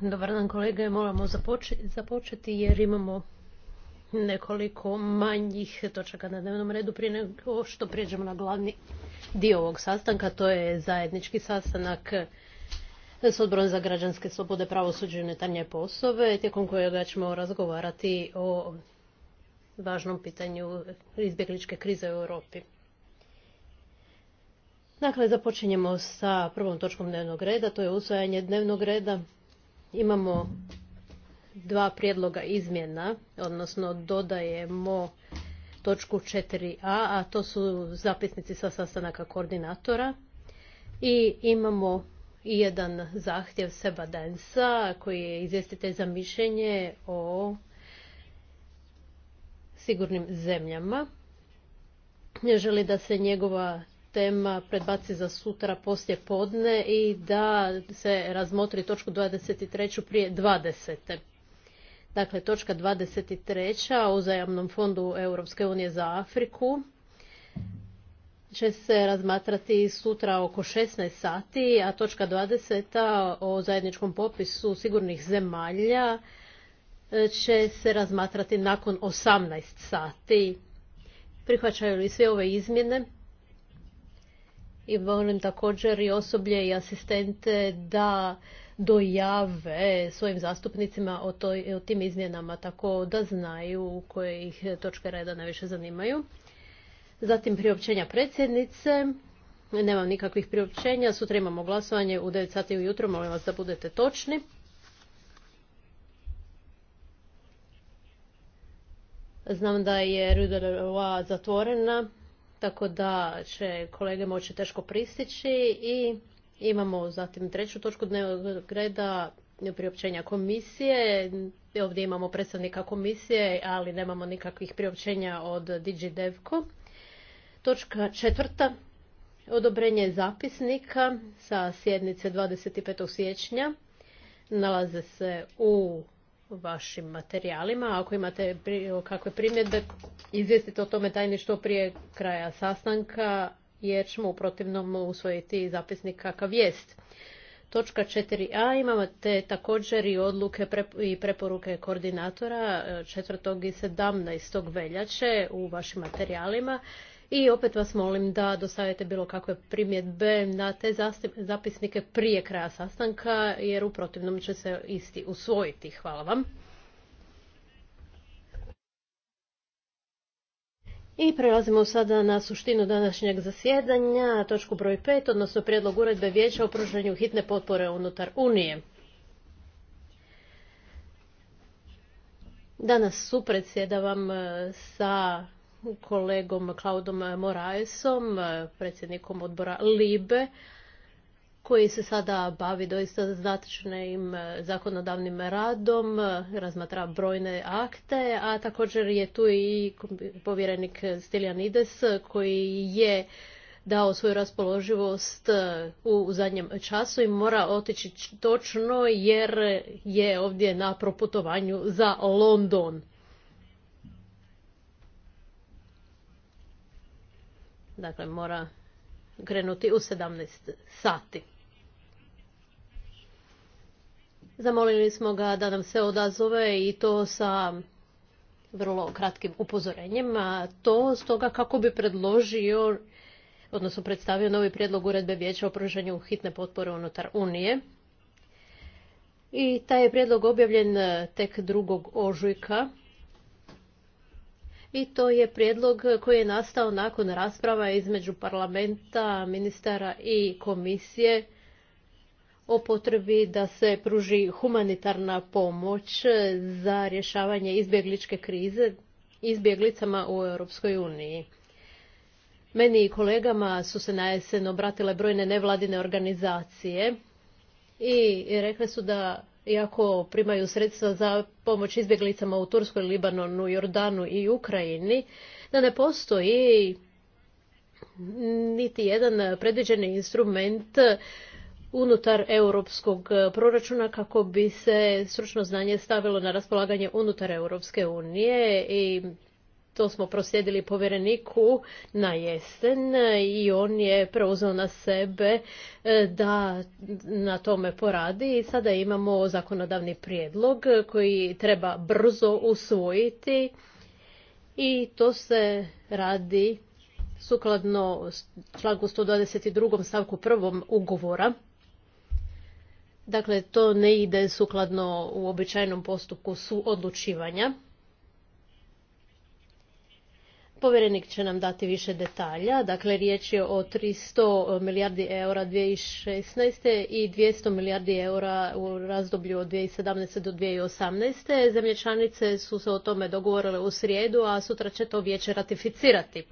Dobar dan kolege, moramo započeti, započeti jer imamo nekoliko manjih točaka na dnevnom redu prije nego što prijeđemo na glavni dio ovog sastanka, to je zajednički sastanak s odborom za građanske slobode, pravosuđe i unutarnje poslove, tijekom kojega ćemo razgovarati o važnom pitanju izbjegličke krize u Europi. Dakle, započinjemo sa prvom točkom dnevnog reda, to je usvajanje dnevnog reda. Imamo dva prijedloga izmjena, odnosno dodajemo točku 4a, a to su zapisnici sa sastanaka koordinatora. I imamo i jedan zahtjev Seba Densa koji je izvjestitelj za mišljenje o sigurnim zemljama. Ne želi da se njegova tema predbaci za sutra poslje podne i da se razmotri točku 23. prije 20. Dakle, točka 23. o uzajamnom fondu Europske unije za Afriku će se razmatrati sutra oko 16 sati, a točka 20. o zajedničkom popisu sigurnih zemalja e, će se razmatrati nakon 18 sati. Prihvaćaju li sve ove izmjene? i volim također i osoblje i asistente da dojave svojim zastupnicima o, toj, o tim izmjenama tako da znaju koje ih točke reda najviše zanimaju. Zatim priopćenja predsjednice. Nemam nikakvih priopćenja. Sutra imamo glasovanje u 9 sati ujutro. Molim vas da budete točni. Znam da je Rue zatvorena tako da će kolege moći teško pristići i imamo zatim treću točku dnevnog reda priopćenja komisije. Ovdje imamo predstavnika komisije, ali nemamo nikakvih priopćenja od DigiDevco. Točka četvrta, odobrenje zapisnika sa sjednice 25. siječnja. Nalaze se u vašim materijalima. Ako imate kakve primjedbe, izvijestite o tome tajništvo prije kraja sastanka, jer ćemo u protivnom usvojiti zapisnik kakav jest. Točka 4a imate također i odluke i preporuke koordinatora 4. i 17. veljače u vašim materijalima i opet vas molim da dostavite bilo kakve primjedbe na te zapisnike prije kraja sastanka, jer u protivnom će se isti usvojiti. Hvala vam. I prelazimo sada na suštinu današnjeg zasjedanja, točku broj 5, odnosno prijedlog uredbe vijeća o pružanju hitne potpore unutar Unije. Danas su eh, sa kolegom Claudom Moraesom, predsjednikom odbora LIBE, koji se sada bavi doista značajnim zakonodavnim radom, razmatra brojne akte, a također je tu i povjerenik Stiljanides koji je dao svoju raspoloživost u zadnjem času i mora otići točno jer je ovdje na proputovanju za London. Dakle, mora krenuti u 17 sati. Zamolili smo ga da nam se odazove i to sa vrlo kratkim upozorenjima. To stoga kako bi predložio, odnosno predstavio novi prijedlog uredbe vijeća o pružanju hitne potpore unutar Unije. I taj je prijedlog objavljen tek 2. ožujka i to je prijedlog koji je nastao nakon rasprava između parlamenta, ministara i komisije o potrebi da se pruži humanitarna pomoć za rješavanje izbjegličke krize izbjeglicama u Europskoj uniji. Meni i kolegama su se na jesen obratile brojne nevladine organizacije i rekle su da iako primaju sredstva za pomoć izbjeglicama u Turskoj, Libanonu, Jordanu i Ukrajini, da ne postoji niti jedan predviđeni instrument unutar europskog proračuna kako bi se stručno znanje stavilo na raspolaganje unutar Europske unije i to smo proslijedili povjereniku na jesen i on je preuzeo na sebe e, da na tome poradi i sada imamo zakonodavni prijedlog koji treba brzo usvojiti i to se radi sukladno članku 122. stavku 1. ugovora. Dakle, to ne ide sukladno uobičajenom postupku odlučivanja. Povjerenik će nam dati više detalja. Dakle, riječ je o 300 milijardi eura 2016. i 200 milijardi eura u razdoblju od 2017. do 2018. Zemlje članice su se o tome dogovorile u srijedu, a sutra će to vijeće ratificirati.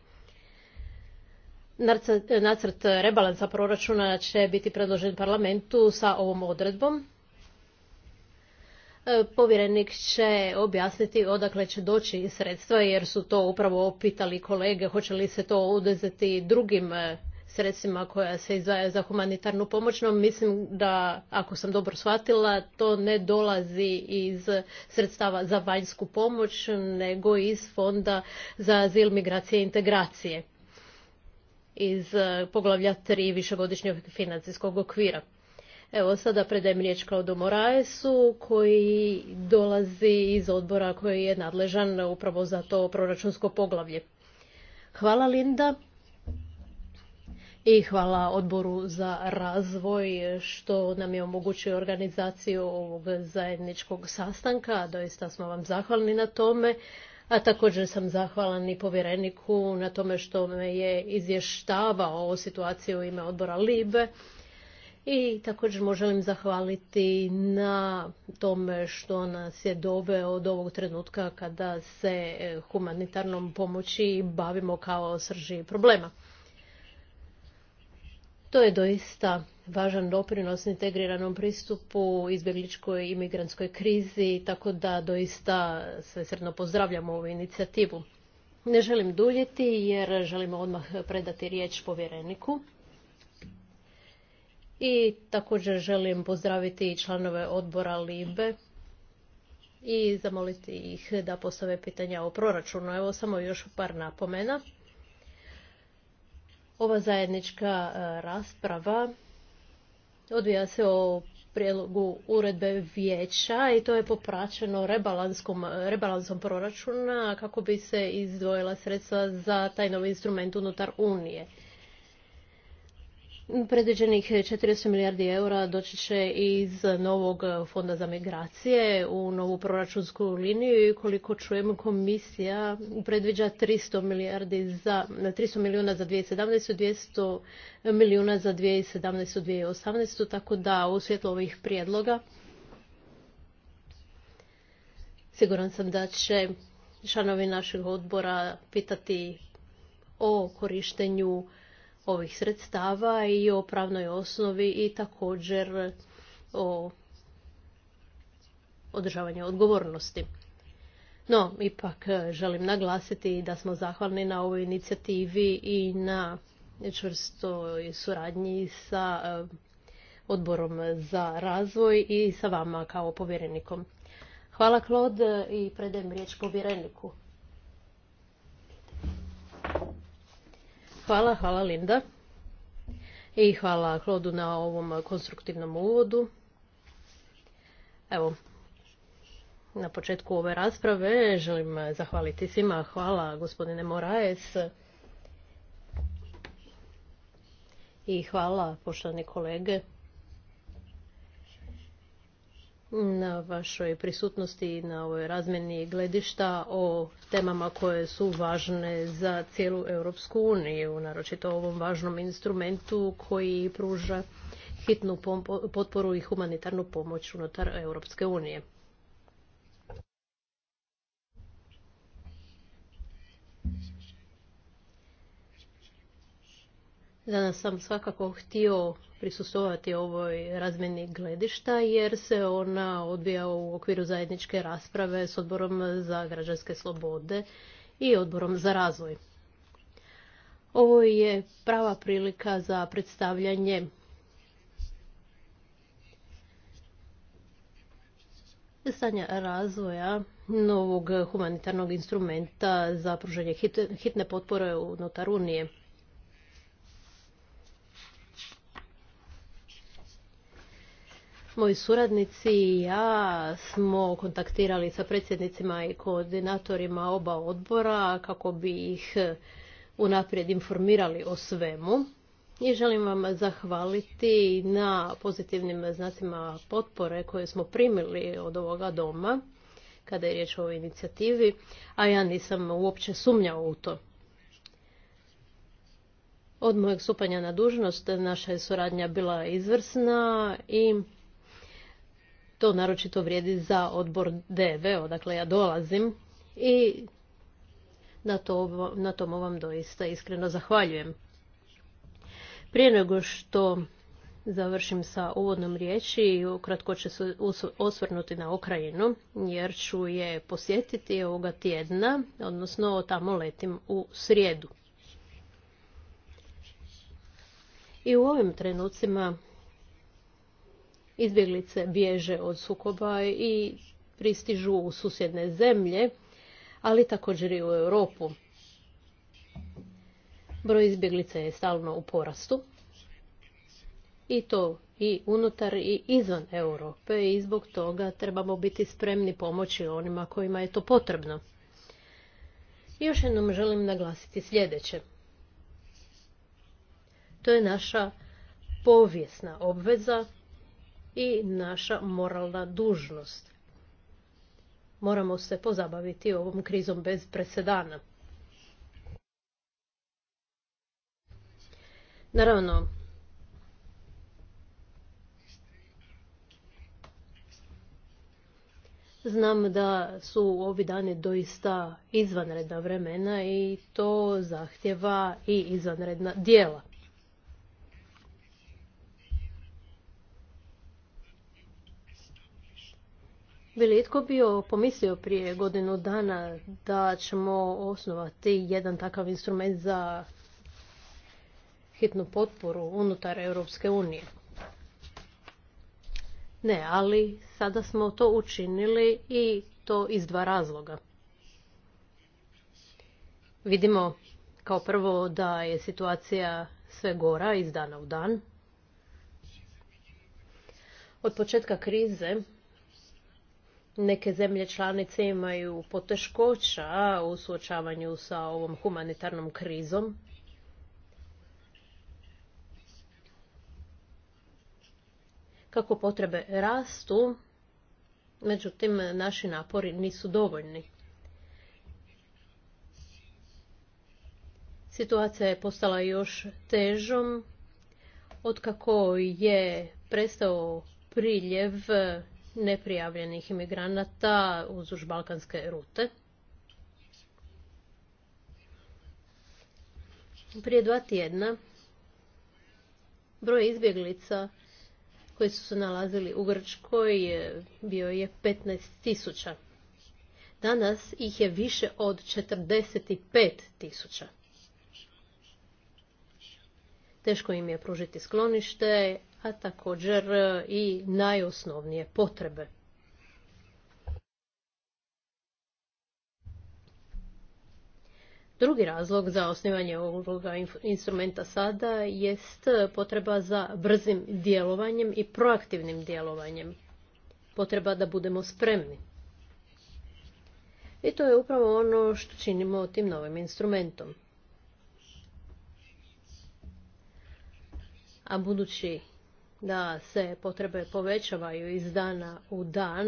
Nacrt rebalansa proračuna će biti predložen parlamentu sa ovom odredbom E, povjerenik će objasniti odakle će doći sredstva jer su to upravo pitali kolege hoće li se to oduzeti drugim e, sredstvima koja se izdvajaju za humanitarnu pomoć, no mislim da, ako sam dobro shvatila, to ne dolazi iz sredstava za vanjsku pomoć, nego iz Fonda za azil, migracije i integracije iz e, poglavlja 3 višegodišnjeg financijskog okvira. Evo, sada predajem riječ Klaudu Moraesu, koji dolazi iz odbora koji je nadležan upravo za to proračunsko poglavlje. Hvala Linda i hvala odboru za razvoj što nam je omogućio organizaciju ovog zajedničkog sastanka. Doista smo vam zahvalni na tome. A također sam zahvalan i povjereniku na tome što me je izvještavao o situaciji u ime odbora LIBE i također mu želim zahvaliti na tome što nas je doveo od ovog trenutka kada se e, humanitarnom pomoći bavimo kao srži problema. To je doista važan doprinos integriranom pristupu izbjegličkoj i krizi, tako da doista sredno pozdravljamo ovu inicijativu. Ne želim duljiti jer želimo odmah predati riječ povjereniku. I također želim pozdraviti članove odbora LIBE i zamoliti ih da postave pitanja o proračunu. Evo samo još par napomena. Ova zajednička e, rasprava odvija se o prijedlogu uredbe vijeća i to je popraćeno rebalansom proračuna kako bi se izdvojila sredstva za taj novi instrument unutar Unije. Predviđenih 400 milijardi eura doći će iz novog fonda za migracije u novu proračunsku liniju i koliko čujemo komisija predviđa 300, milijardi za, 300 milijuna za 2017. 200 milijuna za 2017. 2018. Tako da u svjetlu ovih prijedloga siguran sam da će članovi našeg odbora pitati o korištenju ovih sredstava i o pravnoj osnovi i također o održavanju odgovornosti. No, ipak e, želim naglasiti da smo zahvalni na ovoj inicijativi i na čvrstoj suradnji sa e, odborom za razvoj i sa vama kao povjerenikom. Hvala Klod i predajem riječ povjereniku. Hvala, hvala Linda. I hvala Klodu na ovom konstruktivnom uvodu. Evo, na početku ove rasprave želim zahvaliti svima. Hvala gospodine Moraes. I hvala poštovani kolege na vašoj prisutnosti i na ovoj razmjeni gledišta o temama koje su važne za cijelu Europsku uniju, naročito ovom važnom instrumentu koji pruža hitnu potporu i humanitarnu pomoć unutar Europske unije. Danas sam svakako htio prisustovati ovoj razmjeni gledišta jer se ona odvija u okviru zajedničke rasprave s odborom za građanske slobode i odborom za razvoj. Ovo je prava prilika za predstavljanje stanja razvoja novog humanitarnog instrumenta za pružanje hitne potpore unutar Unije. Moji suradnici i ja smo kontaktirali sa predsjednicima i koordinatorima oba odbora kako bi ih unaprijed informirali o svemu. I želim vam zahvaliti na pozitivnim znacima potpore koje smo primili od ovoga doma kada je riječ o ovoj inicijativi, a ja nisam uopće sumnjao u to. Od mojeg stupanja na dužnost naša je suradnja bila izvrsna i to naročito vrijedi za odbor DV, odakle ja dolazim i na, to, vam doista iskreno zahvaljujem. Prije nego što završim sa uvodnom riječi i ukratko ću se osvrnuti na Ukrajinu, jer ću je posjetiti ovoga tjedna, odnosno tamo letim u srijedu. I u ovim trenucima Izbjeglice bježe od sukoba i pristižu u susjedne zemlje, ali također i u Europu. Broj izbjeglica je stalno u porastu i to i unutar i izvan Europe i zbog toga trebamo biti spremni pomoći onima kojima je to potrebno. još jednom želim naglasiti sljedeće. To je naša povijesna obveza i naša moralna dužnost. Moramo se pozabaviti ovom krizom bez presedana. Naravno, Znam da su ovi dani doista izvanredna vremena i to zahtjeva i izvanredna dijela. li itko bio pomislio prije godinu dana da ćemo osnovati jedan takav instrument za hitnu potporu unutar Europske unije? Ne, ali sada smo to učinili i to iz dva razloga. Vidimo kao prvo da je situacija sve gora iz dana u dan. Od početka krize neke zemlje članice imaju poteškoća u suočavanju sa ovom humanitarnom krizom. Kako potrebe rastu, međutim naši napori nisu dovoljni. Situacija je postala još težom otkako je prestao priljev neprijavljenih imigranata už balkanske rute. Prije dva tjedna broj izbjeglica koji su se nalazili u Grčkoj bio je 15 tisuća. Danas ih je više od 45 tisuća. Teško im je pružiti sklonište, a također e, i najosnovnije potrebe. Drugi razlog za osnivanje ovoga instrumenta sada jest potreba za brzim djelovanjem i proaktivnim djelovanjem. Potreba da budemo spremni. I to je upravo ono što činimo tim novim instrumentom. A budući da se potrebe povećavaju iz dana u dan,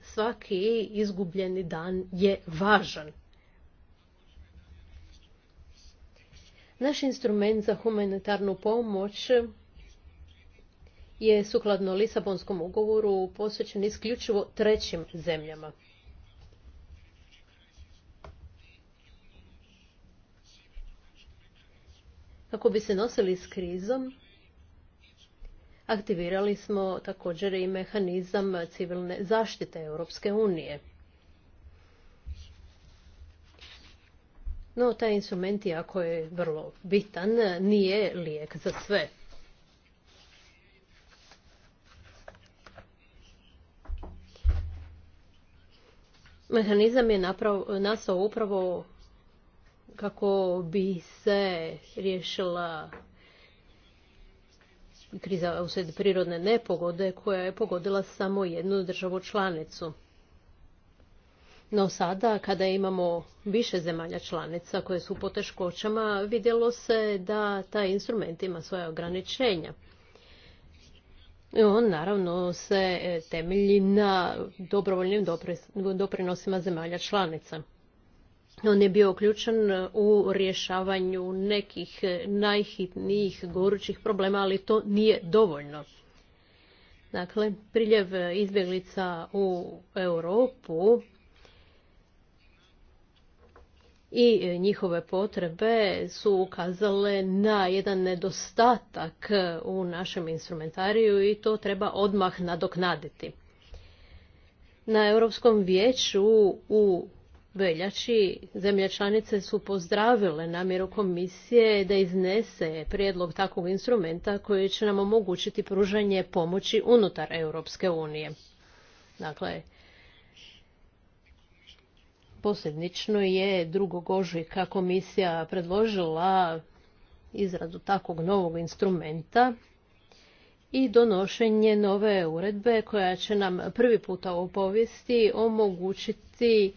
svaki izgubljeni dan je važan. Naš instrument za humanitarnu pomoć je sukladno Lisabonskom ugovoru posvećen isključivo trećim zemljama. Kako bi se nosili s krizom, aktivirali smo također i mehanizam civilne zaštite Europske unije. No, taj instrument, iako je vrlo bitan, nije lijek za sve. Mehanizam je nastao upravo kako bi se riješila kriza usred prirodne nepogode koja je pogodila samo jednu državu članicu. No sada, kada imamo više zemalja članica koje su u poteškoćama, vidjelo se da taj instrument ima svoje ograničenja. On naravno se temelji na dobrovoljnim doprinosima zemalja članica. On je bio uključen u rješavanju nekih najhitnijih gorućih problema, ali to nije dovoljno. Dakle, priljev izbjeglica u Europu i njihove potrebe su ukazale na jedan nedostatak u našem instrumentariju i to treba odmah nadoknaditi. Na Europskom vijeću u veljači zemlje članice su pozdravile namjeru komisije da iznese prijedlog takvog instrumenta koji će nam omogućiti pružanje pomoći unutar Europske unije. Dakle, posljednično je drugog ožujka komisija predložila izradu takvog novog instrumenta i donošenje nove uredbe koja će nam prvi puta u povijesti omogućiti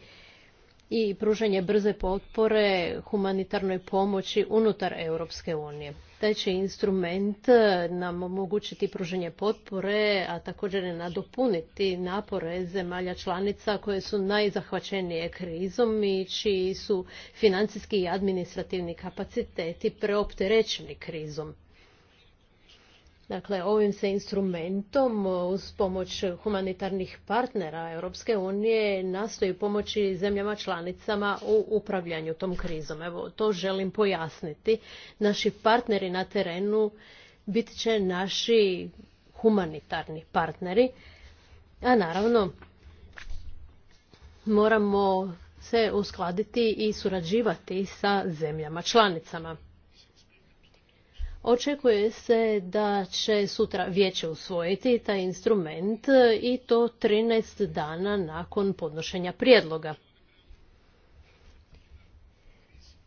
i pružanje brze potpore humanitarnoj pomoći unutar Europske unije. Taj će instrument eh, nam omogućiti pružanje potpore, a također i nadopuniti napore zemalja članica koje su najzahvaćenije krizom i čiji su financijski i administrativni kapaciteti preopterećeni krizom. Dakle, ovim se instrumentom e, uz pomoć humanitarnih partnera Europske unije nastoji pomoći zemljama članicama u upravljanju tom krizom. Evo, to želim pojasniti. Naši partneri na terenu bit će naši humanitarni partneri, a naravno moramo se uskladiti i surađivati sa zemljama članicama. Očekuje se da će sutra vijeće usvojiti taj instrument i to 13 dana nakon podnošenja prijedloga.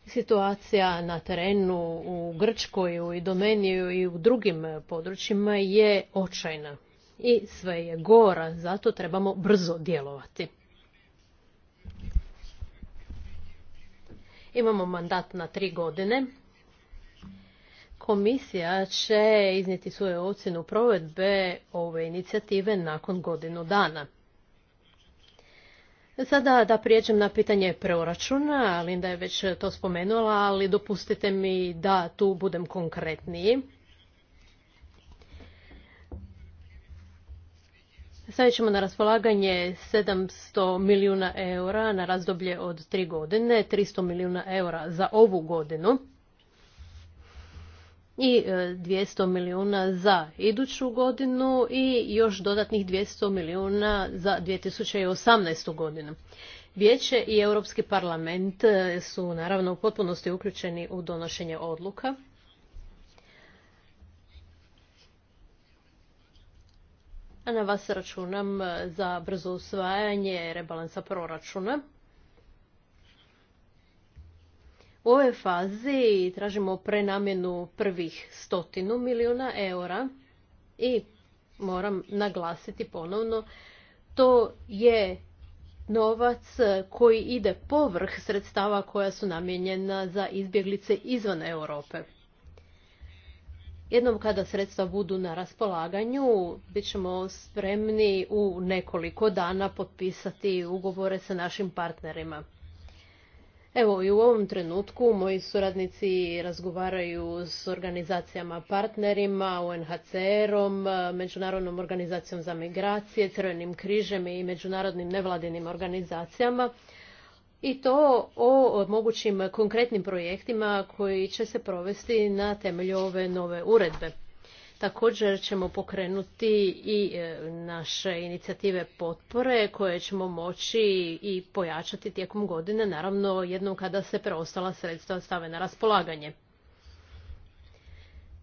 Situacija na terenu u Grčkoj, i Domeniju i u drugim područjima je očajna i sve je gora, zato trebamo brzo djelovati. Imamo mandat na tri godine Komisija će iznijeti svoju ocjenu provedbe ove inicijative nakon godinu dana. Sada da prijeđem na pitanje proračuna, Linda je već to spomenula, ali dopustite mi da tu budem konkretniji. Sada ćemo na raspolaganje 700 milijuna eura na razdoblje od tri godine, 300 milijuna eura za ovu godinu i 200 e, milijuna za iduću godinu i još dodatnih 200 milijuna za 2018. godinu. Vijeće i Europski parlament e, su naravno u potpunosti uključeni u donošenje odluka. A na vas računam e, za brzo usvajanje rebalansa proračuna. U ovoj fazi tražimo prenamjenu prvih stotinu milijuna eura i moram naglasiti ponovno, to je novac koji ide povrh sredstava koja su namijenjena za izbjeglice izvan Europe. Jednom kada sredstva budu na raspolaganju, bit ćemo spremni u nekoliko dana potpisati ugovore sa našim partnerima. Evo i u ovom trenutku moji suradnici razgovaraju s organizacijama partnerima, UNHCR-om, Međunarodnom organizacijom za migracije, Crvenim križem i međunarodnim nevladinim organizacijama i to o mogućim konkretnim projektima koji će se provesti na temelju ove nove uredbe. Također ćemo pokrenuti i e, naše inicijative potpore koje ćemo moći i pojačati tijekom godine, naravno jednom kada se preostala sredstva stave na raspolaganje.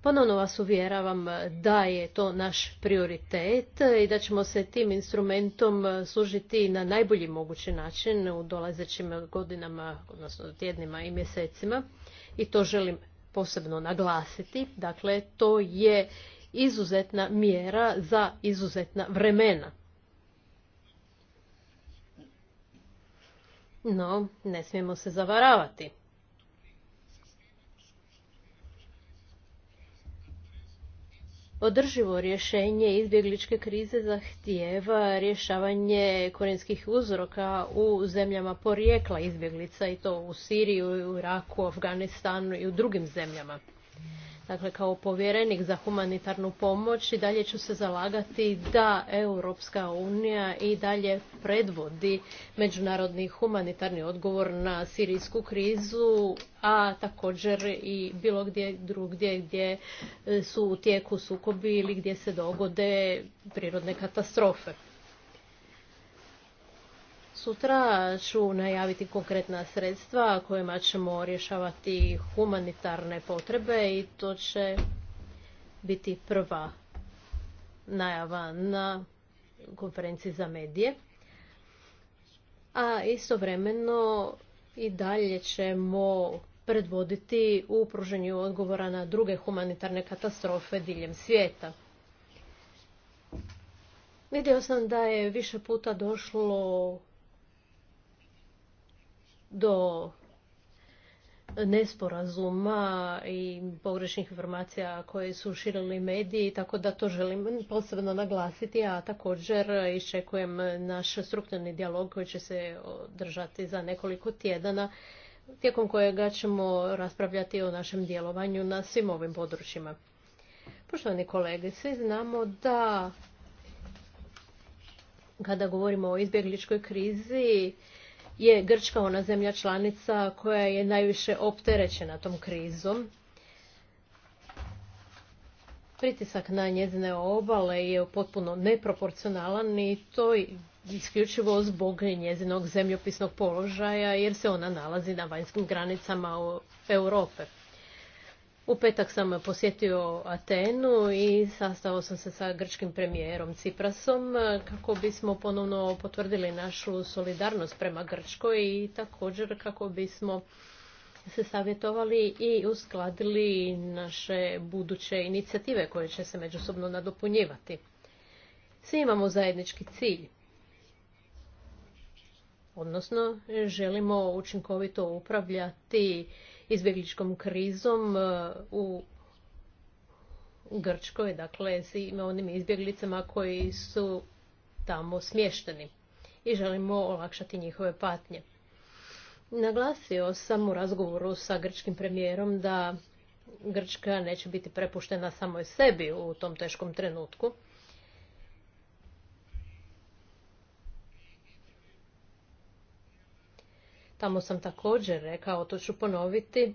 Ponovno vas uvjeravam da je to naš prioritet i da ćemo se tim instrumentom služiti na najbolji mogući način u dolazećim godinama, odnosno tjednima i mjesecima. I to želim posebno naglasiti. Dakle, to je izuzetna mjera za izuzetna vremena. No, ne smijemo se zavaravati. Održivo rješenje izbjegličke krize zahtijeva rješavanje korenskih uzroka u zemljama porijekla izbjeglica i to u Siriju, Iraku, Afganistanu i u drugim zemljama. Dakle, kao povjerenik za humanitarnu pomoć i dalje ću se zalagati da Europska unija i dalje predvodi međunarodni humanitarni odgovor na sirijsku krizu, a također i bilo gdje drugdje gdje e, su u tijeku sukobi ili gdje se dogode prirodne katastrofe. Sutra ću najaviti konkretna sredstva kojima ćemo rješavati humanitarne potrebe i to će biti prva najava na konferenciji za medije. A istovremeno i dalje ćemo predvoditi u pruženju odgovora na druge humanitarne katastrofe diljem svijeta. Vidio sam da je više puta došlo do nesporazuma i pogrešnih informacija koje su širili mediji, tako da to želim posebno naglasiti, a također iščekujem naš strukturni dijalog koji će se održati za nekoliko tjedana, tijekom kojega ćemo raspravljati o našem djelovanju na svim ovim područjima. Poštovani kolege, svi znamo da kada govorimo o izbjegličkoj krizi, je Grčka ona zemlja članica koja je najviše opterećena tom krizom. Pritisak na njezine obale je potpuno neproporcionalan i to isključivo zbog njezinog zemljopisnog položaja jer se ona nalazi na vanjskim granicama Europe. U petak sam posjetio Atenu i sastao sam se sa grčkim premijerom Ciprasom e, kako bismo ponovno potvrdili našu solidarnost prema Grčkoj i također kako bismo se savjetovali i uskladili naše buduće inicijative koje će se međusobno nadopunjivati. Svi imamo zajednički cilj. Odnosno, želimo učinkovito upravljati izbjegličkom krizom e, u Grčkoj, dakle s onim izbjeglicama koji su tamo smješteni i želimo olakšati njihove patnje. Naglasio sam u razgovoru sa grčkim premijerom da Grčka neće biti prepuštena samoj sebi u tom teškom trenutku Tamo sam također rekao, to ću ponoviti,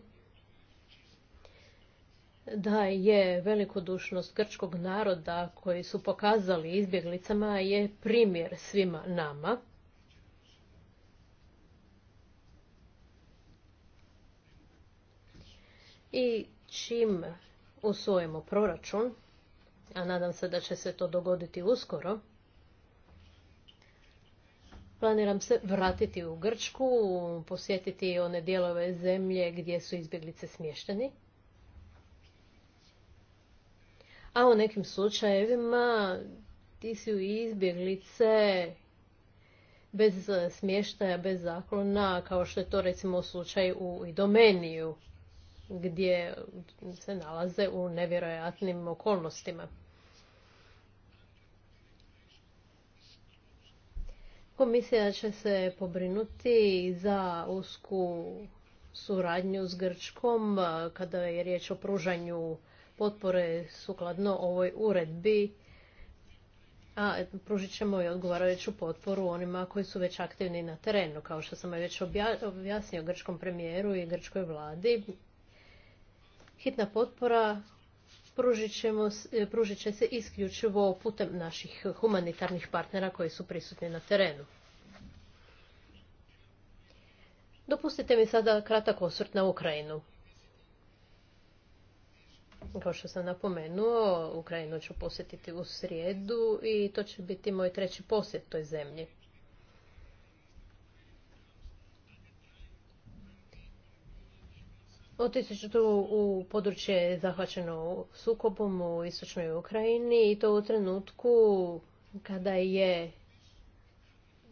da je velikodušnost grčkog naroda koji su pokazali izbjeglicama je primjer svima nama. I čim usvojimo proračun, a nadam se da će se to dogoditi uskoro, Planiram se vratiti u Grčku, posjetiti one dijelove zemlje gdje su izbjeglice smješteni. A u nekim slučajevima ti su izbjeglice bez smještaja, bez zakona, kao što je to recimo slučaj u Idomeniju, gdje se nalaze u nevjerojatnim okolnostima. da će se pobrinuti za usku suradnju s Grčkom kada je riječ o pružanju potpore sukladno ovoj uredbi, a pružit ćemo i odgovarajuću potporu onima koji su već aktivni na terenu, kao što sam već objasnio grčkom premijeru i grčkoj vladi. Hitna potpora E, pružit, će se isključivo putem naših humanitarnih partnera koji su prisutni na terenu. Dopustite mi sada kratak osvrt na Ukrajinu. Kao što sam napomenuo, Ukrajinu ću posjetiti u srijedu i to će biti moj treći posjet toj zemlji. Otići tu u područje zahvaćeno sukobom u istočnoj Ukrajini i to u trenutku kada je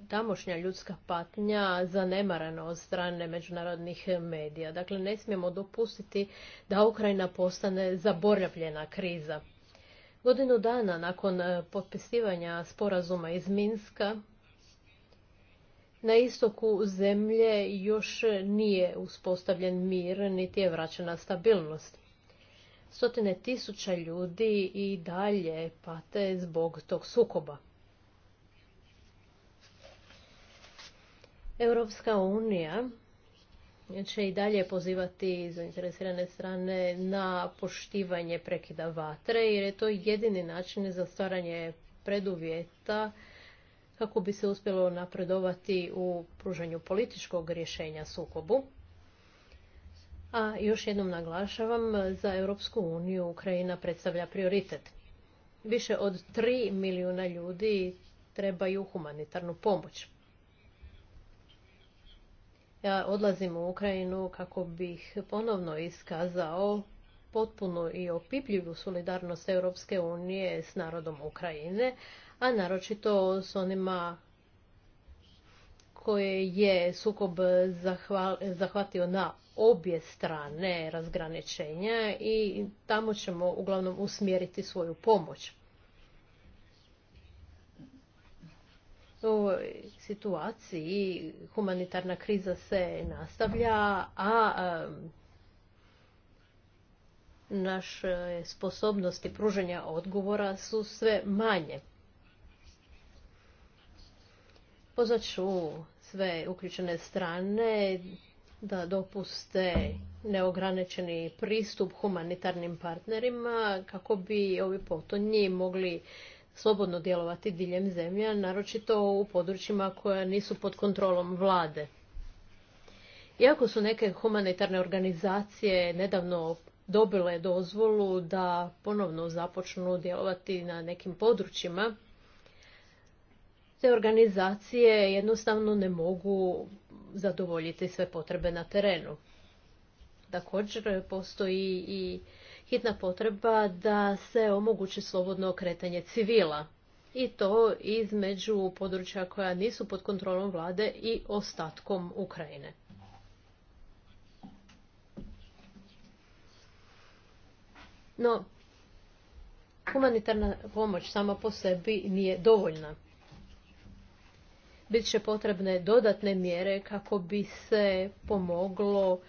tamošnja ljudska patnja zanemarana od strane međunarodnih medija. Dakle, ne smijemo dopustiti da Ukrajina postane zaboravljena kriza. Godinu dana nakon potpisivanja sporazuma iz Minska, na istoku zemlje još nije uspostavljen mir, niti je vraćena stabilnost. Stotine tisuća ljudi i dalje pate zbog tog sukoba. Europska unija će i dalje pozivati zainteresirane strane na poštivanje prekida vatre, jer je to jedini način za stvaranje preduvjeta kako bi se uspjelo napredovati u pružanju političkog rješenja sukobu. A još jednom naglašavam, za Europsku uniju Ukrajina predstavlja prioritet. Više od 3 milijuna ljudi trebaju humanitarnu pomoć. Ja odlazim u Ukrajinu kako bih ponovno iskazao potpunu i opipljivu solidarnost Europske unije s narodom Ukrajine, a naročito s onima koje je sukob zahvatio na obje strane razgraničenja i tamo ćemo uglavnom usmjeriti svoju pomoć. U ovoj situaciji humanitarna kriza se nastavlja, a e, naše sposobnosti pružanja odgovora su sve manje. Pozvat ću sve uključene strane da dopuste neograničeni pristup humanitarnim partnerima kako bi ovi potonji mogli slobodno djelovati diljem zemlja, naročito u područjima koja nisu pod kontrolom vlade. Iako su neke humanitarne organizacije nedavno dobile dozvolu da ponovno započnu djelovati na nekim područjima, te organizacije jednostavno ne mogu zadovoljiti sve potrebe na terenu. Također postoji i hitna potreba da se omogući slobodno kretanje civila i to između područja koja nisu pod kontrolom vlade i ostatkom Ukrajine. No, humanitarna pomoć sama po sebi nije dovoljna bit će potrebne dodatne mjere kako bi se pomoglo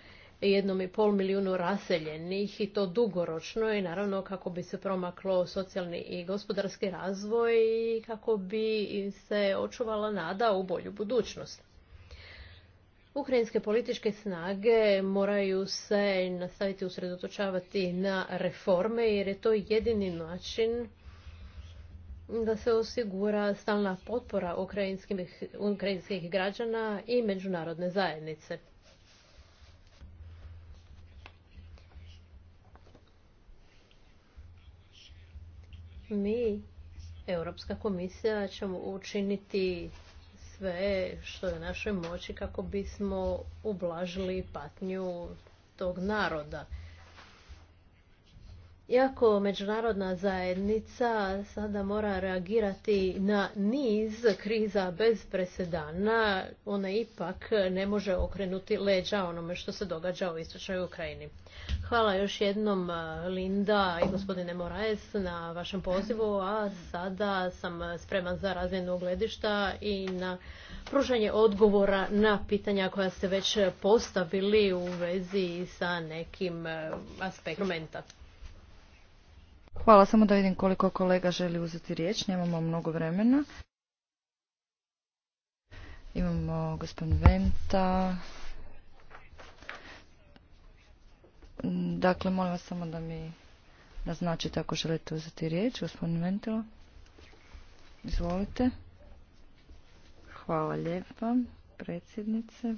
jednom i pol milijunu raseljenih i to dugoročno i naravno kako bi se promaklo socijalni i gospodarski razvoj i kako bi se očuvala nada u bolju budućnost. Ukrajinske političke snage moraju se nastaviti usredotočavati na reforme jer je to jedini način da se osigura stalna potpora ukrajinskih, građana i međunarodne zajednice. Mi, Europska komisija, ćemo učiniti sve što je u našoj moći kako bismo ublažili patnju tog naroda. Iako međunarodna zajednica sada mora reagirati na niz kriza bez presedana, ona ipak ne može okrenuti leđa onome što se događa u Istočnoj Ukrajini. Hvala još jednom Linda i gospodine Moraes na vašem pozivu, a sada sam spreman za razmjenu gledišta i na pružanje odgovora na pitanja koja ste već postavili u vezi sa nekim aspektom. Hvala, samo da vidim koliko kolega želi uzeti riječ, nemamo mnogo vremena. Imamo gospodin Venta. Dakle, molim vas samo da mi naznačite ako želite uzeti riječ. Gospodin Ventilo, izvolite. Hvala lijepa, predsjednice,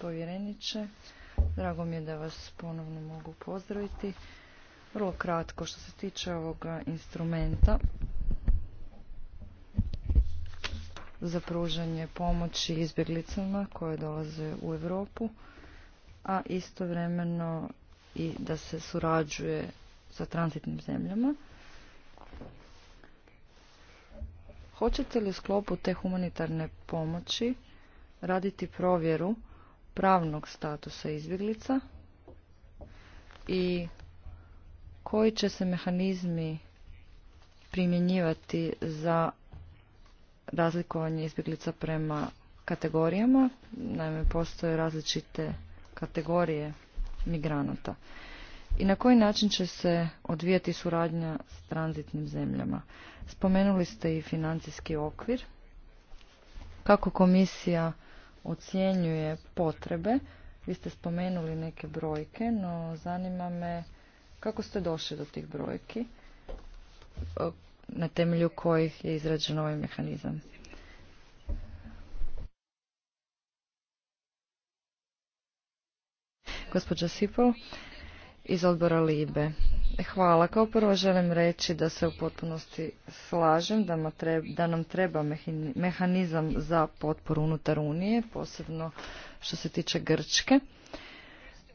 povjereniče. Drago mi je da vas ponovno mogu pozdraviti. Vrlo kratko, što se tiče ovoga e, instrumenta za pružanje pomoći izbjeglicama koje dolaze u Europu, a istovremeno i da se surađuje sa transitnim zemljama. Hoćete li u sklopu te humanitarne pomoći raditi provjeru pravnog statusa izbjeglica i koji će se mehanizmi primjenjivati za razlikovanje izbjeglica prema kategorijama. Naime, postoje različite kategorije migranata. I na koji način će se odvijati suradnja s tranzitnim zemljama? Spomenuli ste i financijski okvir. Kako komisija ocjenjuje potrebe? Vi ste spomenuli neke brojke, no zanima me kako ste došli do tih brojki? Na temelju kojih je izrađen ovaj mehanizam? Gospođa Sipov iz odbora Libe. E, hvala. Kao prvo želim reći da se u potpunosti slažem da nam treba mehanizam za potporu unutar Unije, posebno što se tiče Grčke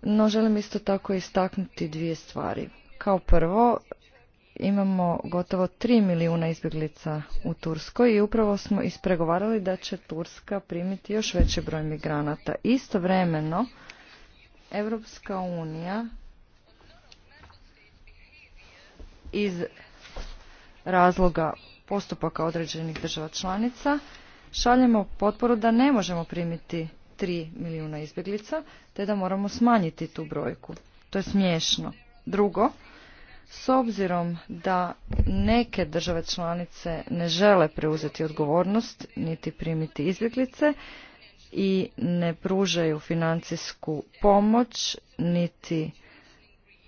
no želim isto tako istaknuti dvije stvari. Kao prvo, imamo gotovo 3 milijuna izbjeglica u Turskoj i upravo smo ispregovarali da će Turska primiti još veći broj migranata. Istovremeno, Evropska unija iz razloga postupaka određenih država članica šaljemo potporu da ne možemo primiti 3 milijuna izbjeglica, te da moramo smanjiti tu brojku. To je smiješno. Drugo, s obzirom da neke države članice ne žele preuzeti odgovornost niti primiti izbjeglice i ne pružaju financijsku pomoć niti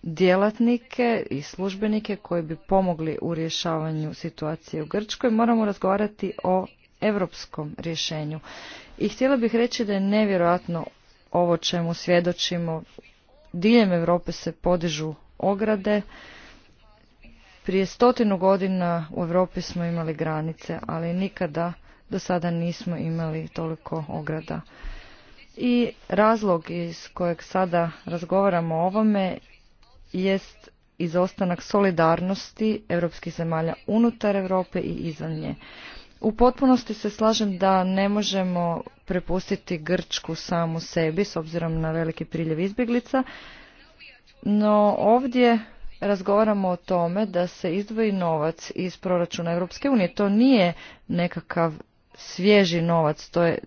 djelatnike i službenike koji bi pomogli u rješavanju situacije u Grčkoj, moramo razgovarati o europskom rješenju. I htjela bih reći da je nevjerojatno ovo čemu svjedočimo. Diljem Europe se podižu ograde. Prije stotinu godina u Europi smo imali granice, ali nikada do sada nismo imali toliko ograda. I razlog iz kojeg sada razgovaramo o ovome jest izostanak solidarnosti europskih zemalja unutar Europe i izvan nje. U potpunosti se slažem da ne možemo prepustiti Grčku samu sebi s obzirom na veliki priljev izbjeglica, no ovdje razgovaramo o tome da se izdvoji novac iz proračuna Europske unije. To nije nekakav svježi novac, to je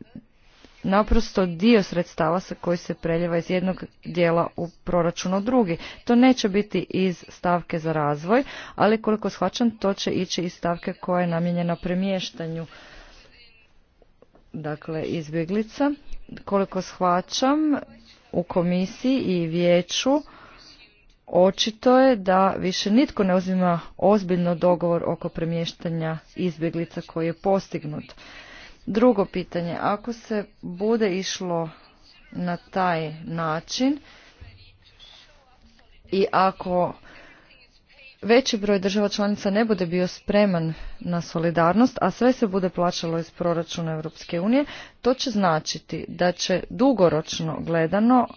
naprosto dio sredstava sa koji se preljeva iz jednog dijela u proračun drugi. To neće biti iz stavke za razvoj, ali koliko shvaćam to će ići iz stavke koja je namijenjena premještanju dakle izbjeglica. Koliko shvaćam u komisiji i vijeću očito je da više nitko ne uzima ozbiljno dogovor oko premještanja izbjeglica koji je postignut. Drugo pitanje, ako se bude išlo na taj način i ako veći broj država članica ne bude bio spreman na solidarnost, a sve se bude plaćalo iz proračuna Europske unije, to će značiti da će dugoročno gledano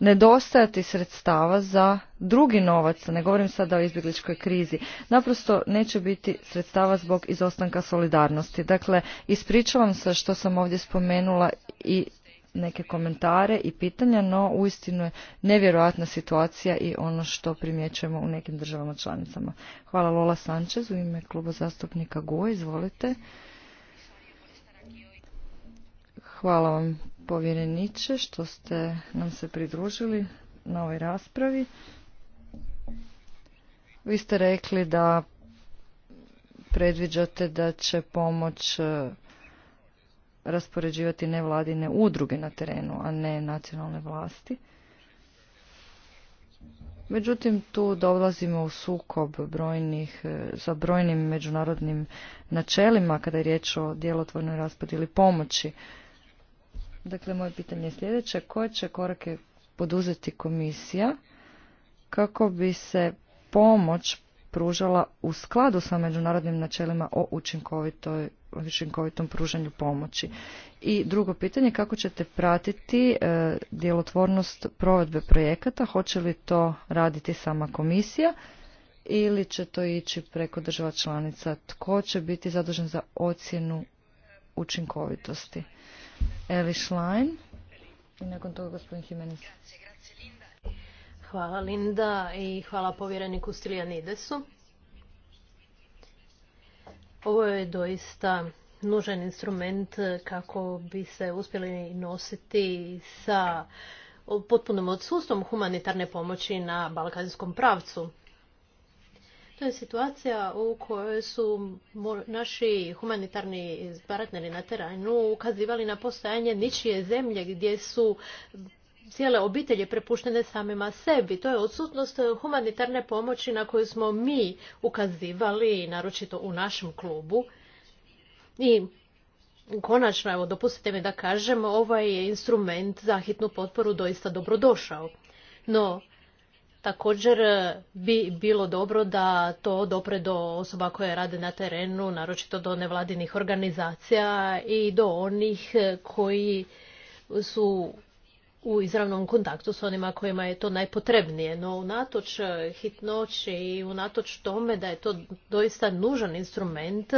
nedostajati sredstava za drugi novac, ne govorim sada o izbjegličkoj krizi, naprosto neće biti sredstava zbog izostanka solidarnosti. Dakle, ispričavam se što sam ovdje spomenula i neke komentare i pitanja, no uistinu je nevjerojatna situacija i ono što primjećujemo u nekim državama članicama. Hvala Lola Sanchez u ime kluba zastupnika GUE, izvolite. Hvala vam povjereniče što ste nam se pridružili na ovoj raspravi. Vi ste rekli da predviđate da će pomoć e, raspoređivati nevladine udruge na terenu, a ne nacionalne vlasti. Međutim, tu dolazimo u sukob brojnih, e, sa brojnim međunarodnim načelima kada je riječ o djelotvornoj raspodjeli pomoći. Dakle, moje pitanje je sljedeće. Koje će korake poduzeti komisija kako bi se pomoć pružala u skladu sa međunarodnim načelima o učinkovitom pružanju pomoći. I drugo pitanje, kako ćete pratiti e, djelotvornost provedbe projekata, hoće li to raditi sama komisija ili će to ići preko država članica, tko će biti zadužen za ocjenu učinkovitosti? Hvala Linda i hvala povjereniku Stiljanidesu. Ovo je doista nužan instrument kako bi se uspjeli nositi sa potpunom odsustvom humanitarne pomoći na balkanskom pravcu. To je situacija u kojoj su naši humanitarni partneri na terenu ukazivali na postojanje ničije zemlje gdje su cijele obitelje prepuštene samima sebi. To je odsutnost humanitarne pomoći na koju smo mi ukazivali, naročito u našem klubu. I konačno, evo, dopustite mi da kažem, ovaj je instrument za hitnu potporu doista dobrodošao. No, Također e, bi bilo dobro da to dopre do osoba koje rade na terenu, naročito do nevladinih organizacija i do onih e, koji su u izravnom kontaktu s onima kojima je to najpotrebnije. No unatoč e, hitnoći i unatoč tome da je to doista nužan instrument,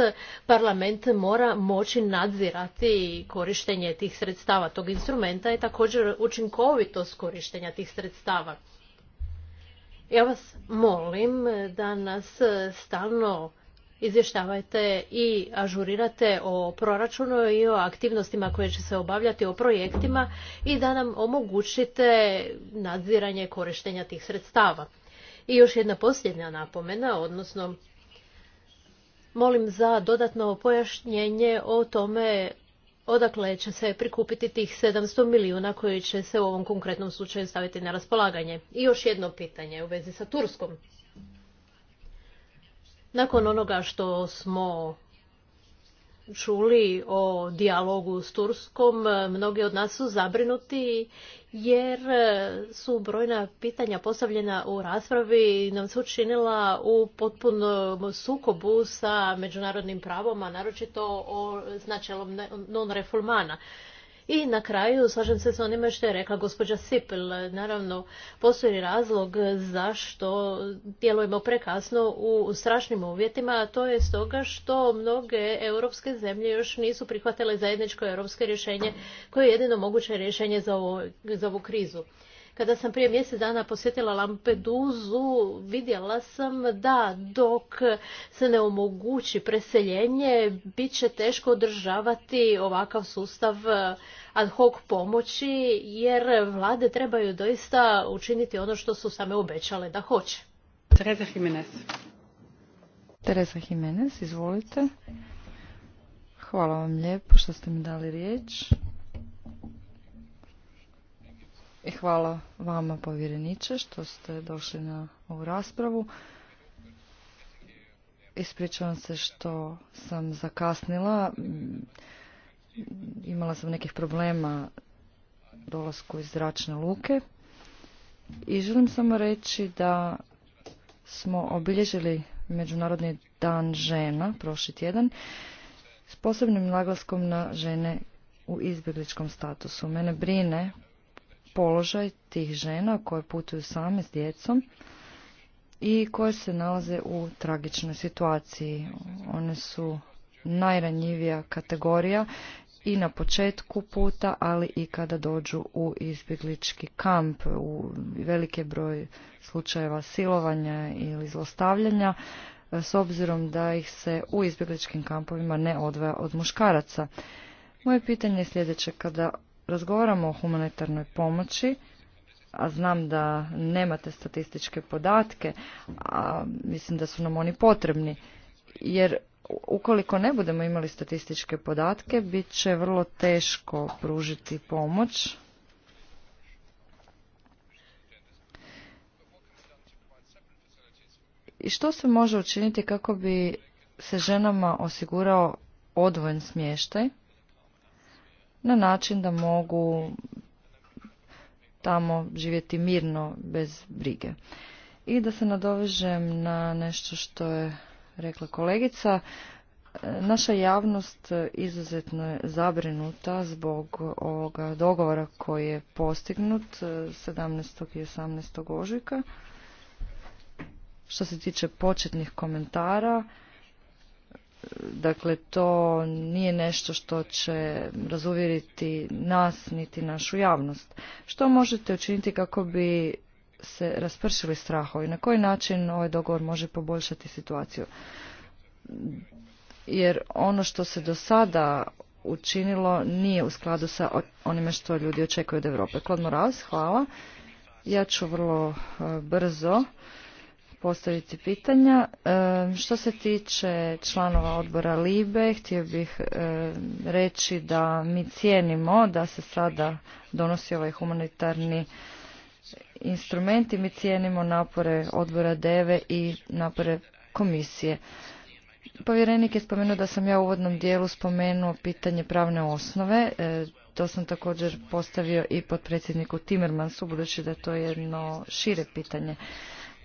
parlament mora moći nadzirati korištenje tih sredstava tog instrumenta i također učinkovitost korištenja tih sredstava. Ja vas molim da nas stalno izvještavajte i ažurirate o proračunu i o aktivnostima koje će se obavljati, o projektima i da nam omogućite nadziranje korištenja tih sredstava. I još jedna posljednja napomena, odnosno molim za dodatno pojašnjenje o tome odakle će se prikupiti tih 700 milijuna koji će se u ovom konkretnom slučaju staviti na raspolaganje. I još jedno pitanje u vezi sa Turskom. Nakon onoga što smo čuli o dijalogu s Turskom, e, mnogi od nas su zabrinuti jer e, su brojna pitanja postavljena u raspravi nam se učinila u potpunom sukobu sa međunarodnim pravom, a naročito o značelom non-reformana. I na kraju slažem se s onime što je rekla gospođa Sipel. Naravno, postoji razlog zašto djelujemo prekasno u strašnim uvjetima, a to je stoga što mnoge europske zemlje još nisu prihvatile zajedničko europsko rješenje koje je jedino moguće rješenje za za ovu krizu. Kada sam prije mjesec dana posjetila Lampeduzu, vidjela sam da dok se ne omogući preseljenje, bit će teško održavati ovakav sustav eh, ad hoc pomoći, jer vlade trebaju doista učiniti ono što su same obećale da hoće. Teresa Jimenez. Teresa Jimenez, izvolite. Hvala vam lijepo što ste mi dali riječ. I hvala vama povjereniče što ste došli na ovu raspravu. Ispričavam se što sam zakasnila. Mm, imala sam nekih problema dolasku iz zračne luke. I želim samo reći da smo obilježili Međunarodni dan žena prošli tjedan s posebnim naglaskom na žene u izbjegličkom statusu. Mene brine položaj tih žena koje putuju same s djecom i koje se nalaze u tragičnoj situaciji. One su najranjivija kategorija i na početku puta, ali i kada dođu u izbjeglički kamp, u velike broj slučajeva silovanja ili zlostavljanja, s obzirom da ih se u izbjegličkim kampovima ne odvaja od muškaraca. Moje pitanje je sljedeće, kada razgovaramo o humanitarnoj pomoći, a znam da nemate statističke podatke, a mislim da su nam oni potrebni, jer ukoliko ne budemo imali statističke podatke, bit će vrlo teško pružiti pomoć. I što se može učiniti kako bi se ženama osigurao odvojen smještaj? na način da mogu tamo živjeti mirno, bez brige. I da se nadovežem na nešto što je rekla kolegica, naša javnost izuzetno je zabrinuta zbog ovoga dogovora koji je postignut 17. Eh, i 18. ožujka. Što se tiče početnih komentara, Dakle, to nije nešto što će razuvjeriti nas niti našu javnost. Što možete učiniti kako bi se raspršili strahovi? Na koji način ovaj dogovor može poboljšati situaciju? Jer ono što se do sada učinilo nije u skladu sa onime što ljudi očekuju od Europe. Kod Moraz, hvala. Ja ću vrlo e, brzo postaviti pitanja. E, što se tiče članova odbora LIBE, htio bih e, reći da mi cijenimo da se sada donosi ovaj humanitarni instrument i mi cijenimo napore odbora DEVE i napore komisije. Povjerenik je spomenuo da sam ja u uvodnom dijelu spomenuo pitanje pravne osnove. E, to sam također postavio i potpredsjedniku Timmermansu, budući da to jedno šire pitanje.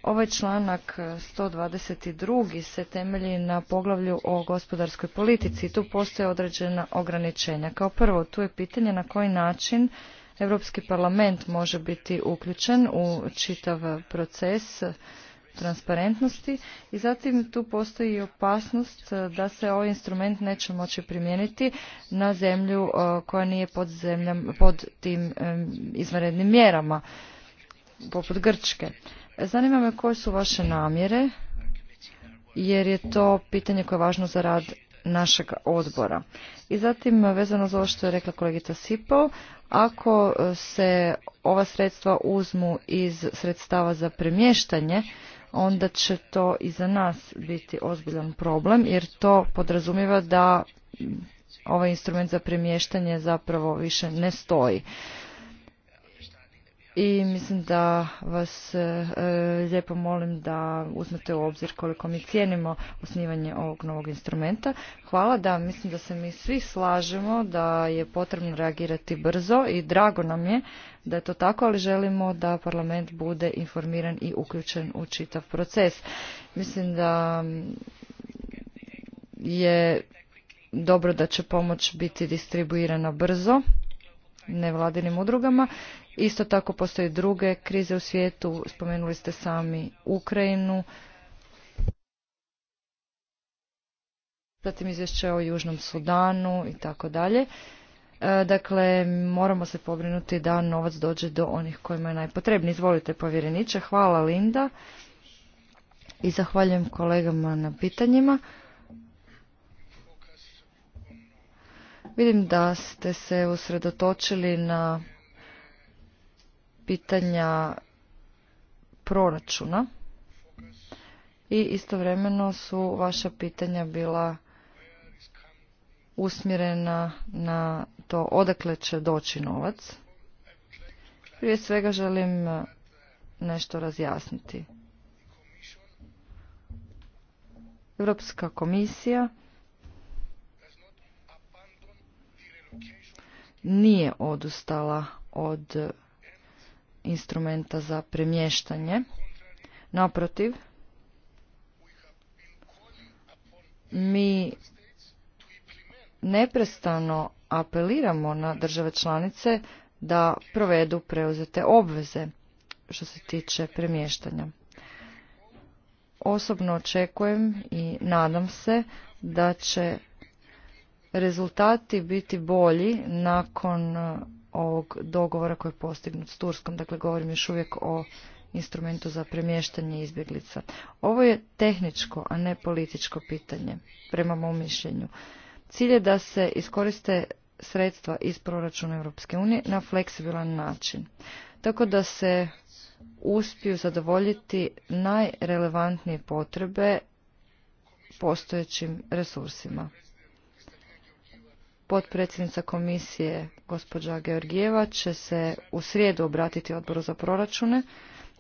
Ovaj članak 122. se temelji na poglavlju o gospodarskoj politici i tu postoje određena ograničenja. Kao prvo, tu je pitanje na koji način Europski parlament može biti uključen u čitav proces transparentnosti i zatim tu postoji opasnost da se ovaj instrument neće moći primijeniti na zemlju e, koja nije pod, zemljam, pod tim izvanrednim mjerama poput Grčke. Zanima me koje su vaše namjere, jer je to pitanje koje je važno za rad našeg odbora. I zatim, vezano za ovo što je rekla kolegica Sipov, ako se ova sredstva uzmu iz sredstava za premještanje, onda će to i za nas biti ozbiljan problem, jer to podrazumijeva da ovaj instrument za premještanje zapravo više ne stoji i mislim da vas e, e, lijepo molim da uzmete u obzir koliko mi cijenimo osnivanje ovog novog instrumenta. Hvala da mislim da se mi svi slažemo da je potrebno reagirati brzo i drago nam je da je to tako, ali želimo da parlament bude informiran i uključen u čitav proces. Mislim da je dobro da će pomoć biti distribuirana brzo nevladinim udrugama Isto tako postoje druge krize u svijetu, spomenuli ste sami Ukrajinu, zatim izvješće o Južnom Sudanu i tako dalje. E, dakle, moramo se pobrinuti da novac dođe do onih kojima je najpotrebniji. Izvolite povjereniče, hvala Linda i zahvaljujem kolegama na pitanjima. Vidim da ste se usredotočili na pitanja proračuna i istovremeno su vaša pitanja bila usmjerena na to odakle će doći novac. Prije svega želim nešto razjasniti. Europska komisija nije odustala od instrumenta za premještanje. Naprotiv, mi neprestano apeliramo na države članice da provedu preuzete obveze što se tiče premještanja. Osobno očekujem i nadam se da će rezultati biti bolji nakon ovog dogovora koji je postignut s Turskom. Dakle, govorim još uvijek o instrumentu za premještanje izbjeglica. Ovo je tehničko, a ne političko pitanje, prema mom mišljenju. Cilj je da se iskoriste sredstva iz proračuna Europske unije na fleksibilan način, tako da se uspiju zadovoljiti najrelevantnije potrebe postojećim resursima. Potpredsjednica komisije gospođa Georgijeva će se u srijedu obratiti odboru za proračune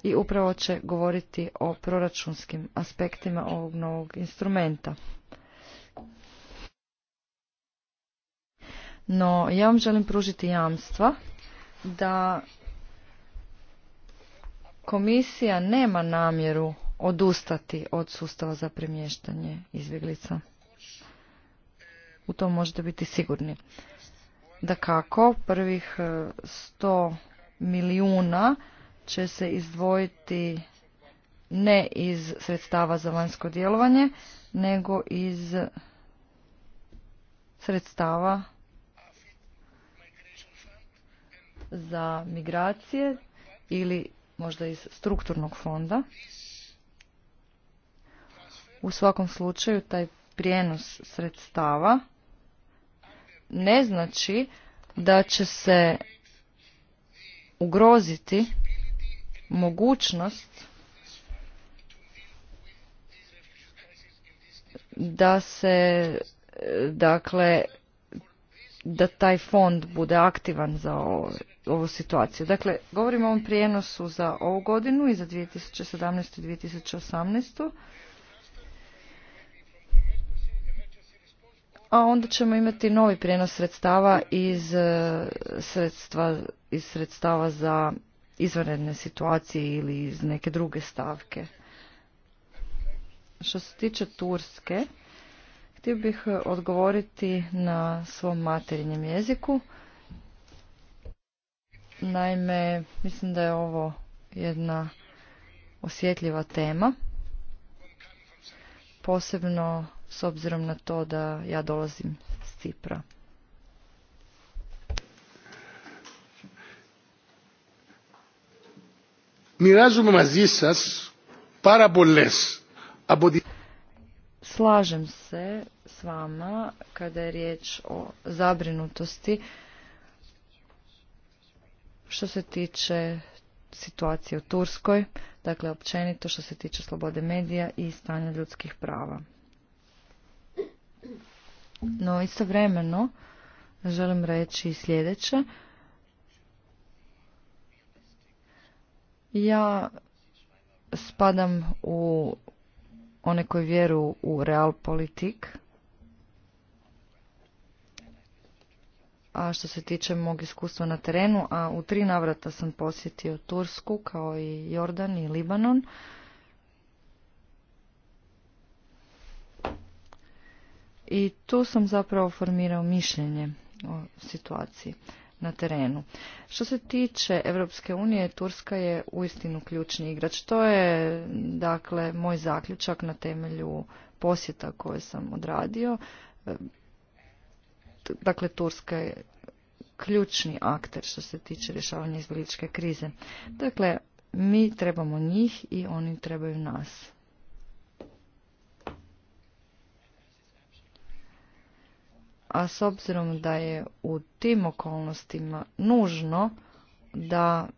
i upravo će govoriti o proračunskim aspektima ovog novog instrumenta. No, ja vam želim pružiti jamstva da komisija nema namjeru odustati od sustava za premještanje izbjeglica u to možete biti sigurni. Da kako, prvih 100 e, milijuna će se izdvojiti ne iz sredstava za vanjsko djelovanje, nego iz sredstava za migracije ili možda iz strukturnog fonda. U svakom slučaju taj prijenos sredstava ne znači da će se ugroziti mogućnost da se dakle da taj fond bude aktivan za ovu, situaciju. Dakle, govorimo o ovom prijenosu za ovu godinu i za 2017. i 2018. a onda ćemo imati novi prijenos sredstava iz e, sredstva, iz sredstava za izvanredne situacije ili iz neke druge stavke. Što se tiče Turske, htio bih odgovoriti na svom materinjem jeziku. Naime, mislim da je ovo jedna osjetljiva tema, posebno s obzirom na to da ja dolazim s Cipra. Slažem se s vama kada je riječ o zabrinutosti što se tiče situacije u Turskoj, dakle općenito što se tiče slobode medija i stanja ljudskih prava. No istovremeno želim reći sljedeće. Ja spadam u one koji vjeru u real politik. A što se tiče mog iskustva na terenu, a u tri navrata sam posjetio Tursku kao i Jordan i Libanon. i tu sam zapravo formirao mišljenje o situaciji na terenu. Što se tiče Europske unije, Turska je uistinu ključni igrač. To je, dakle, moj zaključak na temelju posjeta koje sam odradio. Dakle, Turska je ključni akter što se tiče rješavanja izbjegličke krize. Dakle, mi trebamo njih i oni trebaju nas. a s obzirom da je u tim okolnostima nužno da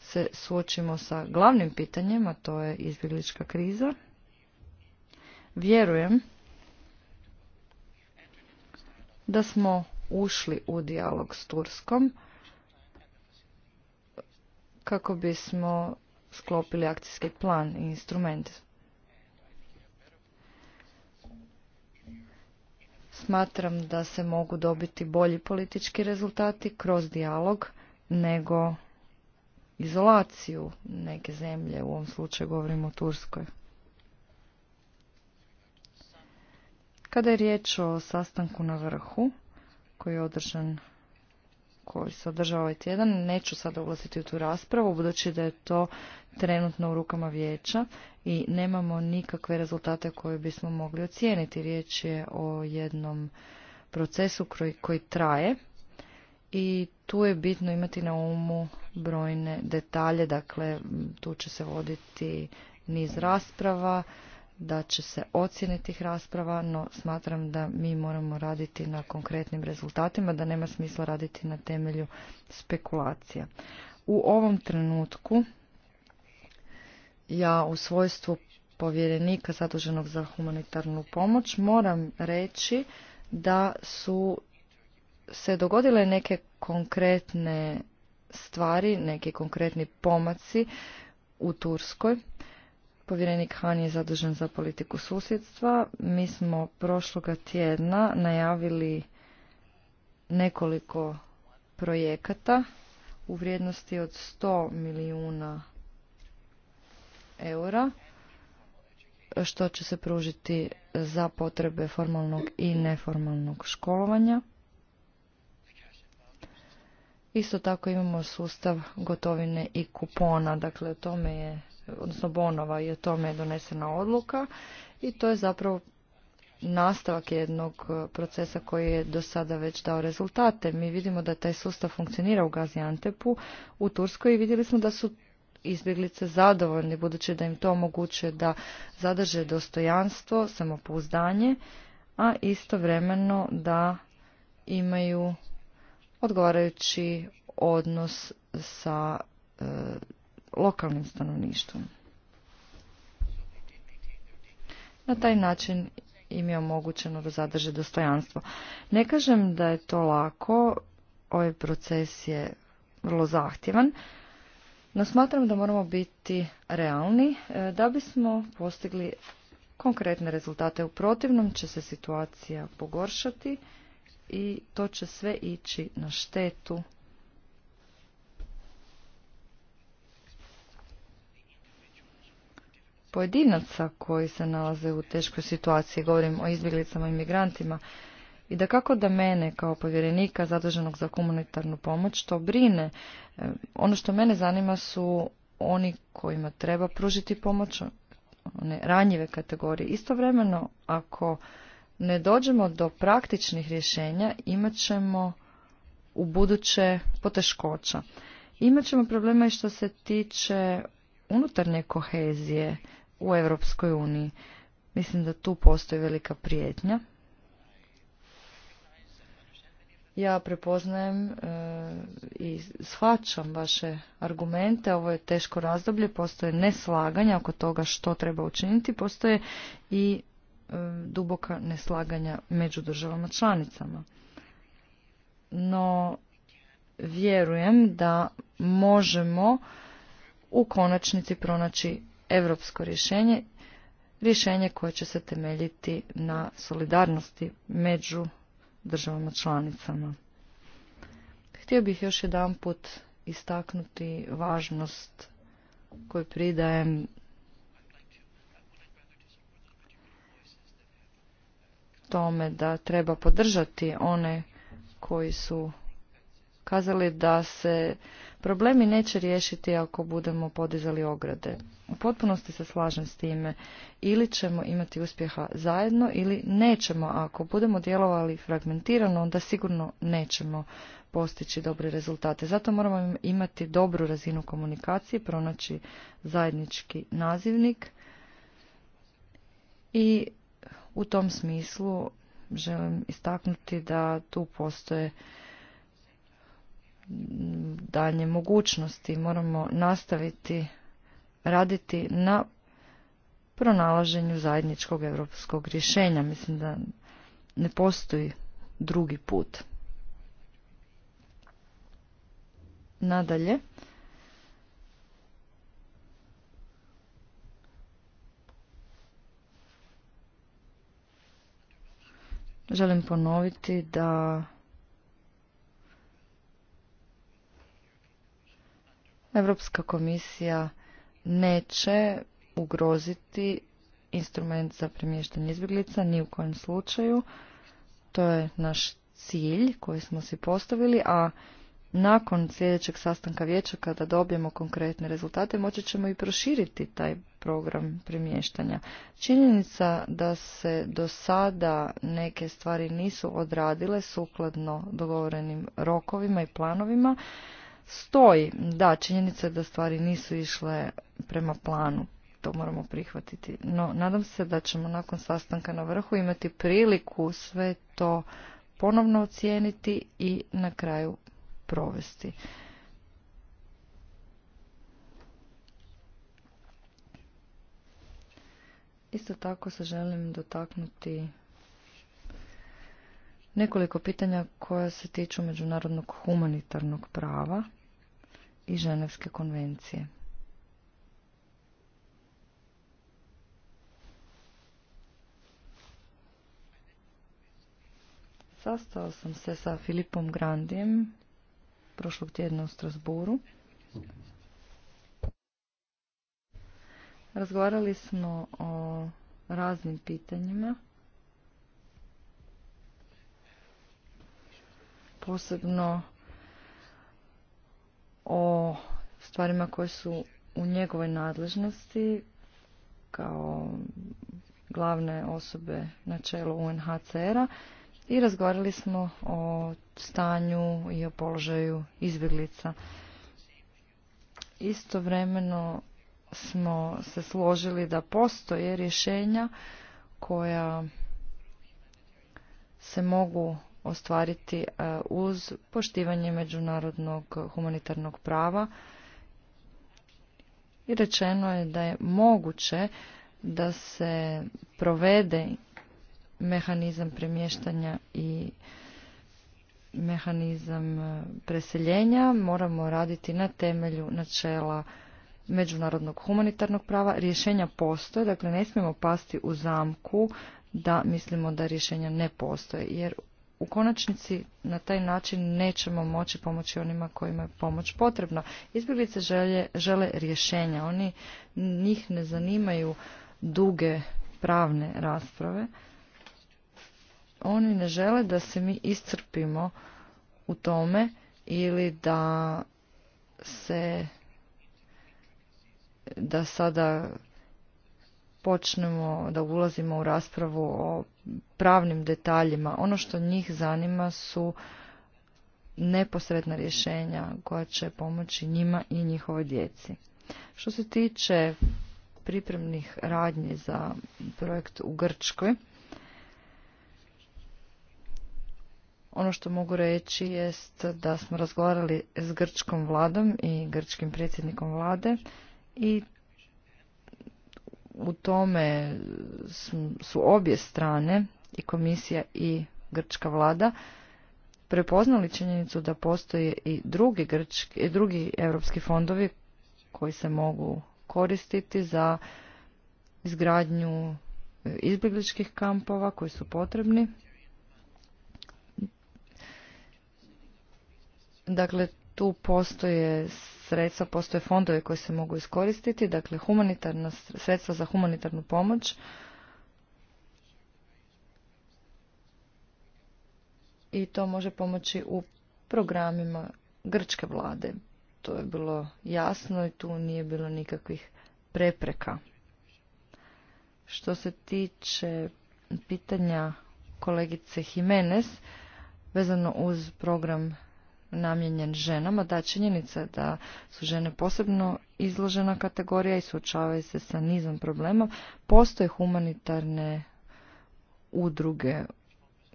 se suočimo sa glavnim pitanjem, a to je izbjeglička kriza, vjerujem da smo ušli u dijalog s Turskom kako bismo sklopili akcijski plan i instrument Smatram da se mogu dobiti bolji politički rezultati kroz dijalog nego izolaciju neke zemlje, u ovom slučaju govorimo o Turskoj. Kada je riječ o sastanku na vrhu, koji je održan koji se održava ovaj tjedan. Neću sada ulaziti u tu raspravu, budući da je to trenutno u rukama vijeća i nemamo nikakve rezultate koje bismo mogli ocijeniti. Riječ je o jednom procesu koji, koji traje i tu je bitno imati na umu brojne detalje, dakle tu će se voditi niz rasprava, da će se ocjene tih rasprava, no smatram da mi moramo raditi na konkretnim rezultatima, da nema smisla raditi na temelju spekulacija. U ovom trenutku ja u svojstvu povjerenika zaduženog za humanitarnu pomoć moram reći da su se dogodile neke konkretne stvari, neki konkretni pomaci u Turskoj Povjerenik Han je zadužen za politiku susjedstva. Mi smo prošloga tjedna najavili nekoliko projekata u vrijednosti od 100 milijuna eura što će se pružiti za potrebe formalnog i neformalnog školovanja. Isto tako imamo sustav gotovine i kupona, dakle o tome je odnosno Bonova i o tome je donesena odluka i to je zapravo nastavak jednog e, procesa koji je do sada već dao rezultate. Mi vidimo da taj sustav funkcionira u Gaziantepu, u Turskoj i vidjeli smo da su izbjeglice zadovoljni budući da im to omogućuje da zadrže dostojanstvo, samopouzdanje, a istovremeno da imaju odgovarajući odnos sa e, lokalnim stanovništvom. Na taj način im je omogućeno da zadrže dostojanstvo. Ne kažem da je to lako, ovaj proces je vrlo zahtjevan, no smatram da moramo biti realni e, da bismo postigli konkretne rezultate. U protivnom će se situacija pogoršati i to će sve ići na štetu pojedinaca koji se nalaze u teškoj situaciji, govorim o izbjeglicama i migrantima, i da kako da mene kao povjerenika zaduženog za humanitarnu pomoć to brine. E, ono što mene zanima su oni kojima treba pružiti pomoć, one ranjive kategorije. Istovremeno, ako ne dođemo do praktičnih rješenja, imat ćemo u buduće poteškoća. Imat ćemo problema i što se tiče unutarnje kohezije u Europskoj uniji. Mislim da tu postoji velika prijetnja. Ja prepoznajem e, i shvaćam vaše argumente. Ovo je teško razdoblje, postoje neslaganja oko toga što treba učiniti, postoje i e, duboka neslaganja među državama članicama. No, vjerujem da možemo u konačnici pronaći europsko rješenje, rješenje koje će se temeljiti na solidarnosti među državama članicama. Htio bih još jedanput istaknuti važnost koju pridajem tome da treba podržati one koji su kazali da se Problemi neće riješiti ako budemo podizali ograde. U potpunosti se slažem s time. Ili ćemo imati uspjeha zajedno ili nećemo. Ako budemo djelovali fragmentirano, onda sigurno nećemo postići dobre rezultate. Zato moramo imati dobru razinu komunikacije, pronaći zajednički nazivnik i u tom smislu želim istaknuti da tu postoje dalje mogućnosti. Moramo nastaviti raditi na pronalaženju zajedničkog europskog rješenja. Mislim da ne postoji drugi put. Nadalje. Želim ponoviti da Europska komisija neće ugroziti instrument za premještanje izbjeglica ni u kojem slučaju. To je naš cilj koji smo si postavili, a nakon sljedećeg sastanka vijeća kada dobijemo konkretne rezultate moći ćemo i proširiti taj program premještanja. Činjenica da se do sada neke stvari nisu odradile sukladno dogovorenim rokovima i planovima stoji. Da, činjenica je da stvari nisu išle prema planu. To moramo prihvatiti. No, nadam se da ćemo nakon sastanka na vrhu imati priliku sve to ponovno ocijeniti i na kraju provesti. Isto tako se želim dotaknuti nekoliko pitanja koja se tiču međunarodnog humanitarnog prava i Ženevske konvencije. Sastao sam se sa Filipom Grandijem prošlog tjedna u Strasburu. Razgovarali smo o raznim pitanjima. posebno o stvarima koje su u njegovoj nadležnosti kao glavne osobe na čelu UNHCR-a i razgovarali smo o stanju i o položaju izbjeglica. Istovremeno smo se složili da postoje rješenja koja se mogu ostvariti e, uz poštivanje međunarodnog humanitarnog prava i rečeno je da je moguće da se provede mehanizam premještanja i mehanizam e, preseljenja moramo raditi na temelju načela međunarodnog humanitarnog prava. Rješenja postoje, dakle ne smijemo pasti u zamku da mislimo da rješenja ne postoje, jer u konačnici na taj način nećemo moći pomoći onima kojima je pomoć potrebna. Izbjeglice žele, žele rješenja, oni njih ne zanimaju duge pravne rasprave. Oni ne žele da se mi iscrpimo u tome ili da se da sada počnemo, da ulazimo u raspravu o pravnim detaljima. Ono što njih zanima su neposredna rješenja koja će pomoći njima i njihovoj djeci. Što se tiče pripremnih radnji za projekt u Grčkoj, ono što mogu reći jest da smo razgovarali s grčkom vladom i grčkim predsjednikom vlade i u tome su obje strane i komisija i grčka vlada prepoznali činjenicu da postoje i drugi, grčki, drugi europski fondovi koji se mogu koristiti za izgradnju izbjegličkih kampova koji su potrebni. Dakle, tu postoje sredstva, postoje fondovi koji se mogu iskoristiti, dakle humanitarna sredstva za humanitarnu pomoć. I to može pomoći u programima grčke vlade. To je bilo jasno i tu nije bilo nikakvih prepreka. Što se tiče pitanja kolegice Jimenez, vezano uz program namijenjen ženama, da činjenica da su žene posebno izložena kategorija i suočavaju se sa nizom problema, postoje humanitarne udruge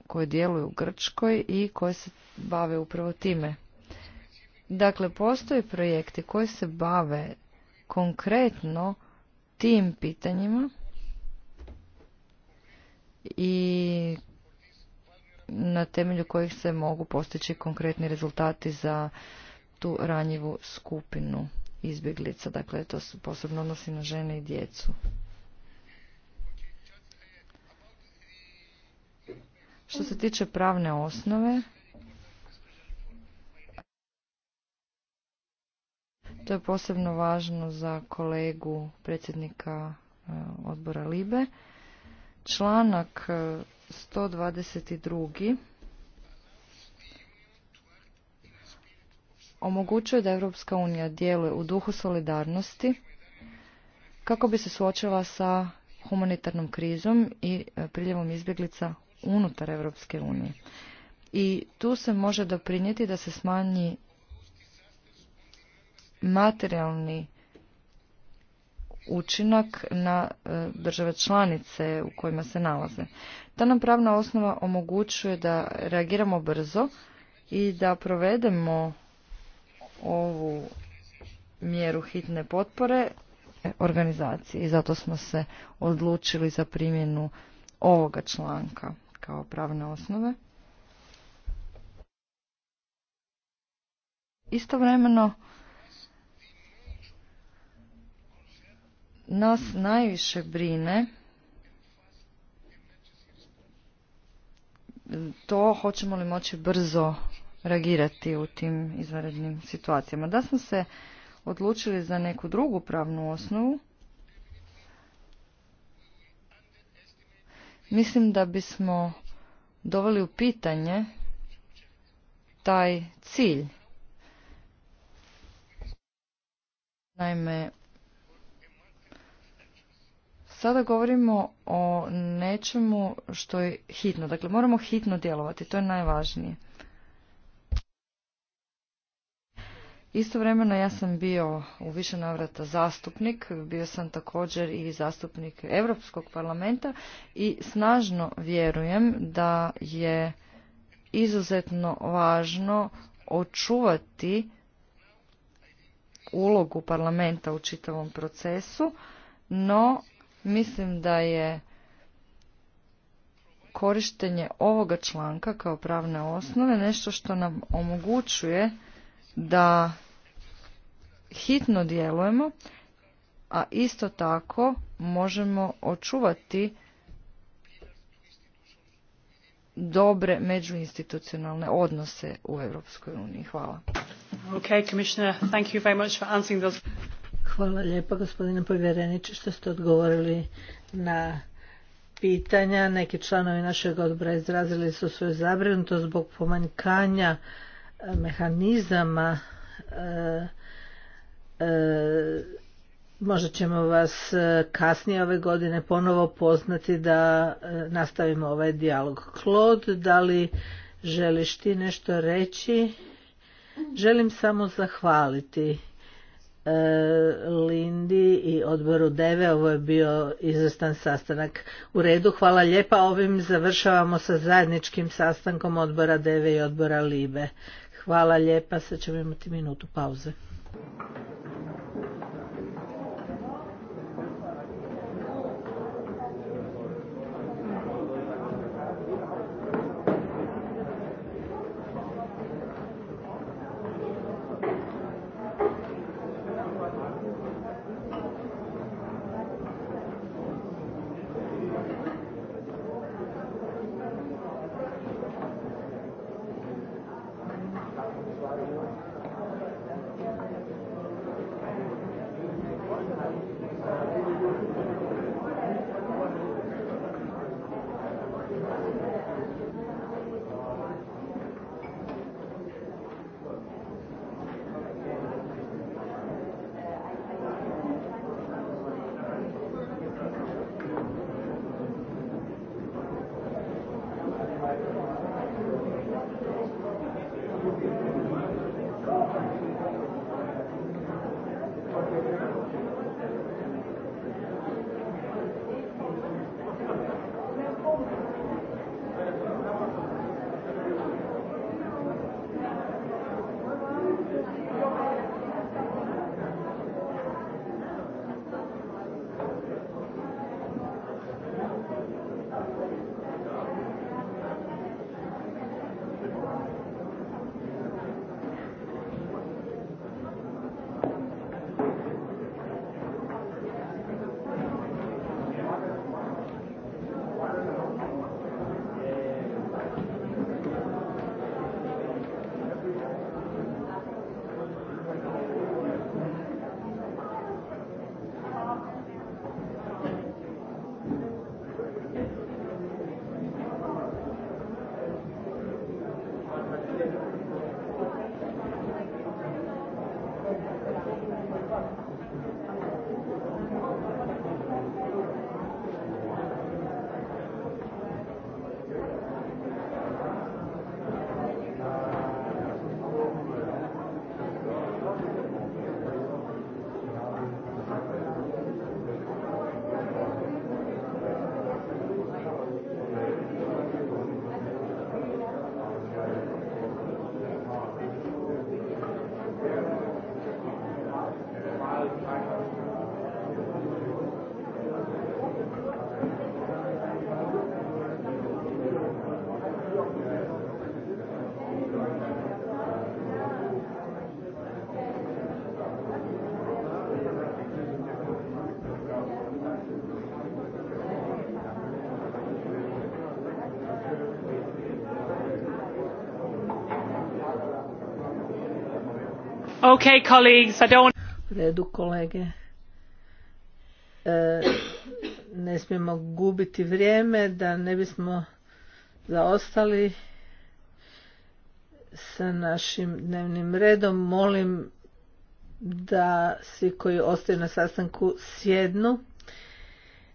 koje djeluju u Grčkoj i koje se bave upravo time. Dakle, postoje projekti koji se bave konkretno tim pitanjima i na temelju kojih se mogu postići konkretni rezultati za tu ranjivu skupinu izbjeglica. Dakle, to se posebno odnosi na žene i djecu. Što se tiče pravne osnove, to je posebno važno za kolegu predsjednika e, odbora Libe. Članak e, 122. omogućuje da Europska unija djeluje u duhu solidarnosti kako bi se suočila sa humanitarnom krizom i e, priljevom izbjeglica unutar Europske unije. I tu se može doprinijeti da se smanji materijalni učinak na e, države članice u kojima se nalaze. Ta nam pravna osnova omogućuje da reagiramo brzo i da provedemo ovu mjeru hitne potpore e, organizacije i zato smo se odlučili za primjenu ovoga članka kao pravne osnove. Istovremeno nas najviše brine to hoćemo li moći brzo reagirati u tim izvanrednim situacijama. Da smo se odlučili za neku drugu pravnu osnovu, mislim da bismo doveli u pitanje taj cilj. Naime, Sada govorimo o nečemu što je hitno. Dakle, moramo hitno djelovati, to je najvažnije. Istovremeno ja sam bio u više navrata zastupnik, bio sam također i zastupnik Europskog parlamenta i snažno vjerujem da je izuzetno važno očuvati ulogu parlamenta u čitavom procesu, no Mislim da je korištenje ovoga članka kao pravne osnove nešto što nam omogućuje da hitno djelujemo, a isto tako možemo očuvati dobre međuinstitucionalne odnose u Europskoj uniji. Hvala. Okay, Hvala lijepa gospodine povjereniče što ste odgovorili na pitanja. Neki članovi našeg odbora izrazili su svoju zabrinutost zbog pomanjkanja e, mehanizama. E, e, možda ćemo vas kasnije ove godine ponovo poznati da nastavimo ovaj dijalog. Klod, da li želiš ti nešto reći? Želim samo zahvaliti E, Lindi i odboru Deve. Ovo je bio izvrstan sastanak u redu. Hvala lijepa. Ovim završavamo sa zajedničkim sastankom odbora Deve i odbora Libe. Hvala lijepa. Sad ćemo imati minutu pauze. Ok, U redu kolege. E, ne smijemo gubiti vrijeme da ne bismo zaostali sa našim dnevnim redom. Molim da svi koji ostaju na sastanku sjednu.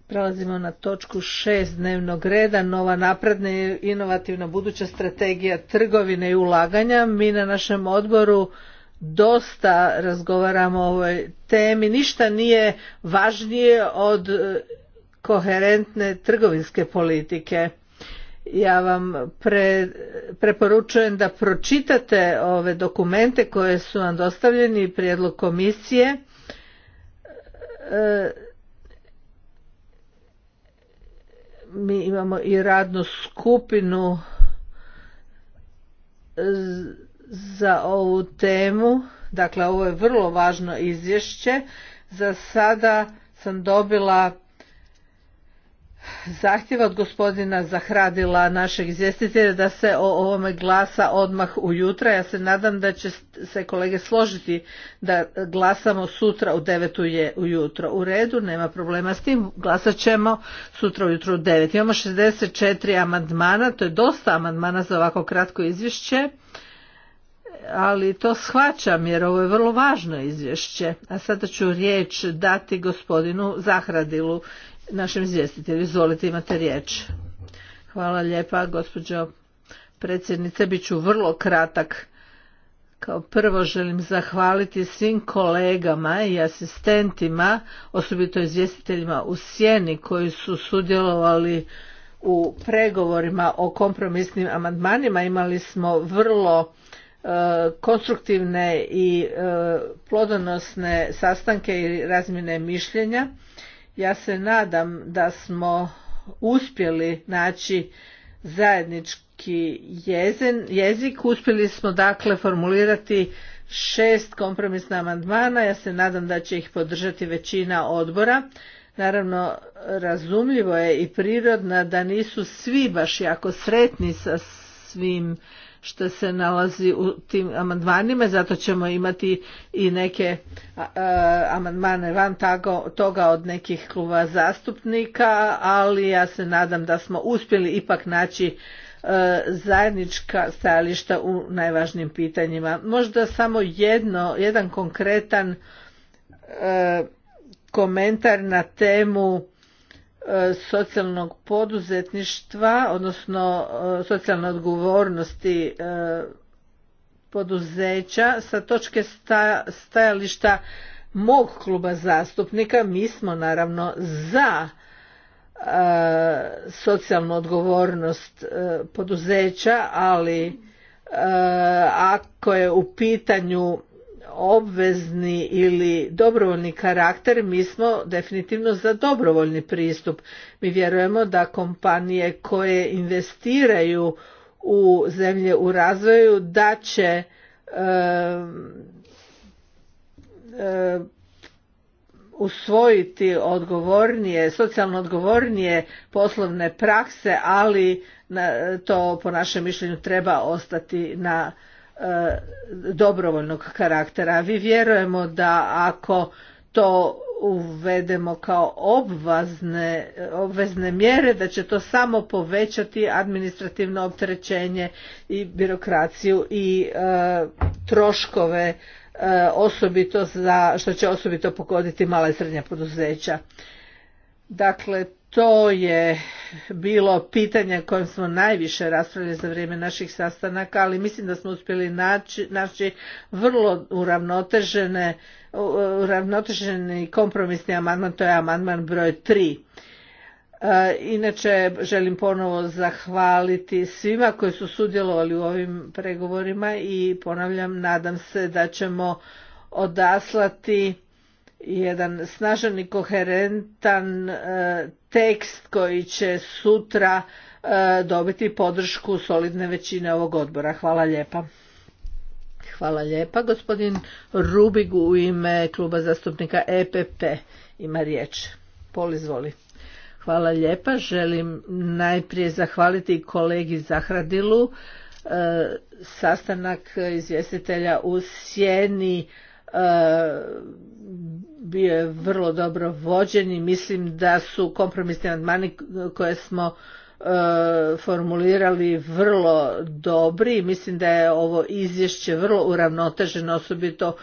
Prelazimo na točku šest dnevnog reda, nova napredna i inovativna buduća strategija trgovine i ulaganja. Mi na našem odboru dosta razgovaramo o ovoj temi. Ništa nije važnije od e, koherentne trgovinske politike. Ja vam pre, preporučujem da pročitate ove dokumente koje su vam dostavljeni prijedlog komisije. E, mi imamo i radnu skupinu za ovu temu. Dakle, ovo je vrlo važno izvješće. Za sada sam dobila zahtjeva od gospodina Zahradila našeg izvjestitelja da se o ovome glasa odmah ujutra. Ja se nadam da će se kolege složiti da glasamo sutra u 9 je ujutro. U redu, nema problema s tim, glasat ćemo sutra ujutro u devet. Imamo 64 amandmana, to je dosta amandmana za ovako kratko izvješće ali to shvaćam jer ovo je vrlo važno izvješće. A sada ću riječ dati gospodinu Zahradilu, našem izvjestitelju. Izvolite, imate riječ. Hvala lijepa, gospođo predsjednice. Biću vrlo kratak. Kao prvo želim zahvaliti svim kolegama i asistentima, osobito izvjestiteljima u Sjeni koji su sudjelovali u pregovorima o kompromisnim amandmanima. Imali smo vrlo konstruktivne i e, plodonosne sastanke i razmjene mišljenja. Ja se nadam da smo uspjeli naći zajednički jezen, jezik. Uspjeli smo dakle formulirati šest kompromisna amandmana. Ja se nadam da će ih podržati većina odbora. Naravno, razumljivo je i prirodno da nisu svi baš jako sretni sa svim što se nalazi u tim amandmanima, zato ćemo imati i neke amandmane van toga od nekih kluba zastupnika, ali ja se nadam da smo uspjeli ipak naći e, zajednička stajališta u najvažnijim pitanjima. Možda samo jedno, jedan konkretan e, komentar na temu E, socijalnog poduzetništva, odnosno e, socijalne odgovornosti e, poduzeća sa točke stajališta mog kluba zastupnika mi smo naravno za socijalnu odgovornost poduzeća, ali ako je u pitanju obvezni ili dobrovoljni karakter, mi smo definitivno za dobrovoljni pristup. Mi vjerujemo da kompanije koje investiraju u zemlje u razvoju da će usvojiti odgovornije, socijalno odgovornije poslovne prakse, ali to po našem mišljenju treba ostati na E, dobrovoljnog karaktera. Vi vjerujemo da ako to uvedemo kao obvezne mjere, da će to samo povećati administrativno opterećenje i birokraciju i e, troškove e, osobito za, što će osobito pogoditi mala i srednja poduzeća. Dakle, to je bilo pitanje kojem smo najviše raspravili za vrijeme naših sastanaka, ali mislim da smo uspjeli naći, vrlo uravnotežene, uravnoteženi kompromisni amandman, to je amandman broj 3. E, inače, želim ponovo zahvaliti svima koji su sudjelovali u ovim pregovorima i ponavljam, nadam se da ćemo odaslati jedan snažan i koherentan e, tekst koji će sutra e, dobiti podršku solidne većine ovog odbora. Hvala lijepa. Hvala lijepa. Gospodin Rubig u ime kluba zastupnika EPP ima riječ. Pol izvoli. Hvala lijepa. Želim najprije zahvaliti kolegi Zahradilu. E, sastanak izvjestitelja u Sjeni bio je vrlo dobro vođen i mislim da su kompromisni amandmani koje smo e, formulirali vrlo dobri i mislim da je ovo izvješće vrlo uravnoteženo osobito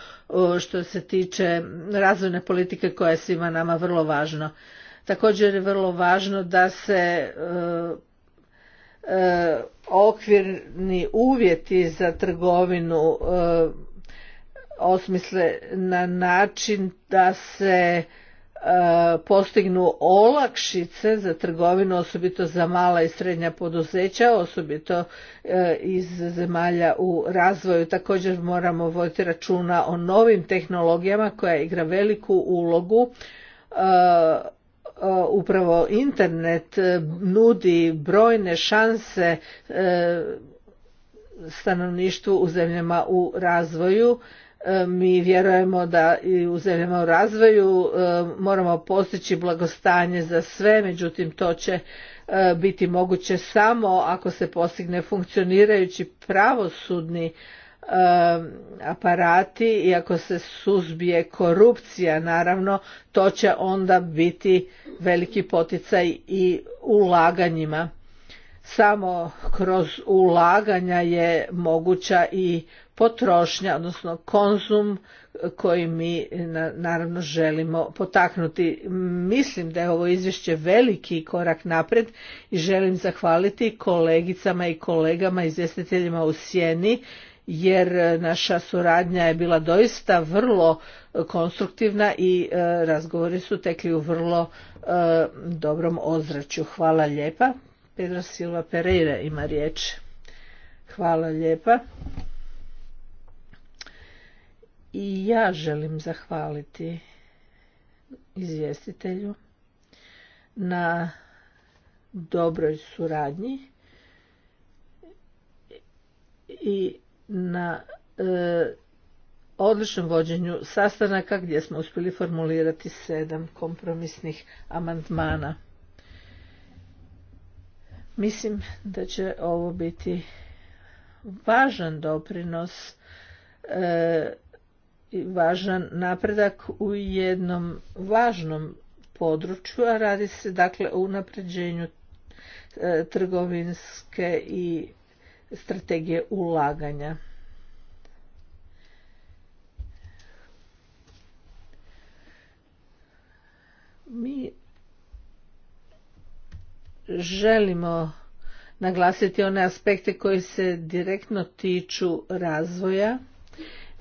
e, što se tiče razvojne politike koja je svima nama vrlo važna. Također je vrlo važno da se e, okvirni uvjeti za trgovinu osmisle na način da se e, postignu olakšice za trgovinu, osobito za mala i srednja poduzeća, osobito e, iz zemalja u razvoju. Također moramo voditi računa o novim tehnologijama koja igra veliku ulogu. E, upravo internet nudi brojne šanse stanovništvu u zemljama u razvoju E, mi vjerujemo da i u zemljama u razvoju e, moramo postići blagostanje za sve, međutim to će e, biti moguće samo ako se postigne funkcionirajući pravosudni aparati i ako se suzbije korupcija naravno to će onda biti veliki poticaj i ulaganjima samo kroz ulaganja je moguća i potrošnja, odnosno konzum koji mi naravno želimo potaknuti. Mislim da je ovo izvješće veliki korak napred i želim zahvaliti kolegicama i kolegama izvjestiteljima u Sjeni jer naša suradnja je bila doista vrlo konstruktivna i e, razgovori su tekli u vrlo e, dobrom ozračju. Hvala lijepa. Pedro Silva Pereira ima riječ. Hvala lijepa. I ja želim zahvaliti izvjestitelju na dobroj suradnji i na e, odličnom vođenju sastanaka gdje smo uspjeli formulirati sedam kompromisnih amandmana. Mislim da će ovo biti važan doprinos e, i važan napredak u jednom važnom području, a radi se dakle o unapređenju e, trgovinske i strategije ulaganja. Mi želimo naglasiti one aspekte koji se direktno tiču razvoja.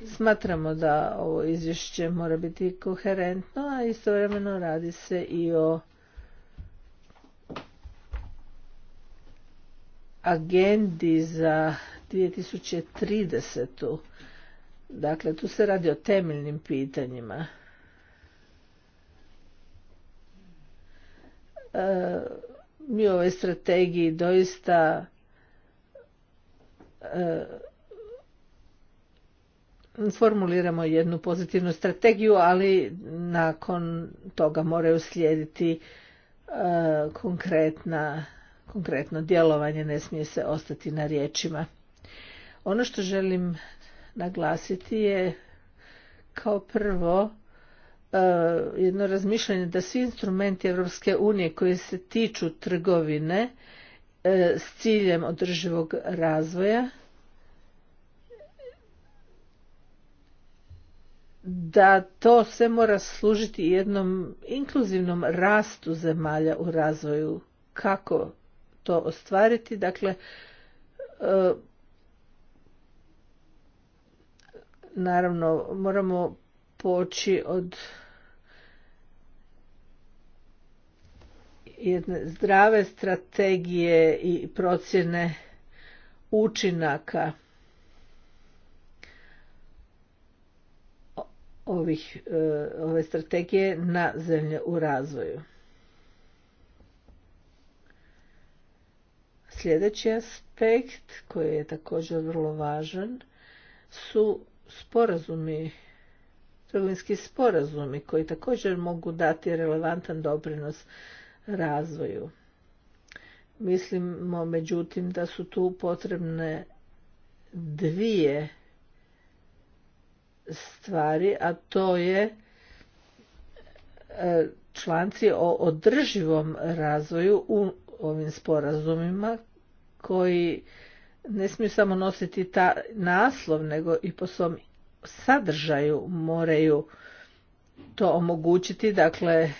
Smatramo da ovo izvješće mora biti koherentno, a istovremeno radi se i o agendi za 2030. Dakle, tu se radi o temeljnim pitanjima. E, mi u ovoj strategiji doista e, formuliramo jednu pozitivnu strategiju, ali nakon toga moraju slijediti e, konkretna, konkretno djelovanje, ne smije se ostati na riječima. Ono što želim naglasiti je kao prvo E, jedno razmišljanje da svi instrumenti Europske unije koji se tiču trgovine e, s ciljem održivog razvoja da to sve mora služiti jednom inkluzivnom rastu zemalja u razvoju kako to ostvariti dakle e, naravno moramo poći od jedne zdrave strategije i procjene učinaka ovih, e, ove strategije na zemlje u razvoju. Sljedeći aspekt koji je također vrlo važan su sporazumi trgovinski sporazumi koji također mogu dati relevantan doprinos razvoju. Mislimo međutim da su tu potrebne dvije stvari, a to je e, članci o održivom razvoju u ovim sporazumima koji ne smiju samo nositi ta naslov nego i po svom sadržaju moraju to omogućiti, dakle e,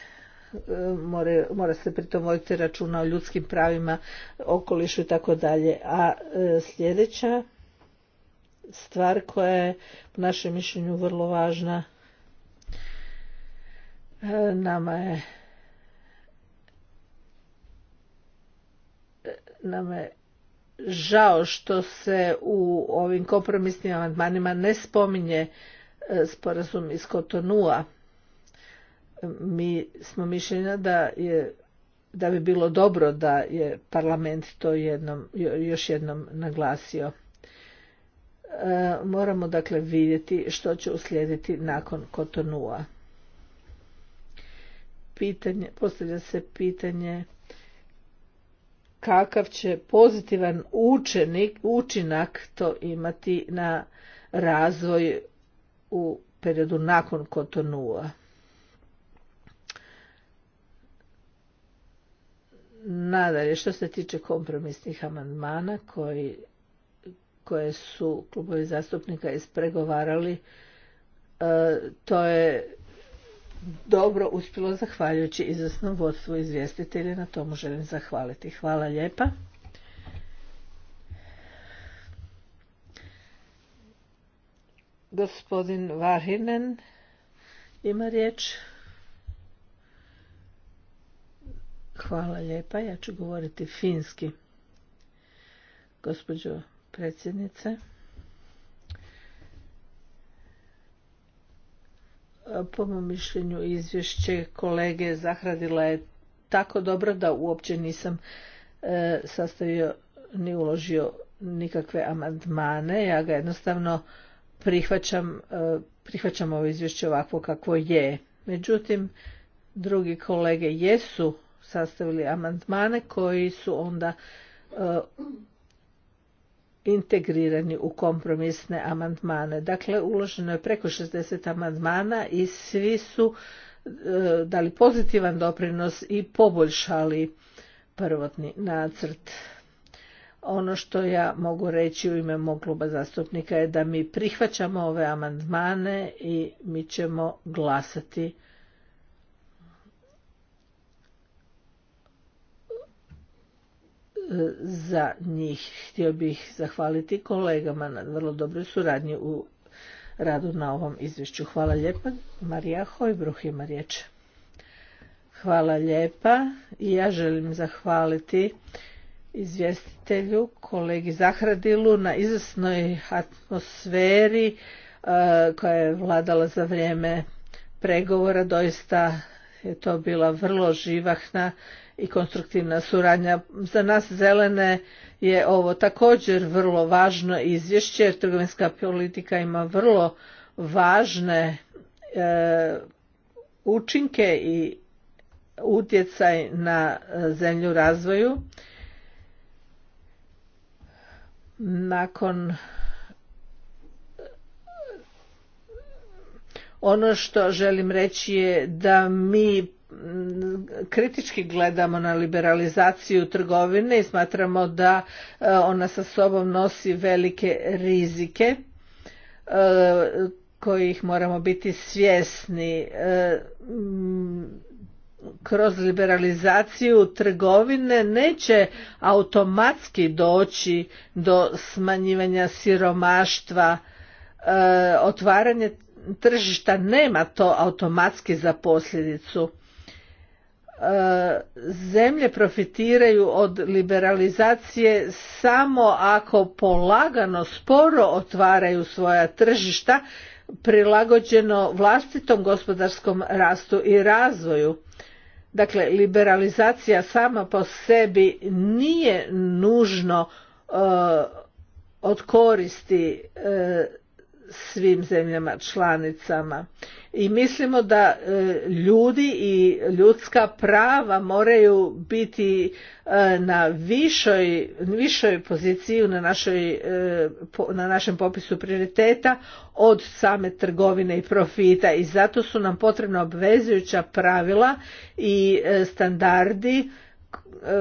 more, mora se pritom voditi računa o ljudskim pravima, okolišu i tako dalje. A e, sljedeća stvar koja je po našem mišljenju vrlo važna e, nama je nama je žao što se u ovim kompromisnim amandmanima ne spominje e, sporazum iz Kotonua. Mi smo mišljenja da je da bi bilo dobro da je parlament to jednom, još jednom naglasio. E, moramo dakle vidjeti što će uslijediti nakon Kotonua. Pitanje, postavlja se pitanje kakav će pozitivan učenik, učinak to imati na razvoj u periodu nakon Kotonua. Nadalje, što se tiče kompromisnih amandmana koji, koje su klubovi zastupnika ispregovarali, e, to je dobro uspjelo zahvaljujući izvrsnom vodstvu izvjestitelja. Na tomu želim zahvaliti. Hvala lijepa. Gospodin Varhinen ima riječ. Hvala lijepa, ja ću govoriti finski. Gospođo predsjednice. po mom mišljenju izvješće kolege zahradila je tako dobro da uopće nisam e, sastavio ni uložio nikakve amandmane ja ga jednostavno prihvaćam e, ovo izvješće ovako kakvo je međutim drugi kolege jesu sastavili amandmane koji su onda e, integrirani u kompromisne amandmane. Dakle, uloženo je preko 60 amandmana i svi su e, dali pozitivan doprinos i poboljšali prvotni nacrt. Ono što ja mogu reći u ime mog kluba zastupnika je da mi prihvaćamo ove amandmane i mi ćemo glasati za njih. Htio bih zahvaliti kolegama na vrlo dobroj suradnji u radu na ovom izvješću. Hvala lijepa. Marija Hojbruh ima riječ. Hvala lijepa. I ja želim zahvaliti izvjestitelju, kolegi Zahradilu na izvrsnoj atmosferi e, koja je vladala za vrijeme pregovora. Doista je to bila vrlo živahna i konstruktivna suradnja. Za nas zelene je ovo također vrlo važno izvješće jer trgovinska politika ima vrlo važne e, učinke i utjecaj na zemlju razvoju. Nakon ono što želim reći je da mi kritički gledamo na liberalizaciju trgovine i smatramo da e, ona sa sobom nosi velike rizike e, kojih moramo biti svjesni e, kroz liberalizaciju trgovine neće automatski doći do smanjivanja siromaštva otvaranje tržišta nema to automatski za posljedicu E, zemlje profitiraju od liberalizacije samo ako polagano sporo otvaraju svoja tržišta prilagođeno vlastitom gospodarskom rastu i razvoju. Dakle, liberalizacija sama po sebi nije nužno e, od koristi e, svim zemljama članicama i mislimo da e, ljudi i ljudska prava moraju biti e, na višoj, višoj poziciji na, našoj, e, na našem popisu prioriteta od same trgovine i profita i zato su nam potrebna obvezujuća pravila i standardi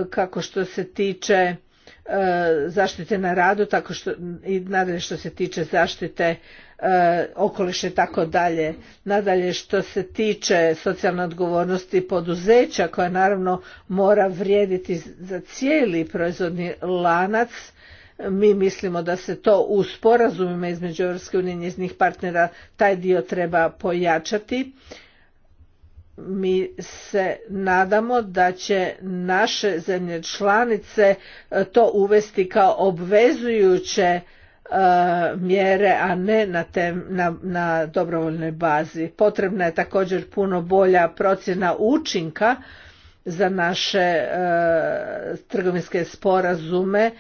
kako što se tiče E, zaštite na radu tako što i nadalje što se tiče zaštite e, okoliša i tako dalje nadalje što se tiče socijalne odgovornosti poduzeća koja naravno mora vrijediti za cijeli proizvodni lanac mi mislimo da se to u sporazumima između Europske unije i njezinih partnera taj dio treba pojačati mi se nadamo da će naše zemlje članice e, to uvesti kao obvezujuće e, mjere, a ne na, tem, na, na dobrovoljnoj bazi. Potrebna je također puno bolja procjena učinka za naše e, trgovinske sporazume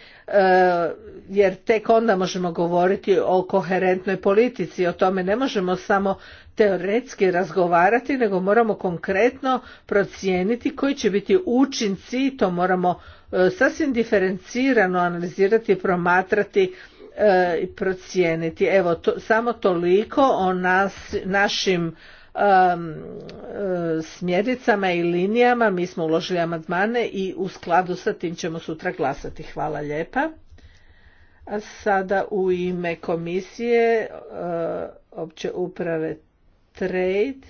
jer tek onda možemo govoriti o koherentnoj politici o tome ne možemo samo teoretski razgovarati, nego moramo konkretno procijeniti koji će biti učinci to moramo e, sasvim diferencirano analizirati, promatrati e, i procijeniti. Evo, to, samo toliko o nas, našim e, smjericama i linijama. Mi smo uložili amandmane i u skladu sa tim ćemo sutra glasati. Hvala lijepa. A sada u ime komisije opće uprave Trade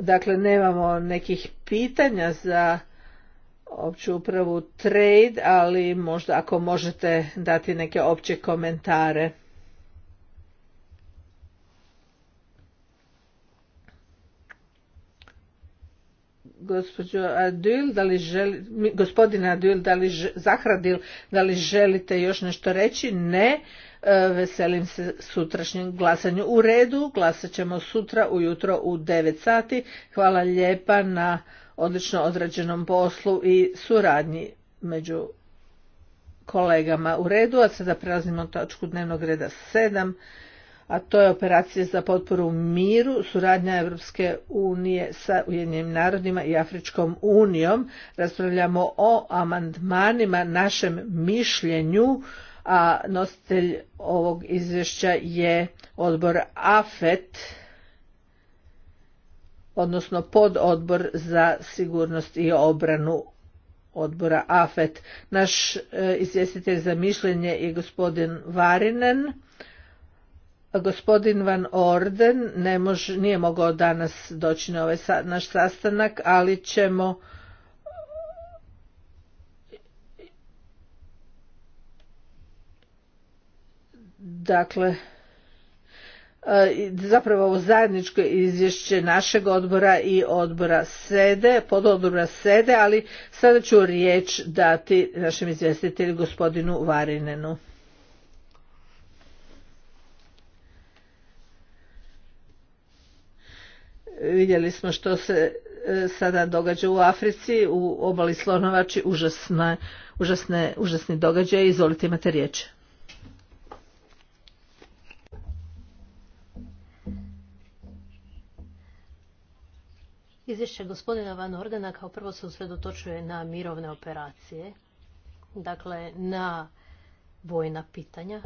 Dakle, nemamo nekih pitanja za opću upravu trade, ali možda ako možete dati neke opće komentare. gospođo Adil, da želi, gospodine Adil, da li Zahradil, da li želite još nešto reći? Ne. E, veselim se sutrašnjem glasanju u redu. Glasat ćemo sutra ujutro u 9 sati. Hvala lijepa na odlično odrađenom poslu i suradnji među kolegama u redu. A sada prelazimo točku dnevnog reda 7 a to je operacija za potporu miru, suradnja Europske unije sa Ujedinjenim narodima i Afričkom unijom. Raspravljamo o amandmanima, našem mišljenju, a nositelj ovog izvješća je odbor AFET, odnosno Odbor za sigurnost i obranu odbora AFET. Naš e, izvjestitelj za mišljenje je gospodin Varinen Gospodin Van Orden ne mož, nije mogao danas doći na ovaj naš sastanak, ali ćemo dakle e, zapravo ovo zajedničko izvješće našeg odbora i odbora sede, pod odbora sede, ali sada ću riječ dati našem izvjestitelju gospodinu Varinenu. Vidjeli smo što se e, sada događa u Africi, u obali Slonovači, užasne, užasne, užasni događaj. Izvolite, imate riječ. Izvješće gospodina Van Ordena kao prvo se usredotočuje na mirovne operacije, dakle na vojna pitanja.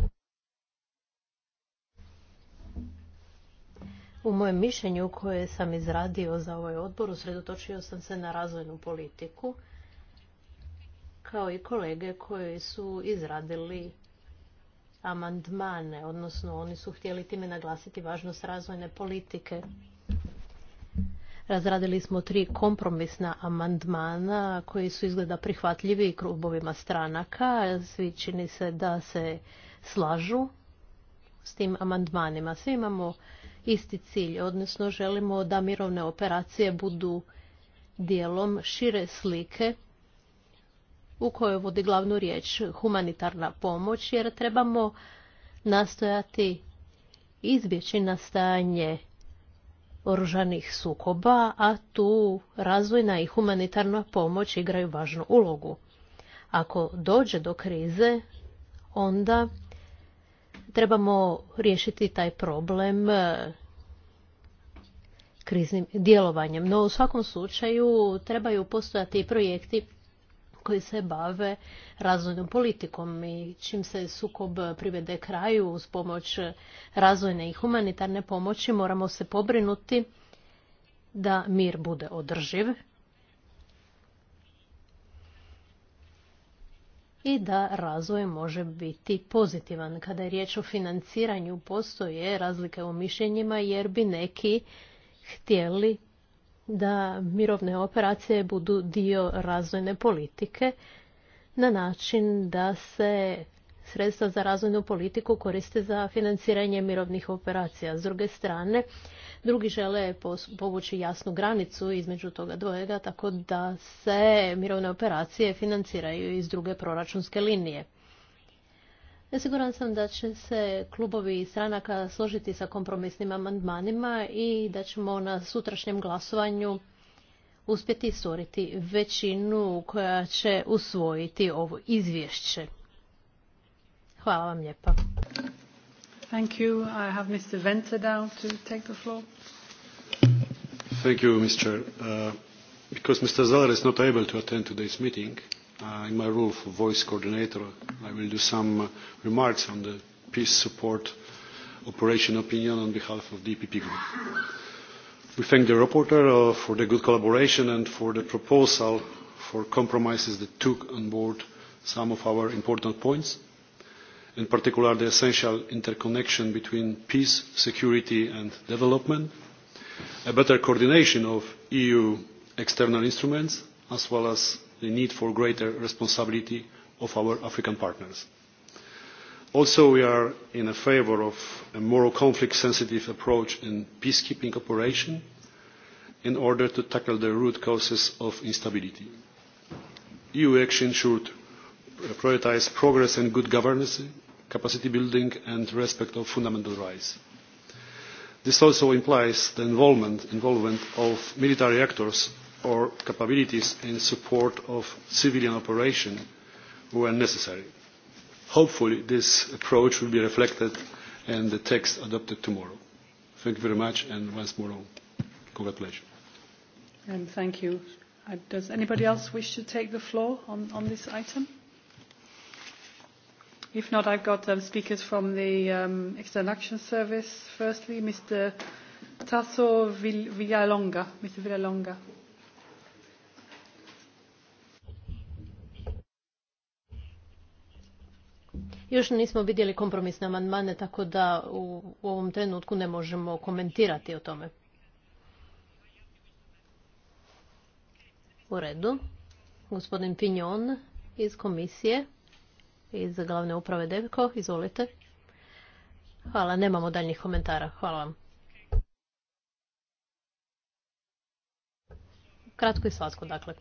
U mojem mišljenju koje sam izradio za ovaj odbor usredotočio sam se na razvojnu politiku kao i kolege koji su izradili amandmane, odnosno oni su htjeli time naglasiti važnost razvojne politike. Razradili smo tri kompromisna amandmana koji su izgleda prihvatljivi krubovima stranaka. Svi čini se da se slažu s tim amandmanima. Svi imamo isti cilj, odnosno želimo da mirovne operacije budu dijelom šire slike u kojoj vodi glavnu riječ humanitarna pomoć, jer trebamo nastojati izbjeći nastajanje oružanih sukoba, a tu razvojna i humanitarna pomoć igraju važnu ulogu. Ako dođe do krize, onda trebamo riješiti taj problem e, kriznim djelovanjem. No u svakom slučaju trebaju postojati i projekti koji se bave razvojnom politikom i čim se sukob privede kraju uz pomoć razvojne i humanitarne pomoći moramo se pobrinuti da mir bude održiv i da razvoj može biti pozitivan. Kada je riječ o financiranju postoje razlike u mišljenjima jer bi neki htjeli da mirovne operacije budu dio razvojne politike na način da se sredstva za razvojnu politiku koriste za financiranje mirovnih operacija. S druge strane, drugi žele povući jasnu granicu između toga dvojega, tako da se mirovne operacije financiraju iz druge proračunske linije. Siguran sam da će se klubovi stranaka složiti sa kompromisnim amandmanima i da ćemo na sutrašnjem glasovanju uspjeti stvoriti većinu koja će usvojiti ovo izvješće. Hvala vam Thank you. I have Mr. Venter to take the floor. Thank you, Mr. Uh, because Mr. Zeller is not able to attend today's meeting, uh, in my role for voice coordinator, I will do some uh, remarks on the peace support operation opinion on behalf of the EPP group. We thank the rapporteur uh, for the good collaboration and for the proposal for compromises that took on board some of our important points in particular the essential interconnection between peace security and development a better coordination of eu external instruments as well as the need for greater responsibility of our african partners. also we are in favour of a more conflict sensitive approach in peacekeeping operation in order to tackle the root causes of instability. eu action should prioritise progress and good governance capacity building and respect of fundamental rights. this also implies the involvement, involvement of military actors or capabilities in support of civilian operations where necessary. hopefully this approach will be reflected in the text adopted tomorrow. thank you very much and once more congratulations. thank you. Uh, does anybody else wish to take the floor on, on this item? If not, I've got um, speakers from the um, External Action Service. Firstly, Mr. Tasso Villalonga. Mr. Još nismo vidjeli kompromisne amandmane, tako da u, ovom trenutku ne možemo komentirati o tome. U redu. Gospodin Pinjon iz komisije iz glavne uprave Devko. Izvolite. Hvala, nemamo daljnjih komentara. Hvala vam. Kratko i svatko, dakle.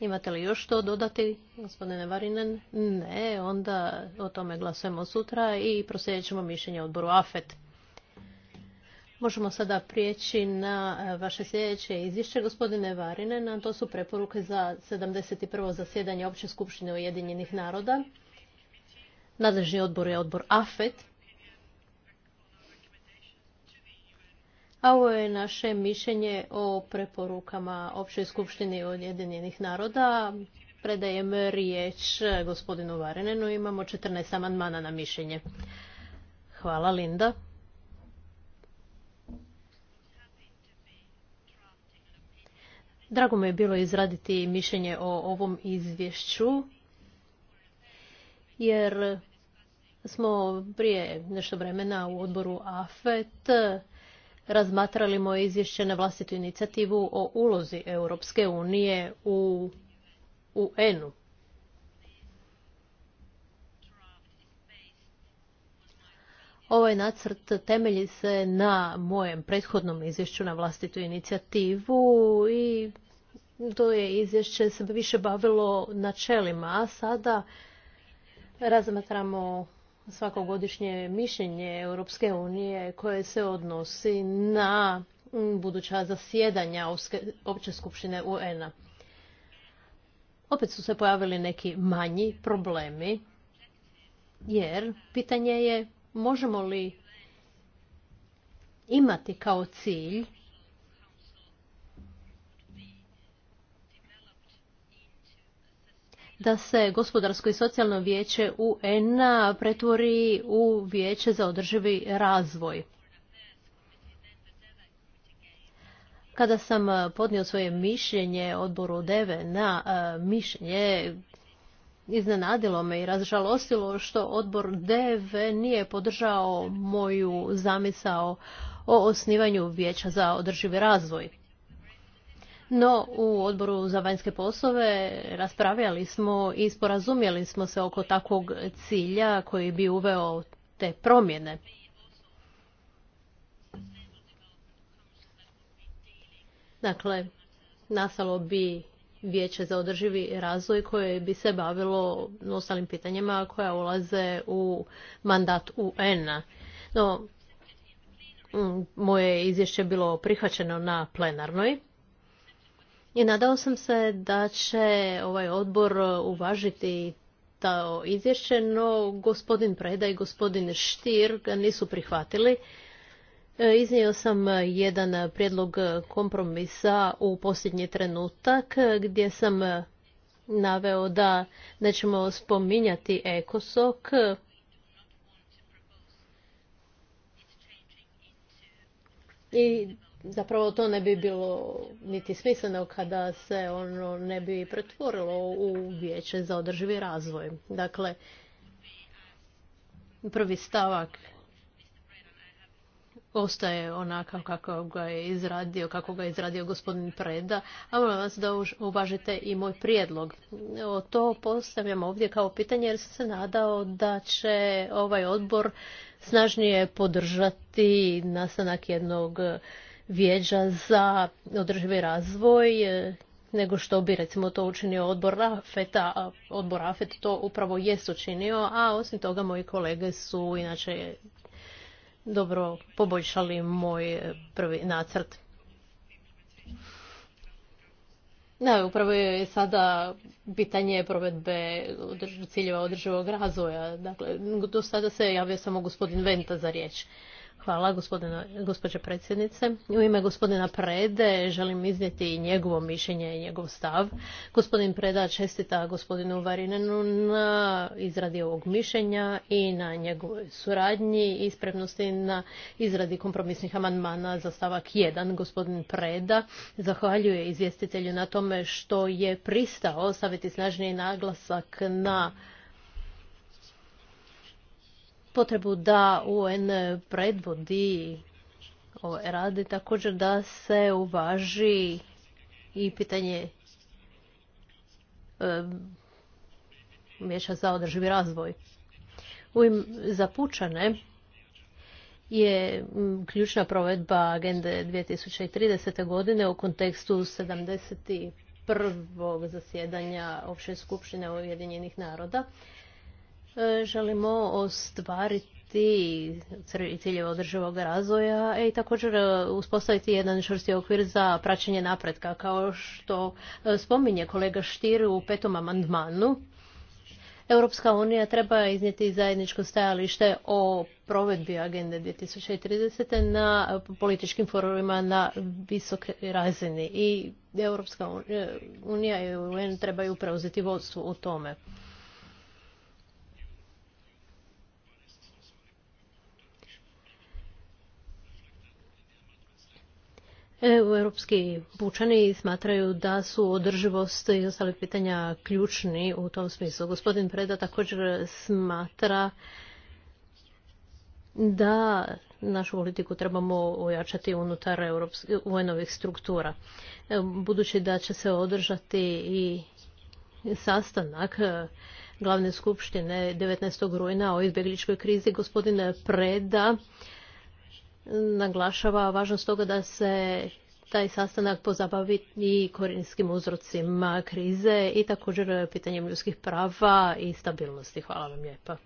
Imate li još što dodati, gospodine Varinen? Ne, onda o tome glasujemo sutra i proslijedit ćemo mišljenje odboru AFET. Možemo sada prijeći na e, vaše sljedeće izvješće. Gospodine Varine, to su preporuke za 71. zasjedanje Opće skupštine Ujedinjenih naroda. Nadležni odbor je odbor AFET. A ovo je naše mišljenje o preporukama Općoj skupštini Ujedinjenih naroda. Predajem riječ gospodinu Varinenu. Imamo 14 amandmana na mišljenje. Hvala, Linda. Drago mi je bilo izraditi mišljenje o ovom izvješću, jer smo prije nešto vremena u odboru AFET razmatrali moje izvješće na vlastitu inicijativu o ulozi Europske unije u UN-u. Ovaj nacrt temelji se na mojem prethodnom izvješću na vlastitu inicijativu i to je izvješće se više bavilo načelima, a sada razmatramo svakogodišnje mišljenje Europske unije koje se odnosi na buduća zasjedanja Opće skupštine UN-a. Opet su se pojavili neki manji problemi, jer pitanje je možemo li imati kao cilj da se gospodarsko i socijalno vijeće un pretvori u vijeće za održivi razvoj. Kada sam podnio svoje mišljenje odboru DEVE na mišljenje iznenadilo me i razžalostilo što odbor DV nije podržao moju zamisao o osnivanju vijeća za održivi razvoj. No, u odboru za vanjske poslove raspravljali smo i sporazumjeli smo se oko takvog cilja koji bi uveo te promjene. Dakle, nastalo bi vijeće za održivi razvoj koje bi se bavilo ostalim pitanjima koja ulaze u mandat un No, mm, moje izvješće bilo prihvaćeno na plenarnoj. I nadao sam se da će ovaj odbor uvažiti to izvješće, no gospodin Preda i gospodin Štir ga nisu prihvatili E, iznio sam e, jedan e, prijedlog kompromisa u posljednji trenutak gdje sam naveo da nećemo spominjati ekosok, I zapravo to ne bi bilo niti smisleno kada se ono ne bi pretvorilo u vijeće za održivi razvoj. Dakle, prvi stavak ostaje onakav kako ga je izradio, kako ga je izradio gospodin Preda, a molim vas da uvažite i moj prijedlog. O to postavljam ovdje kao pitanje jer sam se nadao da će ovaj odbor snažnije podržati nastanak jednog vijeća za održivi razvoj e, nego što bi recimo to učinio odbor Rafeta. a odbor AFET to upravo jest učinio, a osim toga moji kolege su inače dobro poboljšali moj e, prvi nacrt. Da, upravo je sada pitanje provedbe ciljeva održivog razvoja. Dakle, do sada se javio samo gospodin Venta za riječ. Hvala gospođe predsjednice. U ime gospodina Prede želim iznijeti njegovo mišljenje i njegov stav. Gospodin Preda čestita gospodinu Varinenu na izradi ovog mišljenja i na njegovoj suradnji i spremnosti na izradi kompromisnih amandmana za stavak 1. Gospodin Preda zahvaljuje izvjestitelju na tome što je pristao staviti snažniji naglasak na potrebu da UN predvodi ove ovaj rade, također da se uvaži i pitanje vijeća za održivi razvoj. U im zapučane je ključna provedba agende 2030. godine u kontekstu 71. zasjedanja Opće skupštine Ujedinjenih naroda E, želimo ostvariti ciljeve održivog razvoja i također e, uspostaviti jedan čvrsti okvir za praćenje napretka. Kao što e, spominje kolega Štir u petom amandmanu, Europska unija treba iznijeti zajedničko stajalište o provedbi agende 2030. na političkim forumima na visokoj razini i Europska unija i UN trebaju preuzeti vodstvo u tome. E, Europski pučani smatraju da su održivost i ostalih pitanja ključni u tom smislu. Gospodin Preda također smatra da našu politiku trebamo ojačati unutar UN-ovih struktura. E, budući da će se održati i sastanak glavne skupštine 19. rujna o izbjegličkoj krizi, gospodin Preda naglašava važnost toga da se taj sastanak pozabavi i korijenskim uzrocima krize i također pitanjem ljudskih prava i stabilnosti. Hvala vam lijepa.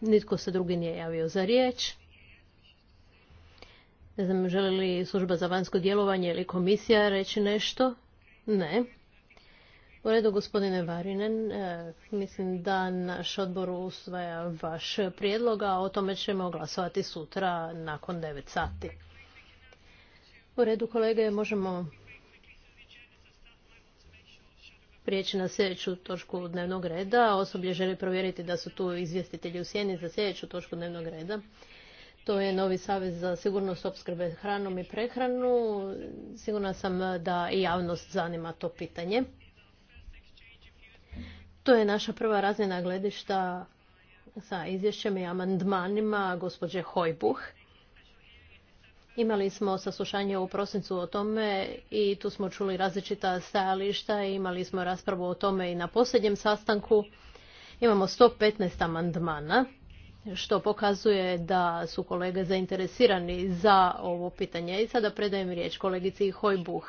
Nitko se drugi nije javio za riječ. Ne znam, želi li služba za vanjsko djelovanje ili komisija reći nešto? Ne. U redu, gospodine Varinen, e, mislim da naš odbor usvaja vaš prijedlog, a o tome ćemo glasovati sutra nakon 9 sati. U redu, kolege, možemo prijeći na sljedeću točku dnevnog reda. Osoblje želi provjeriti da su tu izvjestitelji u sjeni za sljedeću točku dnevnog reda. To je novi savez za sigurnost opskrbe hranom i prehranu. Sigurna sam da i javnost zanima to pitanje. To je naša prva razina gledišta sa izvješćem i amandmanima gospođe Hojbuh. Imali smo saslušanje u prosincu o tome i tu smo čuli različita stajališta. Imali smo raspravu o tome i na posljednjem sastanku. Imamo 115 amandmana što pokazuje da su kolege zainteresirani za ovo pitanje. I sada predajem riječ kolegici Hojbuh,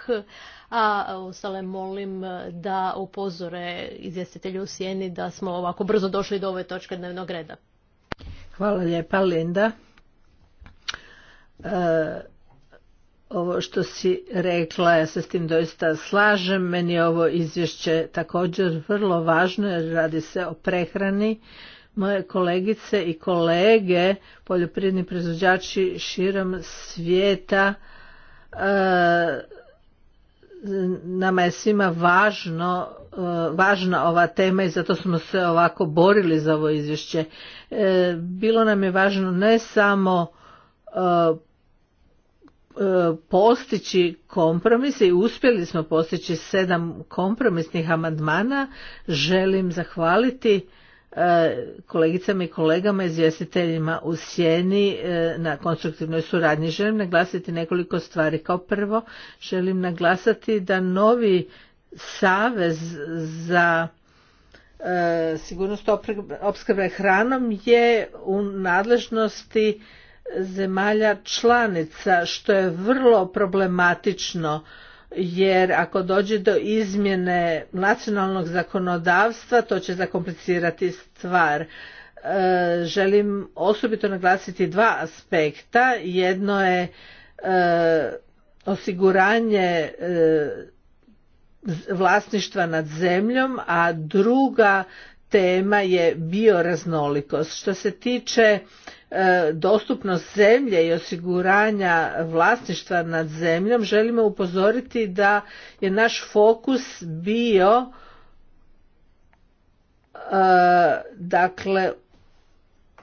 a ostale molim da upozore izvjestitelju u sjeni da smo ovako brzo došli do ove točke dnevnog reda. Hvala lijepa Linda. E, ovo što si rekla, ja se s tim doista slažem, meni je ovo izvješće također vrlo važno jer radi se o prehrani moje kolegice i kolege, poljoprivredni proizvođači širom svijeta, e, nama je svima važno, e, važna ova tema i zato smo se ovako borili za ovo izvješće. E, bilo nam je važno ne samo postići kompromise i uspjeli smo postići sedam kompromisnih amandmana. Želim zahvaliti kolegicama i kolegama izvjestiteljima u sjeni e, na konstruktivnoj suradnji. Želim naglasiti nekoliko stvari. Kao prvo želim naglasati da novi savez za e, sigurnost opskrbe hranom je u nadležnosti zemalja članica što je vrlo problematično jer ako dođe do izmjene nacionalnog zakonodavstva to će zakomplicirati stvar. E, želim osobito naglasiti dva aspekta. Jedno je e, osiguranje e, vlasništva nad zemljom, a druga tema je bioraznolikost. Što se tiče E, dostupnost zemlje i osiguranja vlasništva nad zemljom želimo upozoriti da je naš fokus bio e, dakle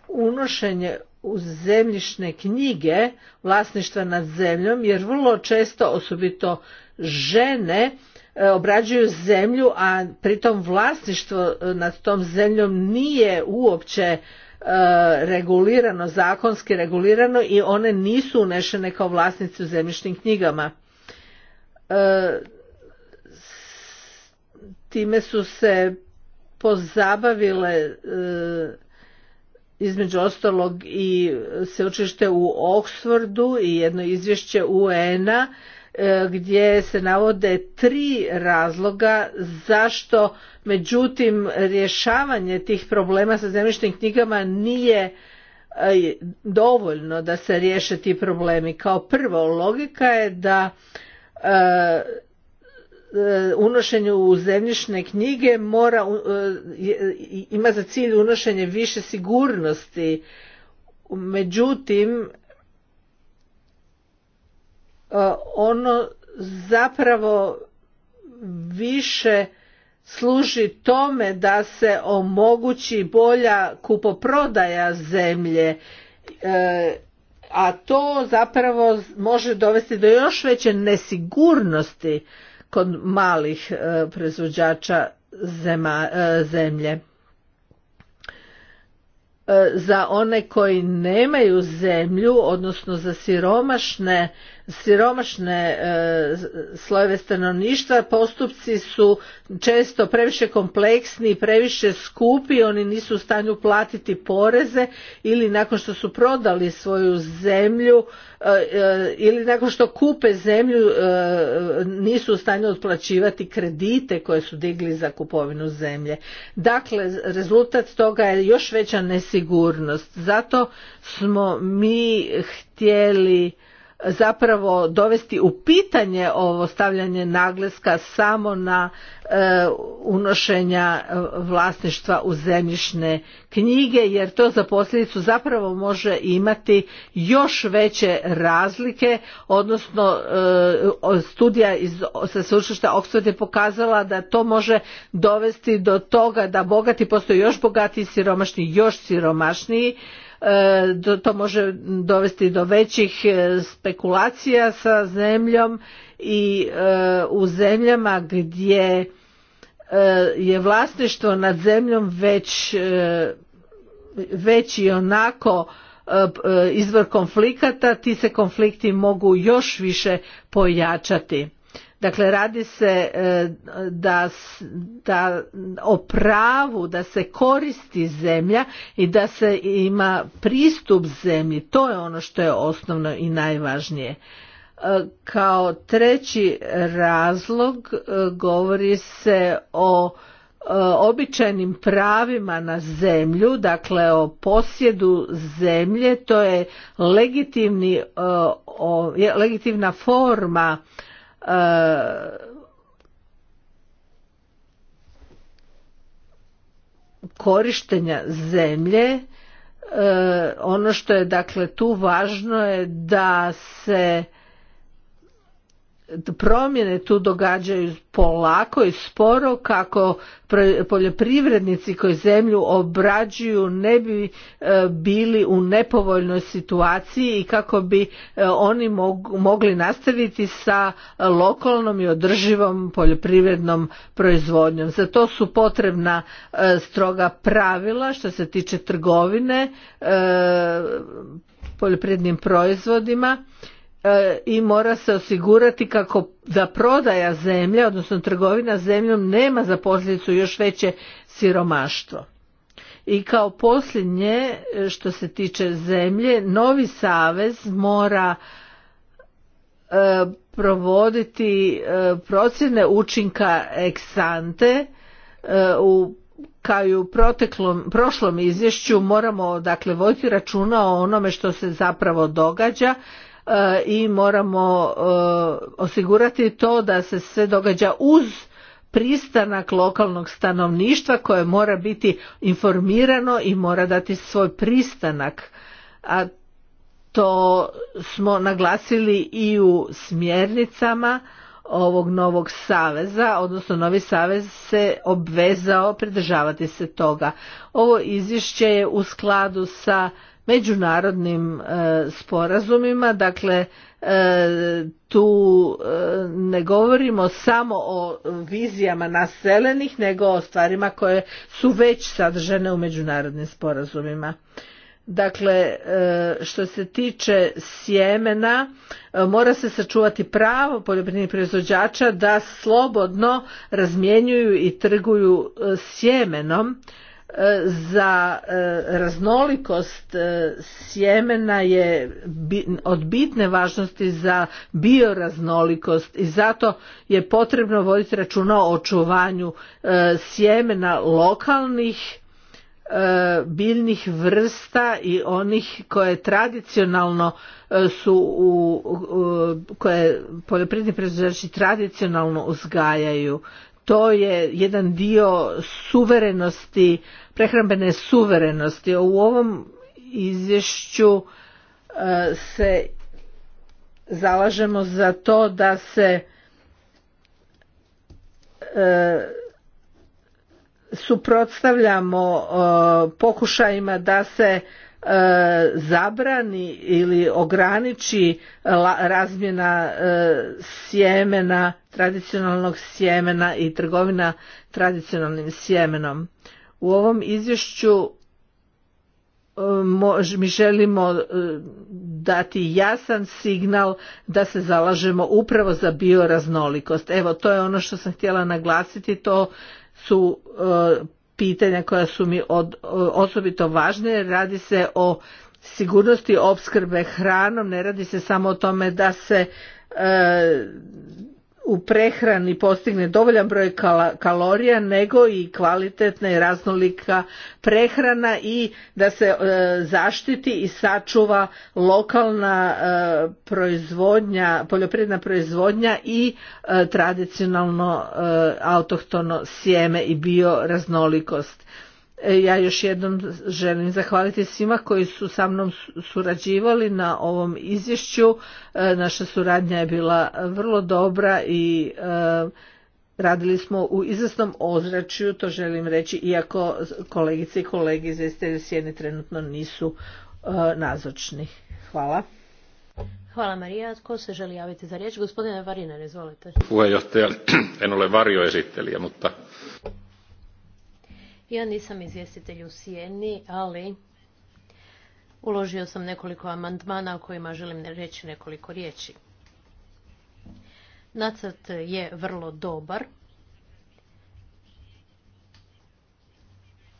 unošenje u zemljišne knjige vlasništva nad zemljom jer vrlo često osobito žene e, obrađuju zemlju a pritom vlasništvo nad tom zemljom nije uopće E, regulirano, zakonski regulirano i one nisu unešene kao vlasnici u zemljišnim knjigama. E, time su se pozabavile e, između ostalog i sveučilište u Oxfordu i jedno izvješće UN-a E, gdje se navode tri razloga zašto međutim rješavanje tih problema sa zemljišnim knjigama nije e, dovoljno da se riješe ti problemi. Kao prvo, logika je da e, unošenju u zemljišne knjige mora, ima za cilj unošenje više sigurnosti. Međutim, E, ono zapravo više služi tome da se omogući bolja kupoprodaja zemlje e, a to zapravo može dovesti do još veće nesigurnosti kod malih e, proizvođača zemlje za one koji nemaju zemlju odnosno za siromašne siromašne e, slojeve stanovništva postupci su često previše kompleksni i previše skupi oni nisu u stanju platiti poreze ili nakon što su prodali svoju zemlju e, e, ili nakon što kupe zemlju nisu u stanju otplaćivati kredite koje su digli za kupovinu zemlje dakle rezultat toga je još veća nesigurnost zato smo mi htjeli zapravo dovesti u pitanje ovo stavljanje naglaska samo na e, unošenja e, vlasništva u zemljišne knjige jer to za posljedicu zapravo može imati još veće razlike odnosno e, studija iz sa sveučilišta Oxford je pokazala da to može dovesti do toga da bogati postaju još bogatiji siromašni još siromašniji to može dovesti do većih e, spekulacija sa zemljom i e, u zemljama gdje e, je vlasništvo nad zemljom već, i onako izvor konflikata ti se konflikti mogu još više pojačati Dakle, radi se e, da, da o pravu da se koristi zemlja i da se ima pristup zemlji. To je ono što je osnovno i najvažnije. E, kao treći razlog e, govori se o običajnim pravima na zemlju, dakle o posjedu zemlje, to je legitimni, legitimna forma E, korištenja zemlje e, ono što je dakle tu važno je da se promjene tu događaju polako i sporo kako poljoprivrednici koji zemlju obrađuju ne bi e, bili u nepovoljnoj situaciji i kako bi e, oni mogli nastaviti sa lokalnom i održivom poljoprivrednom proizvodnjom. Za to su potrebna e, stroga pravila što se tiče trgovine poljoprivrednim proizvodima E, i mora se osigurati kako da prodaja zemlje, odnosno trgovina zemljom nema za posljedicu još veće siromaštvo. I kao posljednje e, što se tiče zemlje, novi savez mora e, provoditi procjene učinka eksante u kao i u proteklom, prošlom izvješću moramo dakle voditi računa o onome što se zapravo događa E, i moramo e, osigurati to da se sve događa uz pristanak lokalnog stanovništva koje mora biti informirano i mora dati svoj pristanak a to smo naglasili i u smjernicama ovog novog saveza, odnosno novi savez se obvezao pridržavati se toga. Ovo izvješće je u skladu sa međunarodnim e, sporazumima dakle e, tu e, ne govorimo samo o vizijama naselenih, nego o stvarima koje su već sadržene u međunarodnim sporazumima dakle što se tiče sjemena mora se sačuvati pravo poljoprivrednih proizvođača da slobodno razmjenjuju i trguju sjemenom E, za e, raznolikost e, sjemena je od bitne važnosti za bioraznolikost i zato je potrebno voditi računa o očuvanju sjemena lokalnih biljnih vrsta i onih koje tradicionalno su u koje poljoprivredni proizvođači tradicionalno uzgajaju to je jedan dio suverenosti, prehrambene suverenosti. U ovom izvješću e, se zalažemo za to da se e, suprotstavljamo e, pokušajima da se E, zabrani ili ograniči e, razmjena e, sjemena, tradicionalnog sjemena i trgovina tradicionalnim sjemenom. U ovom izvješću mi želimo dati jasan signal da se zalažemo upravo za bioraznolikost. Evo, to je ono što sam htjela naglasiti, to su pitanja koja su mi od, osobito važne jer radi se o sigurnosti opskrbe hranom, ne radi se samo o tome da se e, u prehrani postigne dovoljan broj kalorija nego i kvalitetna i raznolika prehrana i da se e, zaštiti i sačuva lokalna e, proizvodnja, poljoprivredna proizvodnja i e, tradicionalno autohtono sjeme i bioraznolikost. E, ja još jednom želim zahvaliti svima koji su sa mnom surađivali na ovom izvješću. E, naša suradnja je bila vrlo dobra i e, radili smo u izvrsnom ozračju, to želim reći, iako kolegice i kolege iz sjene trenutno nisu nazočni. Hvala. Hvala Marija. Ko se želi javiti za riječ? Gospodine Varinar, izvolite. Puheenjohtaja, en ole varjoesittelijä, mutta ja nisam izvjestitelj u Sijeni, ali uložio sam nekoliko amandmana o kojima želim reći nekoliko riječi. Nacrt je vrlo dobar.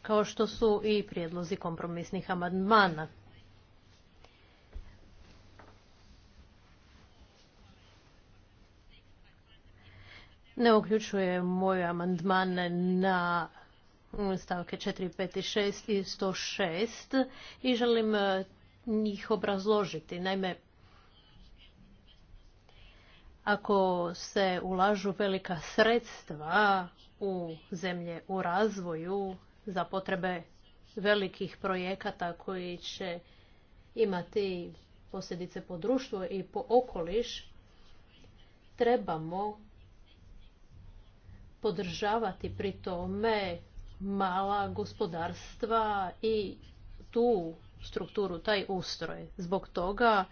Kao što su i prijedlozi kompromisnih amandmana. Ne uključuje moj amandman na stavke 4, 5 i 6 i 106 i želim e, njih obrazložiti. Naime, ako se ulažu velika sredstva u zemlje u razvoju za potrebe velikih projekata koji će imati posljedice po društvu i po okoliš, trebamo podržavati pri tome mala gospodarstva i tu strukturu, taj ustroj. Zbog toga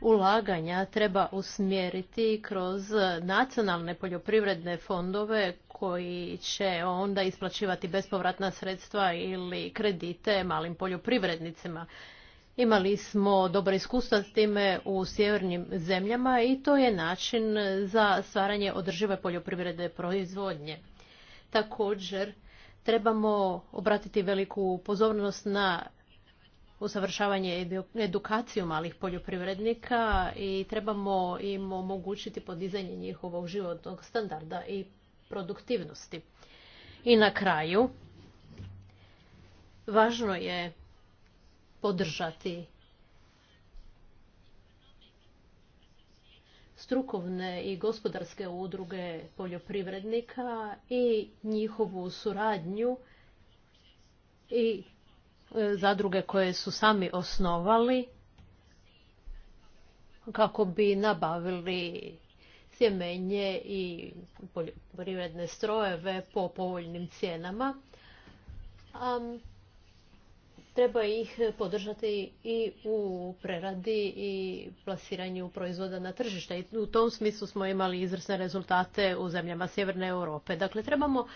ulaganja treba usmjeriti kroz nacionalne poljoprivredne fondove koji će onda isplaćivati bespovratna sredstva ili kredite malim poljoprivrednicima. Imali smo dobro iskustva s time u sjevernim zemljama i to je način za stvaranje održive poljoprivredne proizvodnje. Također, trebamo obratiti veliku pozornost na usavršavanje i edukaciju malih poljoprivrednika i trebamo im omogućiti podizanje njihovog životnog standarda i produktivnosti. I na kraju, važno je podržati strukovne i gospodarske udruge poljoprivrednika i njihovu suradnju i e, zadruge koje su sami osnovali kako bi nabavili sjemenje i poljoprivredne strojeve po povoljnim cijenama treba ih podržati i u preradi i plasiranju proizvoda na tržište. I u tom smislu smo imali izvrsne rezultate u zemljama Sjeverne Europe. Dakle, trebamo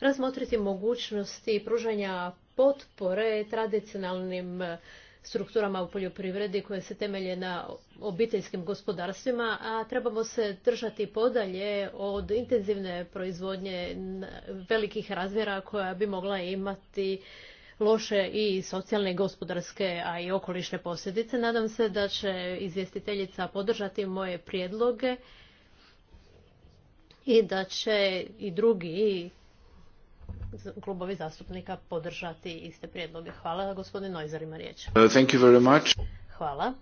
razmotriti mogućnosti pružanja potpore tradicionalnim strukturama u poljoprivredi koje se temelje na obiteljskim gospodarstvima, a trebamo se držati podalje od intenzivne proizvodnje velikih razmjera koja bi mogla imati loše i socijalne i gospodarske, a i okolišne posljedice. Nadam se da će izvjestiteljica podržati moje prijedloge i da će i drugi klubovi zastupnika podržati iste prijedloge. Hvala. Gospodin Nojzar ima riječ. Uh, Hvala.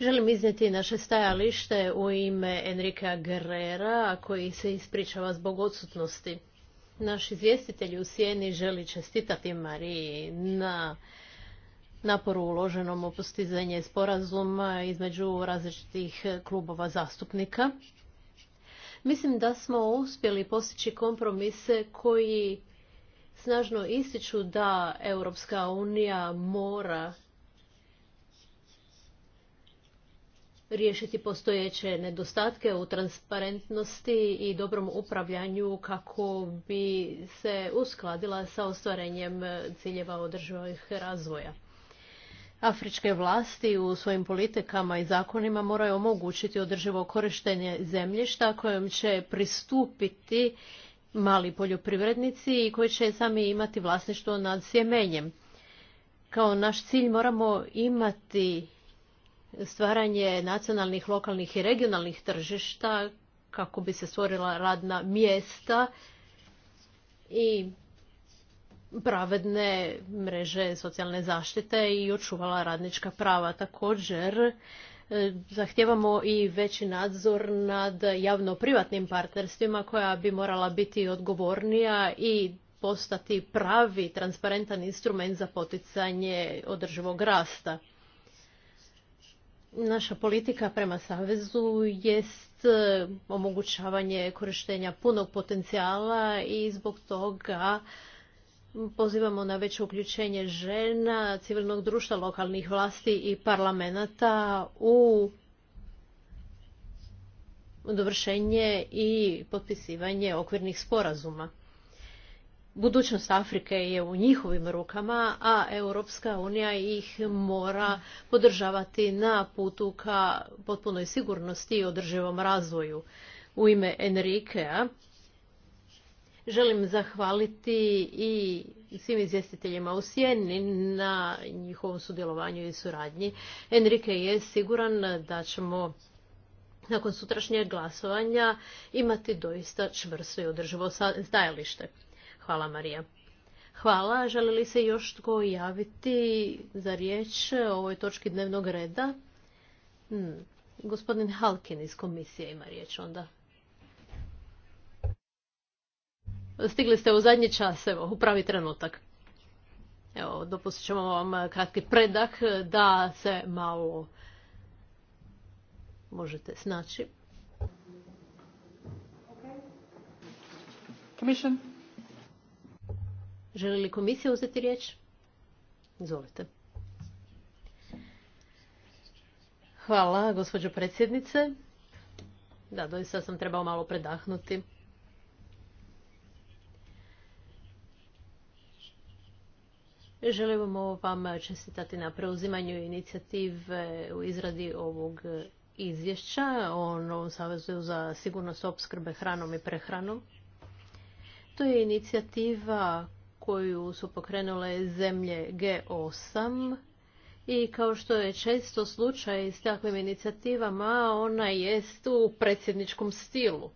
Želim iznijeti naše stajalište u ime Enrika Guerrera, koji se ispričava zbog odsutnosti. Naši izvjestitelji u Sjeni želi čestitati Mariji na naporu uloženom u postizanje sporazuma između različitih klubova zastupnika. Mislim da smo uspjeli postići kompromise koji snažno ističu da Europska unija mora riješiti postojeće nedostatke u transparentnosti i dobrom upravljanju kako bi se uskladila sa ostvarenjem ciljeva održivog razvoja. Afričke vlasti u svojim politikama i zakonima moraju omogućiti održivo korištenje zemljišta kojem će pristupiti mali poljoprivrednici i koji će sami imati vlasništvo nad sjemenjem. Kao naš cilj moramo imati stvaranje nacionalnih, lokalnih i regionalnih tržišta kako bi se stvorila radna mjesta i pravedne mreže socijalne zaštite i očuvala radnička prava. Također, e, zahtijevamo i veći nadzor nad javno-privatnim partnerstvima koja bi morala biti odgovornija i postati pravi, transparentan instrument za poticanje održivog rasta. Naša politika prema Savezu jest e, omogućavanje korištenja punog potencijala i zbog toga pozivamo na veće uključenje žena, civilnog društva, lokalnih vlasti i parlamenta u dovršenje i potpisivanje okvirnih sporazuma budućnost Afrike je u njihovim rukama, a Europska unija ih mora podržavati na putu ka potpunoj sigurnosti i održivom razvoju. U ime Enrikea želim zahvaliti i svim izvjestiteljima u Sjeni na njihovom sudjelovanju i suradnji. Enrike je siguran da ćemo nakon sutrašnjeg glasovanja imati doista čvrsto i održivo stajalište. Hvala Marija. Hvala. Želi li se još tko javiti za riječ o ovoj točki dnevnog reda? Hmm. Gospodin Halkin iz komisije ima riječ onda. Stigli ste u zadnji čas, evo, u pravi trenutak. Evo, dopustit ćemo vam kratki predak da se malo možete snaći. Komisija? Želi li komisija uzeti riječ? Izvolite. Hvala, gospođo predsjednice. Da, doista sam trebao malo predahnuti. Želimo vam čestitati na preuzimanju inicijative u izradi ovog izvješća o Novom savezu za sigurnost opskrbe hranom i prehranom. To je inicijativa koju su pokrenule zemlje G8 i kao što je često slučaj s takvim inicijativama, ona jest u predsjedničkom stilu.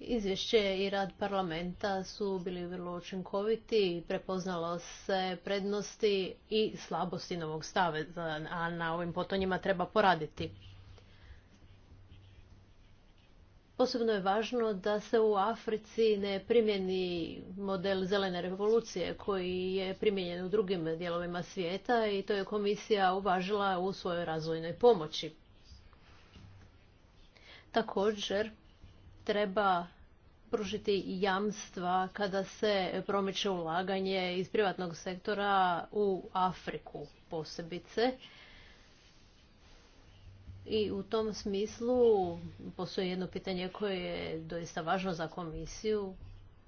Izvješće i rad parlamenta su bili vrlo učinkoviti i prepoznalo se prednosti i slabosti Novog staveza, a na ovim potonjima treba poraditi. Posebno je važno da se u Africi ne primjeni model zelene revolucije koji je primijenjen u drugim dijelovima svijeta i to je komisija uvažila u svojoj razvojnoj pomoći. Također treba pružiti jamstva kada se promiče ulaganje iz privatnog sektora u Afriku posebice i u tom smislu postoji jedno pitanje koje je doista važno za komisiju,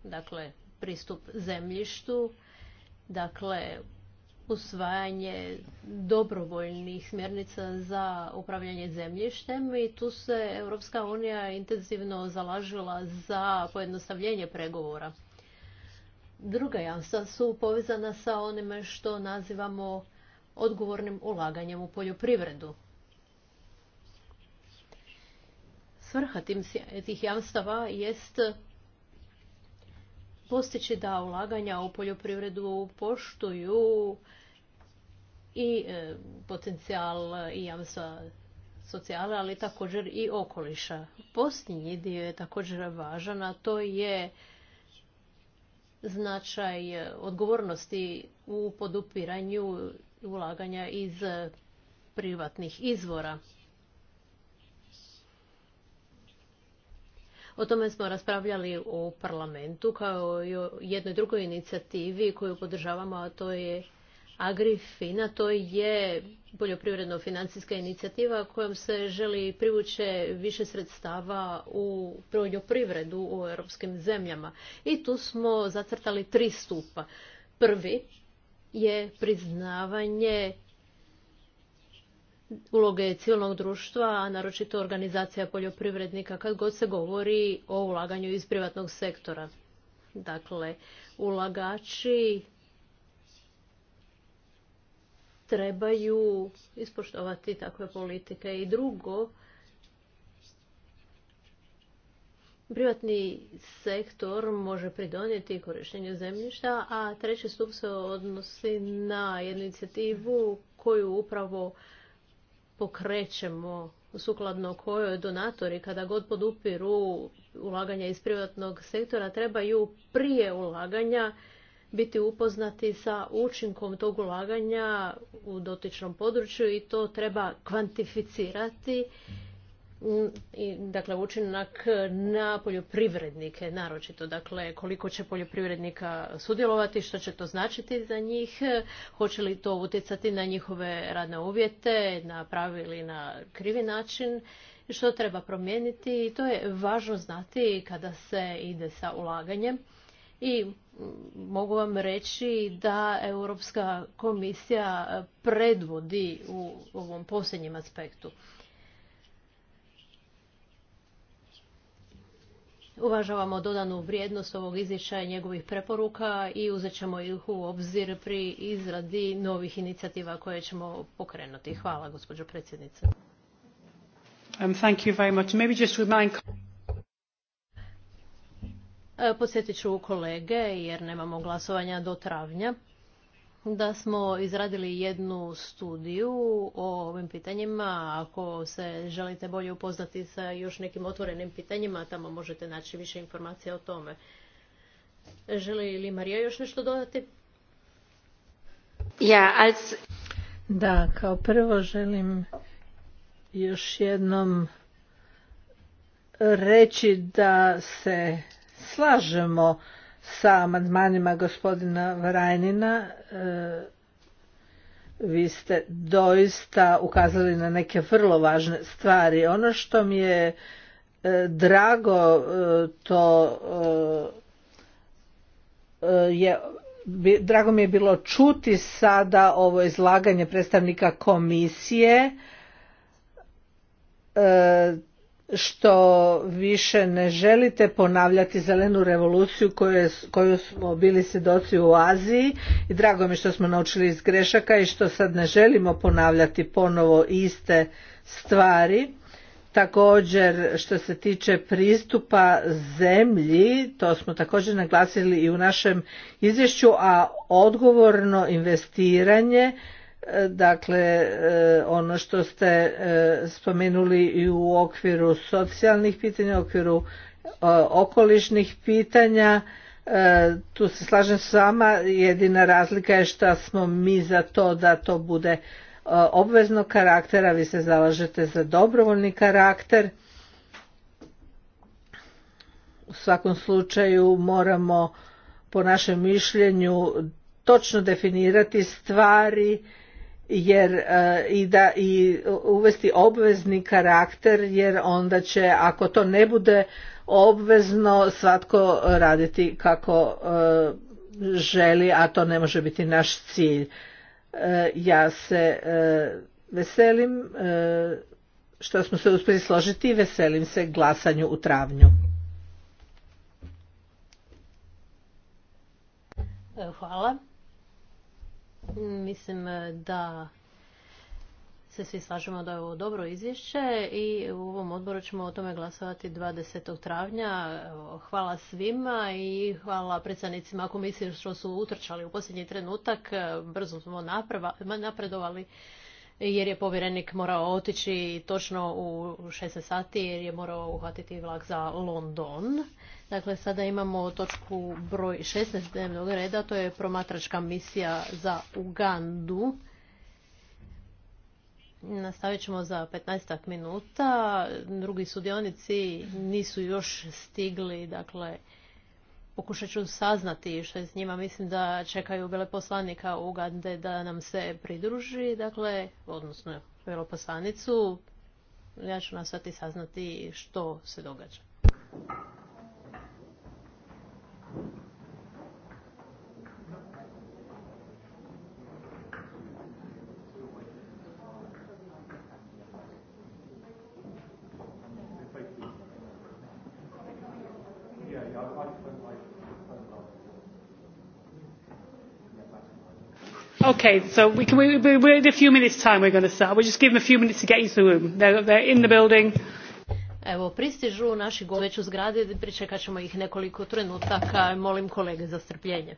dakle pristup zemljištu, dakle usvajanje dobrovoljnih smjernica za upravljanje zemljištem i tu se Europska unija intenzivno zalažila za pojednostavljenje pregovora. Druga jamstva su povezana sa onime što nazivamo odgovornim ulaganjem u poljoprivredu. Svrha tih jamstava jest postići da ulaganja u poljoprivredu poštuju i e, potencijal i jamstva socijala, ali također i okoliša. Posljednji dio je također važan, a to je značaj odgovornosti u podupiranju ulaganja iz privatnih izvora. O tome smo raspravljali u parlamentu kao i o jednoj drugoj inicijativi koju podržavamo, a to je Agrifina. To je poljoprivredno-financijska inicijativa kojom se želi privući više sredstava u poljoprivredu u europskim zemljama. I tu smo zacrtali tri stupa. Prvi je priznavanje uloge civilnog društva, a naročito organizacija poljoprivrednika kad god se govori o ulaganju iz privatnog sektora. Dakle, ulagači trebaju ispoštovati takve politike. I drugo, privatni sektor može pridonijeti korištenju zemljišta, a treći stup se odnosi na inicijativu koju upravo pokrećemo sukladno kojoj donatori kada god podupiru ulaganja iz privatnog sektora trebaju prije ulaganja biti upoznati sa učinkom tog ulaganja u dotičnom području i to treba kvantificirati Mm, i dakle učinak na poljoprivrednike naročito dakle koliko će poljoprivrednika sudjelovati što će to značiti za njih hoće li to utjecati na njihove radne uvjete na pravi ili na krivi način što treba promijeniti i to je važno znati kada se ide sa ulaganjem i mm, mogu vam reći da Europska komisija predvodi u ovom posljednjem aspektu. uvažavamo dodanu vrijednost ovog izvješća i njegovih preporuka i uzet ćemo ih u obzir pri izradi novih inicijativa koje ćemo pokrenuti. Hvala, gospođo predsjednice. Um, e, podsjetit ću kolege jer nemamo glasovanja do travnja da smo izradili jednu studiju o ovim pitanjima. Ako se želite bolje upoznati sa još nekim otvorenim pitanjima, tamo možete naći više informacija o tome. Želi li Marija još nešto dodati? Ja, als... Da, kao prvo želim još jednom reći da se slažemo sa amandmanima gospodina Vrajnina. E, vi ste doista ukazali na neke vrlo važne stvari. Ono što mi je e, drago e, to je drago mi je bilo čuti sada ovo izlaganje predstavnika komisije što više ne želite ponavljati zelenu revoluciju koju smo bili svjedoci u Aziji i drago mi što smo naučili iz grešaka i što sad ne želimo ponavljati ponovo iste stvari. Također što se tiče pristupa zemlji, to smo također naglasili i u našem izvješću, a odgovorno investiranje dakle e, ono što ste e, spomenuli i u okviru socijalnih pitanja, u okviru e, okolišnih pitanja. Tu se slažem s vama, jedina razlika je što smo mi za to da to bude obveznog karaktera, vi se zalažete za dobrovoljni karakter. U svakom slučaju moramo po našem mišljenju točno definirati stvari jer e, i da i uvesti obvezni karakter jer onda će ako to ne bude obvezno svatko raditi kako e, želi a to ne može biti naš cilj e, ja se veselim što smo se uspjeli složiti i veselim se glasanju u travnju hvala Mislim e, da se svi slažemo da je ovo dobro izvješće i u ovom odboru ćemo o tome glasovati 20. travnja. Hvala svima i hvala predstavnicima komisije što su utrčali u posljednji trenutak. E, brzo smo napredovali jer je povjerenik morao otići točno u 6. sati jer je morao uhvatiti vlak za London. Dakle, sada imamo točku broj 16 dnevnog reda, to je promatračka misija za Ugandu. Nastavit ćemo za 15 minuta. Drugi sudionici nisu još stigli, dakle, pokušat ću saznati što je s njima. Mislim da čekaju veleposlanika Ugande da nam se pridruži, dakle, odnosno veleposlanicu. Ja ću i saznati što se događa. Okay, so we can, we, we, we're in a few minutes time we're going to start. We'll just give them a few minutes to get into the room. They're, they're in the building. Evo, pristižu naši goveću zgrade, pričekat ćemo ih nekoliko trenutaka. Molim kolege za strpljenje.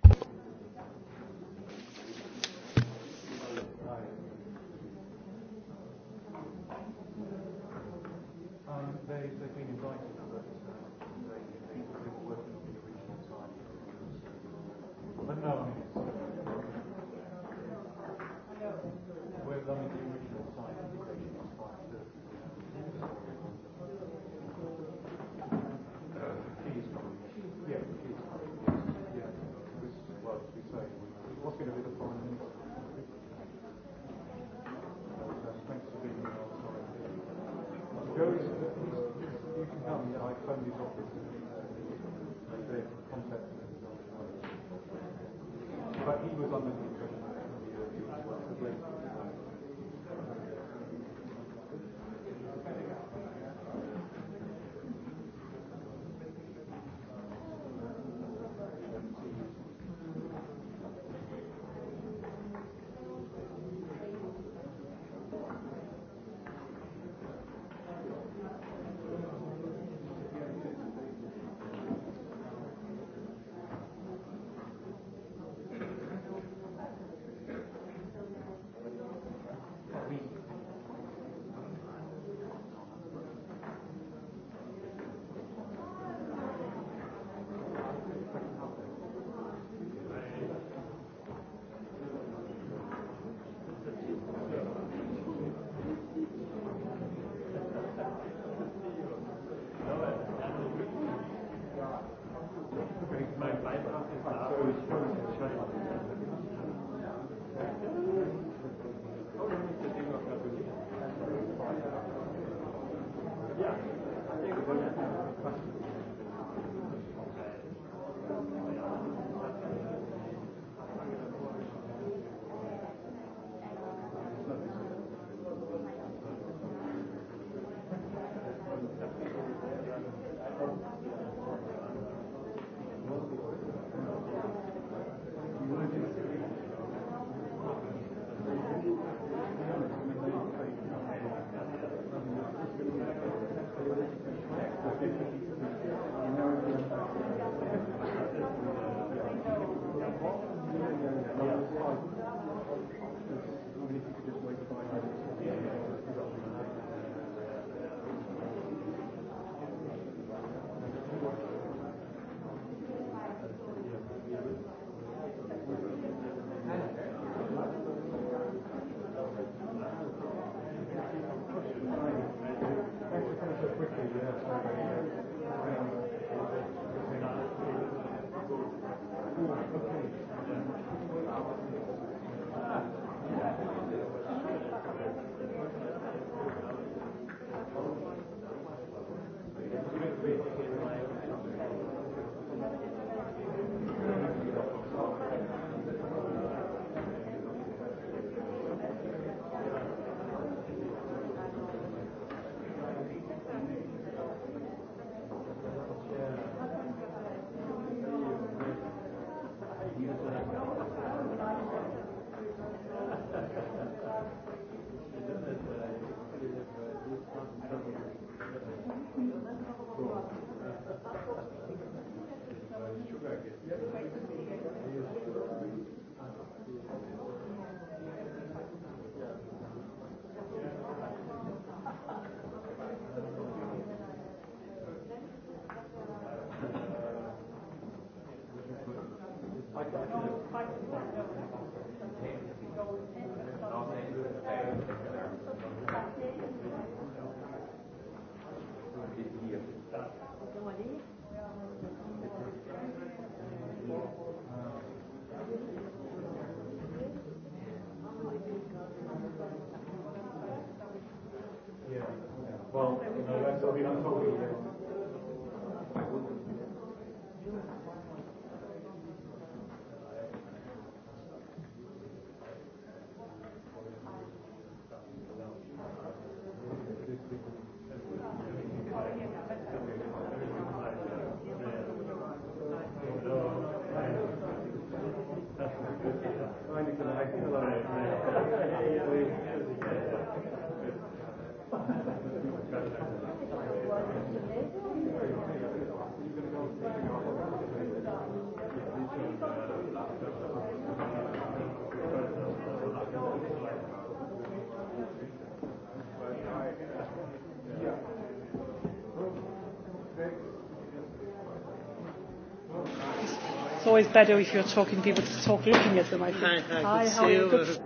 always better if you're talking to people to talk looking at them, I think. Hi, hi, hi how are you? Good.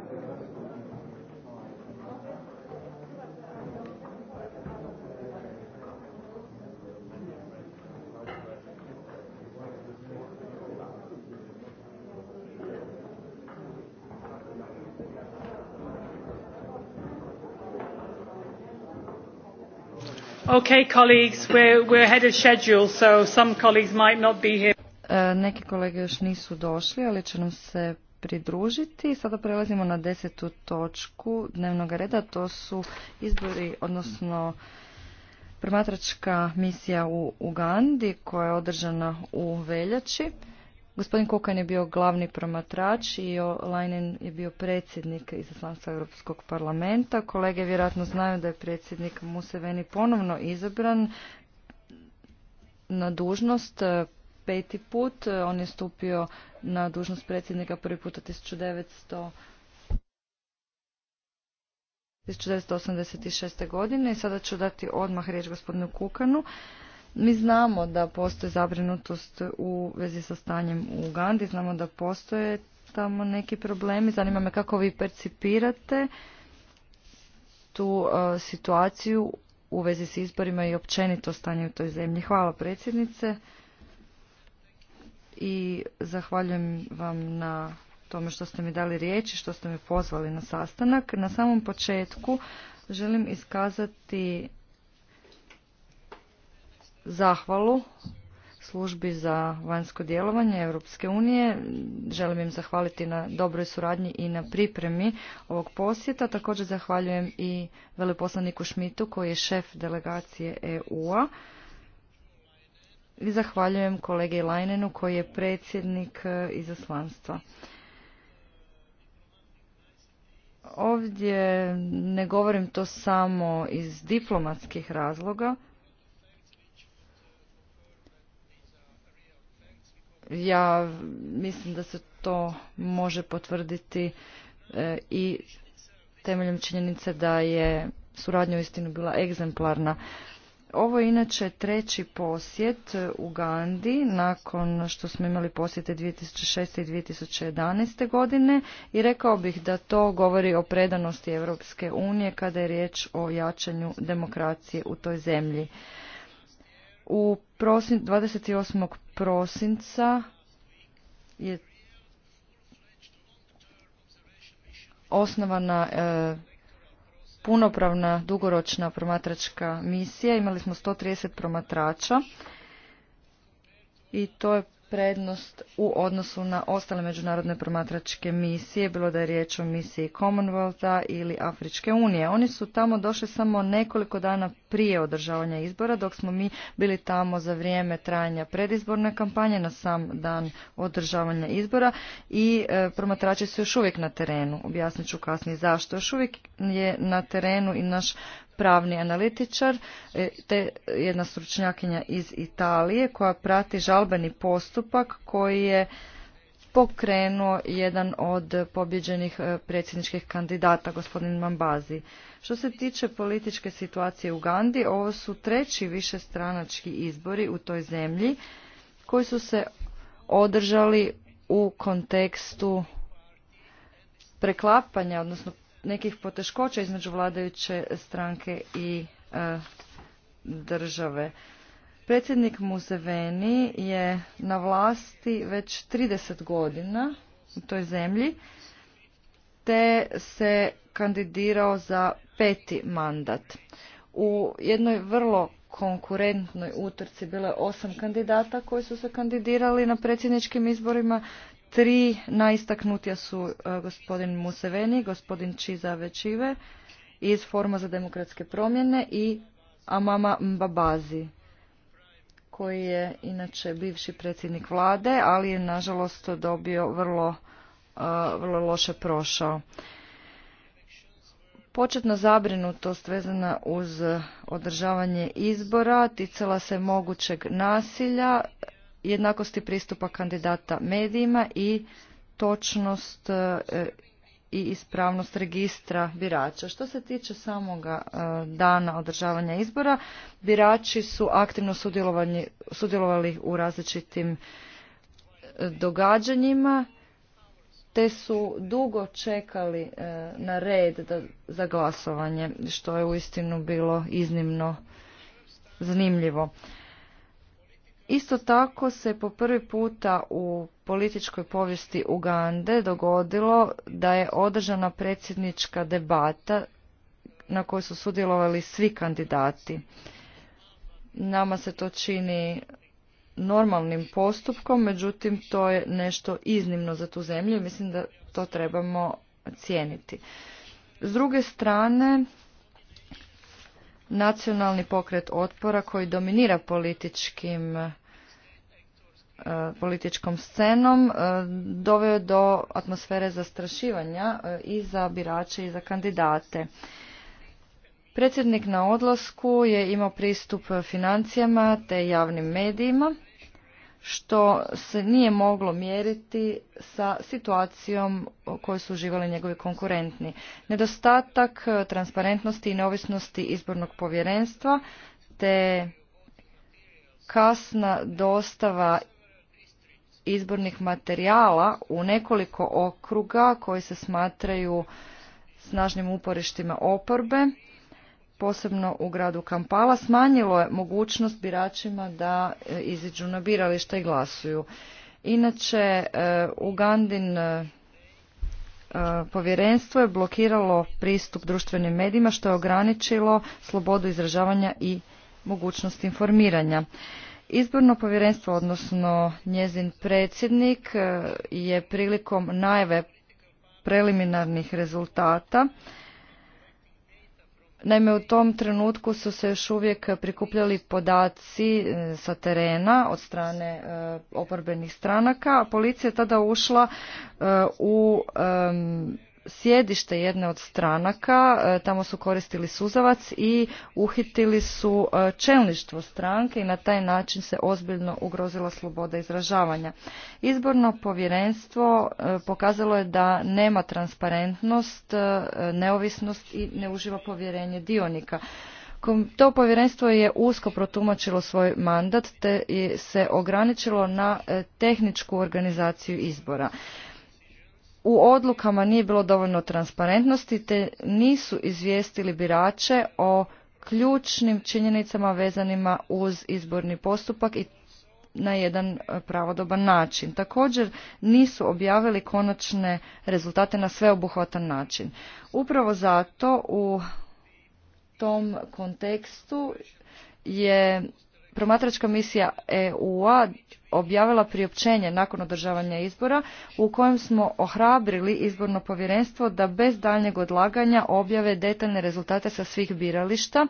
Okay, colleagues, we're, we're ahead of schedule, so some colleagues might not be here. E, neki kolege još nisu došli, ali će nam se pridružiti. Sada prelazimo na desetu točku dnevnog reda. To su izbori, odnosno promatračka misija u Ugandi koja je održana u Veljači. Gospodin Kokan je bio glavni promatrač i Lajnen je bio predsjednik izaslanstva Europskog parlamenta. Kolege vjerojatno znaju da je predsjednik Museveni ponovno izabran na dužnost peti put. E, on je stupio na dužnost predsjednika prvi puta 1900 1986. godine i sada ću dati odmah riječ gospodinu Kukanu. Mi znamo da postoji zabrinutost u vezi sa stanjem u Ugandi, znamo da postoje tamo neki problemi. Zanima me kako vi percipirate tu e, situaciju u vezi s izborima i općenito stanje u toj zemlji. Hvala predsjednice i zahvaljujem vam na tome što ste mi dali i što ste me pozvali na sastanak. Na samom početku želim iskazati zahvalu službi za vanjsko djelovanje Europske unije. Želim im zahvaliti na dobroj suradnji i na pripremi ovog posjeta. Također zahvaljujem i veleposlaniku Šmitu koji je šef delegacije EU-a i zahvaljujem kolegi Lajnenu koji je predsjednik e, izaslanstva. Ovdje ne govorim to samo iz diplomatskih razloga. Ja mislim da se to može potvrditi e, i temeljem činjenice da je suradnja uistinu bila egzemplarna. Ovo je inače treći posjet u Gandhi nakon što smo imali posjete 2006. i 2011. godine i rekao bih da to govori o predanosti Europske unije kada je riječ o jačanju demokracije u toj zemlji. U prosin, 28. prosinca je osnovana e, punopravna dugoročna promatračka misija. Imali smo 130 promatrača i to je prednost u odnosu na ostale međunarodne promatračke misije, bilo da je riječ o misiji Commonwealtha ili Afričke unije. Oni su tamo došli samo nekoliko dana prije održavanja izbora, dok smo mi bili tamo za vrijeme trajanja predizborne kampanje na sam dan održavanja izbora i e, promatrači su još uvijek na terenu. Objasnit ću kasnije zašto. Još uvijek je na terenu i naš pravni analitičar, e, te jedna stručnjakinja iz Italije koja prati žalbeni postupak koji je pokrenuo jedan od pobjeđenih e, predsjedničkih kandidata, gospodin Mambazi. Što se tiče političke situacije u Gandhi, ovo su treći višestranački izbori u toj zemlji koji su se održali u kontekstu preklapanja, odnosno nekih poteškoća između vladajuće stranke i e, države. Predsjednik Museveni je na vlasti već 30 godina u toj zemlji, te se kandidirao za peti mandat. U jednoj vrlo konkurentnoj utrci bilo je osam kandidata koji su se kandidirali na predsjedničkim izborima Tri najistaknutija su e, gospodin Museveni, gospodin Čiza Večive iz Forma za demokratske promjene i Amama Mbabazi koji je inače bivši predsjednik vlade, ali je nažalost dobio vrlo, e, vrlo loše prošao. Početna zabrinutost vezana uz održavanje izbora ticala se mogućeg nasilja jednakosti pristupa kandidata medijima i točnost e, i ispravnost registra birača. Što se tiče samoga e, dana održavanja izbora, birači su aktivno sudjelovali u različitim e, događanjima, te su dugo čekali na red za glasovanje, što je uistinu bilo iznimno zanimljivo. Isto tako se po prvi puta u političkoj povijesti Ugande dogodilo da je održana predsjednička debata na kojoj su sudjelovali svi kandidati. Nama se to čini normalnim postupkom, međutim to je nešto iznimno za tu zemlju i mislim da to trebamo cijeniti. S druge strane, nacionalni pokret otpora koji dominira političkim e, političkom scenom e, doveo je do atmosfere zastrašivanja e, i za birače i za kandidate. Predsjednik na odlasku je imao pristup financijama te javnim medijima što se nije moglo mjeriti sa situacijom koju su uživali njegovi konkurentni. Nedostatak e, transparentnosti i neovisnosti izbornog povjerenstva te kasna dostava izbornih materijala u nekoliko okruga koji se smatraju snažnim uporištima oporbe posebno u gradu Kampala, smanjilo je mogućnost biračima da e, iziđu na biralište i glasuju. Inače, e, Ugandin e, povjerenstvo je blokiralo pristup društvenim medijima što je ograničilo slobodu izražavanja i mogućnost informiranja. Izborno povjerenstvo, odnosno njezin predsjednik, je prilikom najve preliminarnih rezultata Naime, u tom trenutku su se još uvijek prikupljali podaci e, sa terena od strane e, oporbenih stranaka, a policija je tada ušla e, u sjedište jedne od stranaka, e, tamo su koristili suzavac i uhitili su e, čelništvo stranke i na taj način se ozbiljno ugrozila sloboda izražavanja. Izborno povjerenstvo e, pokazalo je da nema transparentnost, neovisnost i ne uživa povjerenje dionika. To povjerenstvo je usko protumačilo svoj mandat te se ograničilo na tehničku organizaciju izbora u odlukama nije bilo dovoljno transparentnosti te nisu izvijestili birače o ključnim činjenicama vezanima uz izborni postupak i na jedan e, pravodoban način. Također nisu objavili konačne rezultate na sveobuhvatan način. Upravo zato u tom kontekstu je promatračka misija EU-a objavila priopćenje nakon održavanja izbora u kojem smo ohrabrili izborno povjerenstvo da bez daljnjeg odlaganja objave detaljne rezultate sa svih birališta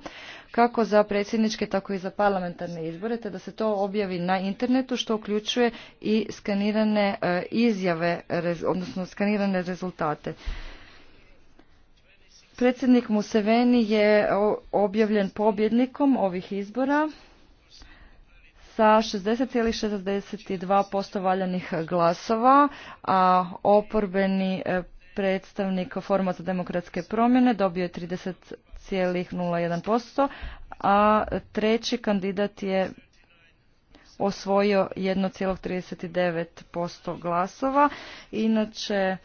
kako za predsjedničke tako i za parlamentarne izbore te da se to objavi na internetu što uključuje i skanirane e, izjave odnosno skanirane rezultate. Predsjednik Museveni je objavljen pobjednikom ovih izbora sa 60,62% valjanih glasova, a oporbeni e, predstavnik Forma za demokratske promjene dobio je 30,01%, a treći kandidat je osvojio 1,39% glasova. Inače,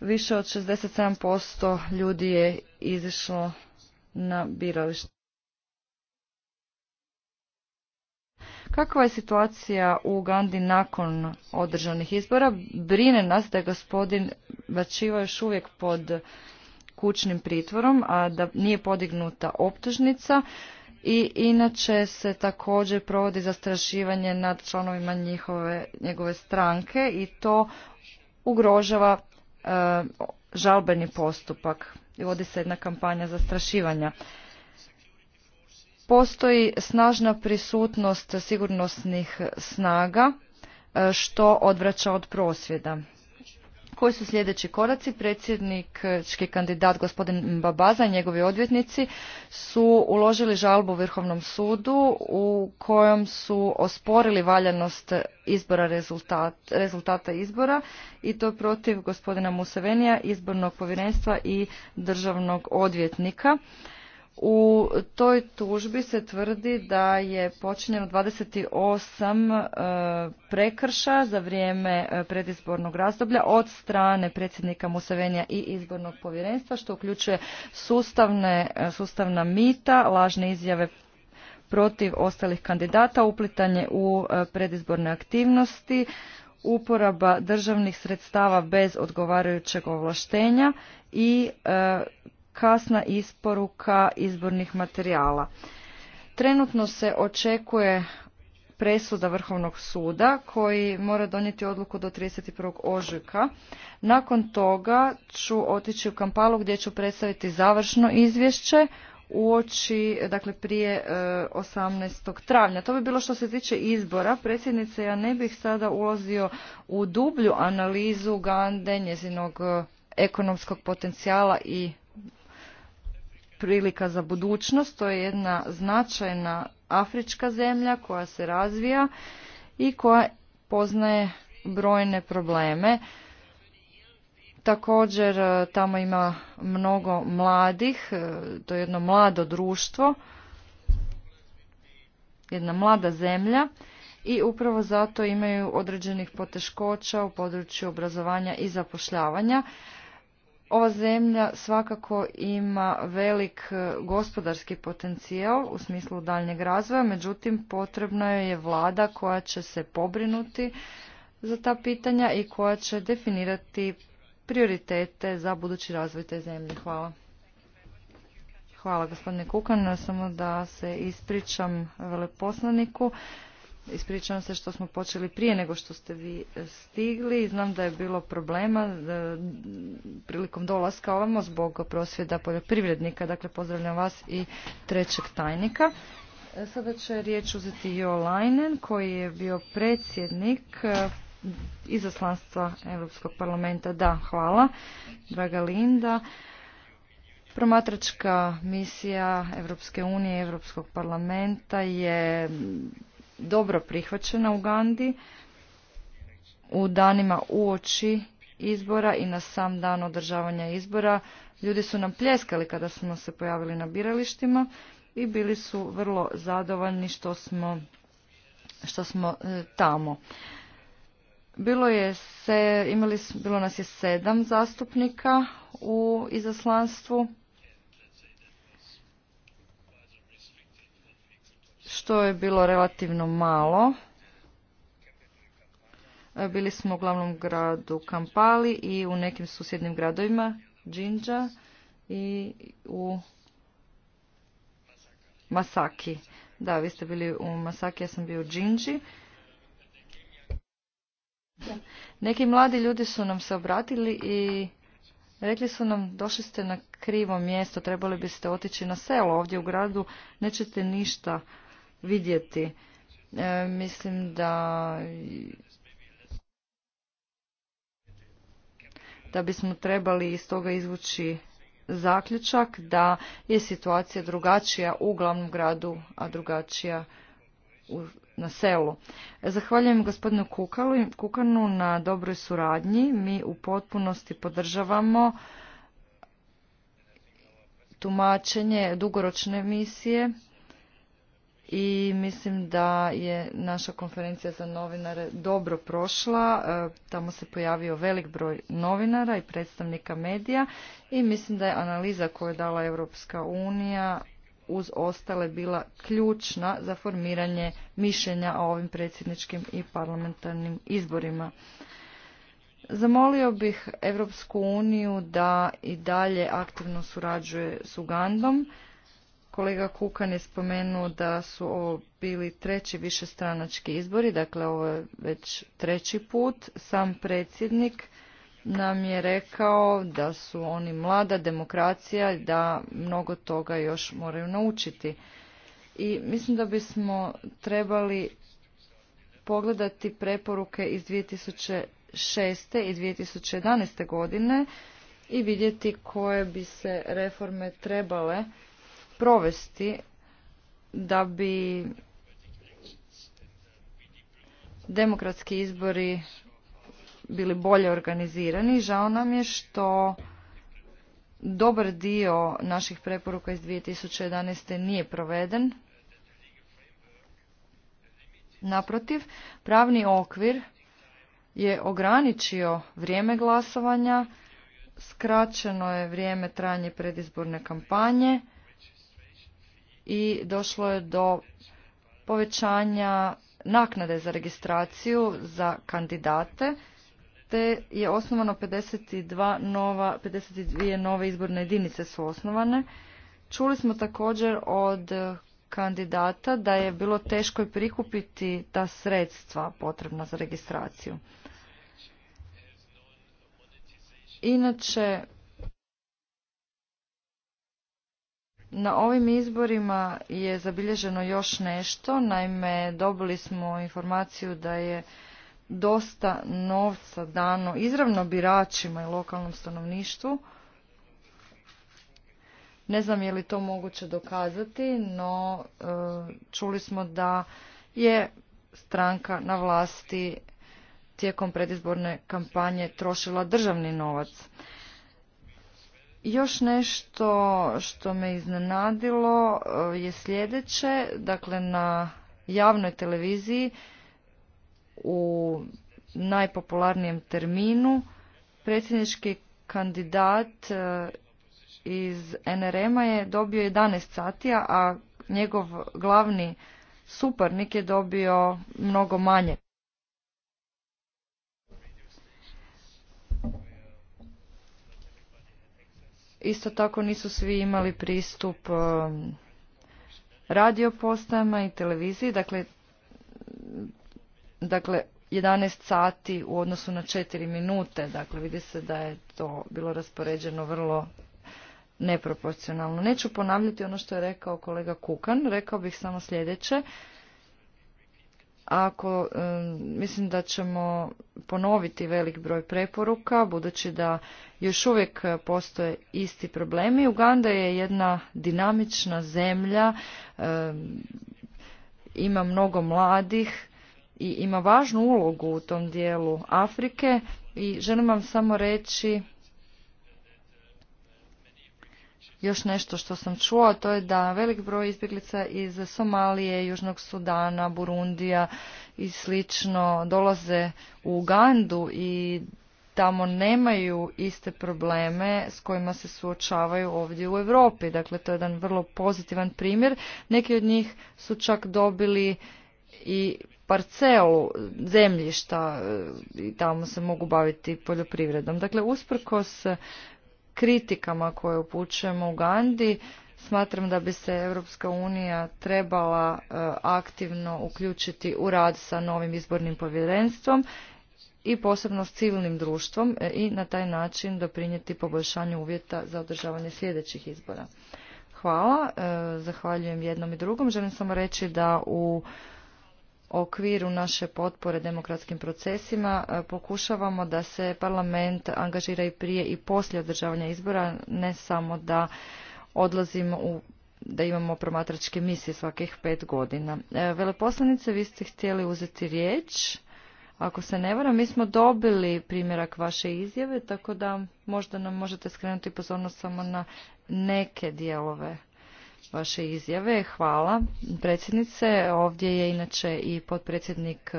više od 67% ljudi je izišlo na biralište. Kakva je situacija u Ugandi nakon održanih izbora? Brine nas da je gospodin Bačiva još uvijek pod kućnim pritvorom, a da nije podignuta optužnica i inače se također provodi zastrašivanje nad članovima njihove, njegove stranke i to ugrožava e, žalbeni postupak i vodi se jedna kampanja zastrašivanja postoji snažna prisutnost sigurnosnih snaga e, što odvraća od prosvjeda. Koji su sljedeći koraci? Predsjednički kandidat gospodin Babaza i njegovi odvjetnici su uložili žalbu Vrhovnom sudu u kojom su osporili valjanost izbora rezultat, rezultata izbora i to protiv gospodina Musevenija, izbornog povjerenstva i državnog odvjetnika. U toj tužbi se tvrdi da je počinjeno 28 e, prekrša za vrijeme e, predizbornog razdoblja od strane predsjednika Musevenija i izbornog povjerenstva, što uključuje sustavne, e, sustavna mita, lažne izjave protiv ostalih kandidata, uplitanje u predizborne aktivnosti, uporaba državnih sredstava bez odgovarajućeg ovlaštenja i kasna isporuka izbornih materijala. Trenutno se očekuje presuda Vrhovnog suda koji mora donijeti odluku do 31. ožujka. Nakon toga ću otići u Kampalu gdje ću predstaviti završno izvješće uoči, dakle prije 18. E, travnja. To bi bilo što se tiče izbora. Predsjednice, ja ne bih sada ulazio u dublju analizu Gande, njezinog e, ekonomskog potencijala i prilika za budućnost. To je jedna značajna afrička zemlja koja se razvija i koja poznaje brojne probleme. Također e, tamo ima mnogo mladih, e, to je jedno mlado društvo, jedna mlada zemlja i upravo zato imaju određenih poteškoća u području obrazovanja i zapošljavanja ova zemlja svakako ima velik e, gospodarski potencijal u smislu daljnjeg razvoja, međutim potrebna je vlada koja će se pobrinuti za ta pitanja i koja će definirati prioritete za budući razvoj te zemlje. Hvala. Hvala gospodine Kukan, samo da se ispričam veleposlaniku. Ispričavam se što smo počeli prije nego što ste vi e, stigli. Znam da je bilo problema e, prilikom dolaska ovamo zbog prosvjeda poljoprivrednika. Dakle, pozdravljam vas i trećeg tajnika. E, sada će riječ uzeti Jo Leinen koji je bio predsjednik izaslanstva Europskog parlamenta. Da, hvala. Draga Linda. Promatračka misija Europske unije i Europskog parlamenta je dobro prihvaćena u Gandhi u danima uoči izbora i na sam dan održavanja izbora. Ljudi su nam pljeskali kada smo se pojavili na biralištima i bili su vrlo zadovoljni što smo, što smo e, tamo. Bilo je se, imali, bilo nas je sedam zastupnika u izaslanstvu što je bilo relativno malo. E, bili smo u glavnom gradu Kampali i u nekim susjednim gradovima, Džinđa i u Masaki. Da, vi ste bili u Masaki, ja sam bio u Džinđi. Neki mladi ljudi su nam se obratili i rekli su nam došli ste na krivo mjesto, trebali biste otići na selo ovdje u gradu, nećete ništa vidjeti. E, mislim da da bismo trebali iz toga izvući zaključak da je situacija drugačija u glavnom gradu, a drugačija na selu. Zahvaljujem gospodinu Kukalu, Kukanu na dobroj suradnji. Mi u potpunosti podržavamo tumačenje dugoročne misije i mislim da je naša konferencija za novinare dobro prošla. E, tamo se pojavio velik broj novinara i predstavnika medija i mislim da je analiza koju je dala Europska unija uz ostale bila ključna za formiranje mišljenja o ovim predsjedničkim i parlamentarnim izborima. Zamolio bih Europsku uniju da i dalje aktivno surađuje s Ugandom Kolega Kukan je spomenuo da su ovo bili treći višestranački izbori, dakle ovo je već treći put. Sam predsjednik nam je rekao da su oni mlada demokracija, da mnogo toga još moraju naučiti. I mislim da bismo trebali pogledati preporuke iz 2006. i 2011. godine i vidjeti koje bi se reforme trebale provesti da bi demokratski izbori bili bolje organizirani. Žao nam je što dobar dio naših preporuka iz 2011. nije proveden. Naprotiv, pravni okvir je ograničio vrijeme glasovanja, skraćeno je vrijeme trajanje predizborne kampanje, i došlo je do povećanja naknade za registraciju za kandidate te je osnovano 52 nova, 52 nove izborne jedinice su osnovane. Čuli smo također od kandidata da je bilo teško prikupiti ta sredstva potrebna za registraciju. Inače, Na ovim izborima je zabilježeno još nešto, naime dobili smo informaciju da je dosta novca dano izravno biračima i lokalnom stanovništvu. Ne znam je li to moguće dokazati, no e, čuli smo da je stranka na vlasti tijekom predizborne kampanje trošila državni novac. Još nešto što me iznenadilo e, je sljedeće, dakle na javnoj televiziji u najpopularnijem terminu predsjednički kandidat e, iz NRM-a je dobio 11 sati, a njegov glavni suparnik je dobio mnogo manje. Isto tako nisu svi imali pristup um, radio postajama i televiziji, dakle, dakle 11 sati u odnosu na 4 minute, dakle vidi se da je to bilo raspoređeno vrlo neproporcionalno. Neću ponavljati ono što je rekao kolega Kukan, rekao bih samo sljedeće ako mislim da ćemo ponoviti velik broj preporuka budući da još uvijek postoje isti problemi. Uganda je jedna dinamična zemlja, ima mnogo mladih i ima važnu ulogu u tom dijelu Afrike i želim vam samo reći još nešto što sam čuo, to je da velik broj izbjeglica iz Somalije, Južnog Sudana, Burundija i slično dolaze u Ugandu i tamo nemaju iste probleme s kojima se suočavaju ovdje u Europi. Dakle, to je jedan vrlo pozitivan primjer. Neki od njih su čak dobili i parcelu zemljišta e, i tamo se mogu baviti poljoprivredom. Dakle, usprkos kritikama koje upućujemo Gandi, Smatram da bi se Europska unija trebala e, aktivno uključiti u rad sa novim izbornim povjerenstvom i posebno s civilnim društvom e, i na taj način doprinijeti poboljšanju uvjeta za održavanje sljedećih izbora. Hvala, e, zahvaljujem jednom i drugom. Želim samo reći da u okviru naše potpore demokratskim procesima e, pokušavamo da se parlament angažira i prije i poslije održavanja izbora, ne samo da odlazimo u da imamo promatračke misije svakih pet godina. E, veleposlanice, vi ste htjeli uzeti riječ. Ako se ne varam, mi smo dobili primjerak vaše izjave, tako da možda nam možete skrenuti pozornost samo na neke dijelove vaše izjave. Hvala predsjednice. Ovdje je inače i potpredsjednik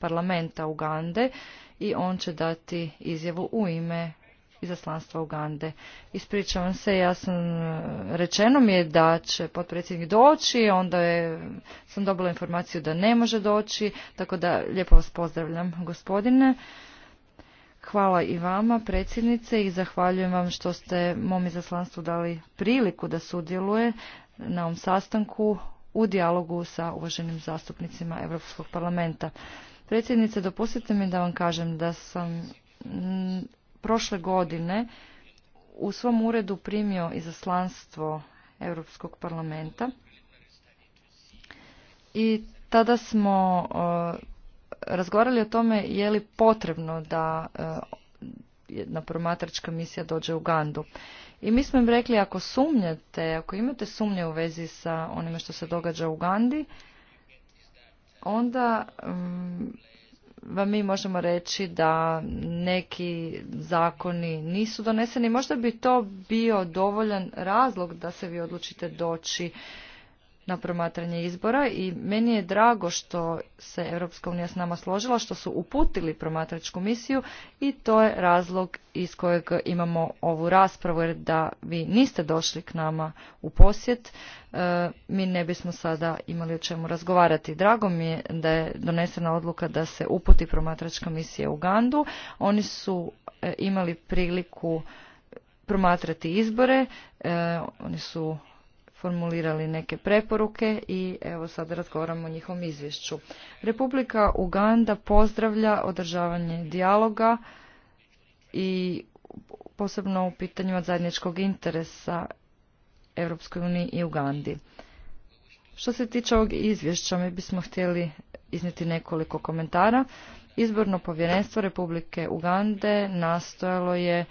parlamenta Ugande i on će dati izjavu u ime izaslanstva Ugande. Ispričavam se, ja sam, rečeno mi je da će potpredsjednik doći, onda je, sam dobila informaciju da ne može doći, tako da lijepo vas pozdravljam gospodine. Hvala i vama predsjednice i zahvaljujem vam što ste mom izaslanstvu dali priliku da sudjeluje na ovom sastanku u dijalogu sa uvaženim zastupnicima Europskog parlamenta. Predsjednice, dopustite mi da vam kažem da sam prošle godine u svom uredu primio izaslanstvo Europskog parlamenta i tada smo e, razgovarali o tome je li potrebno da e, jedna promatračka misija dođe u Gandu. I mi smo im rekli ako sumnjate, ako imate sumnje u vezi sa onime što se događa u Gandhi, onda mm, vam mi možemo reći da neki zakoni nisu doneseni. Možda bi to bio dovoljan razlog da se vi odlučite doći na promatranje izbora i meni je drago što se Europska unija s nama složila, što su uputili promatračku misiju i to je razlog iz kojeg imamo ovu raspravu jer da vi niste došli k nama u posjet, e, mi ne bismo sada imali o čemu razgovarati. Drago mi je da je donesena odluka da se uputi promatračka misija u Gandu. Oni su e, imali priliku promatrati izbore, e, oni su formulirali neke preporuke i evo sad razgovaramo o njihovom izvješću. Republika Uganda pozdravlja održavanje dijaloga i posebno u pitanjima zajedničkog interesa Europskoj uniji i Ugandi. Što se tiče ovog izvješća, mi bismo htjeli izniti nekoliko komentara. Izborno povjerenstvo Republike Ugande nastojalo je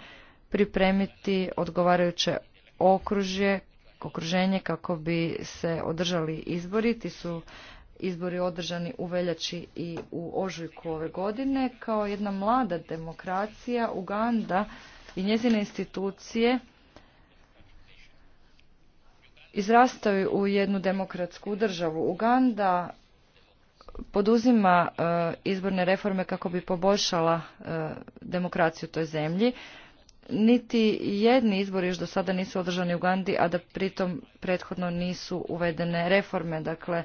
pripremiti odgovarajuće okružje okruženje kako bi se održali izbori. Ti su izbori održani u veljači i u ožujku ove godine. Kao jedna mlada demokracija Uganda i njezine institucije izrastaju u jednu demokratsku državu. Uganda poduzima e, izborne reforme kako bi poboljšala e, demokraciju toj zemlji niti jedni izbori još do sada nisu održani u Gandi, a da pritom prethodno nisu uvedene reforme. Dakle,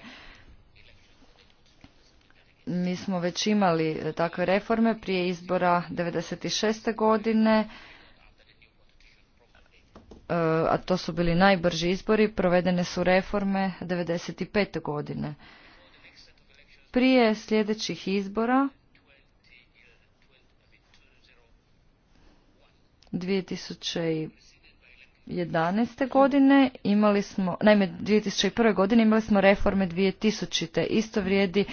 mi smo već imali e, takve reforme prije izbora 96. godine, e, a to su bili najbrži izbori, provedene su reforme 95. godine. Prije sljedećih izbora 2011. godine imali smo, naime 2001. godine imali smo reforme 2000. Isto vrijedi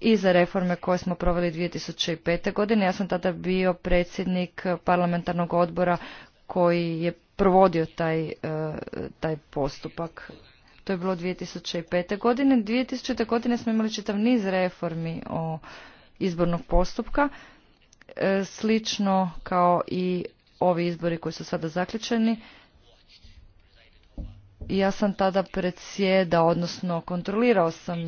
i za reforme koje smo proveli 2005. godine. Ja sam tada bio predsjednik parlamentarnog odbora koji je provodio taj, e, taj postupak. To je bilo 2005. godine. 2000. godine smo imali čitav niz reformi o izbornog postupka, e, slično kao i ovi izbori koji su sada zaključeni. Ja sam tada predsjedao, odnosno kontrolirao sam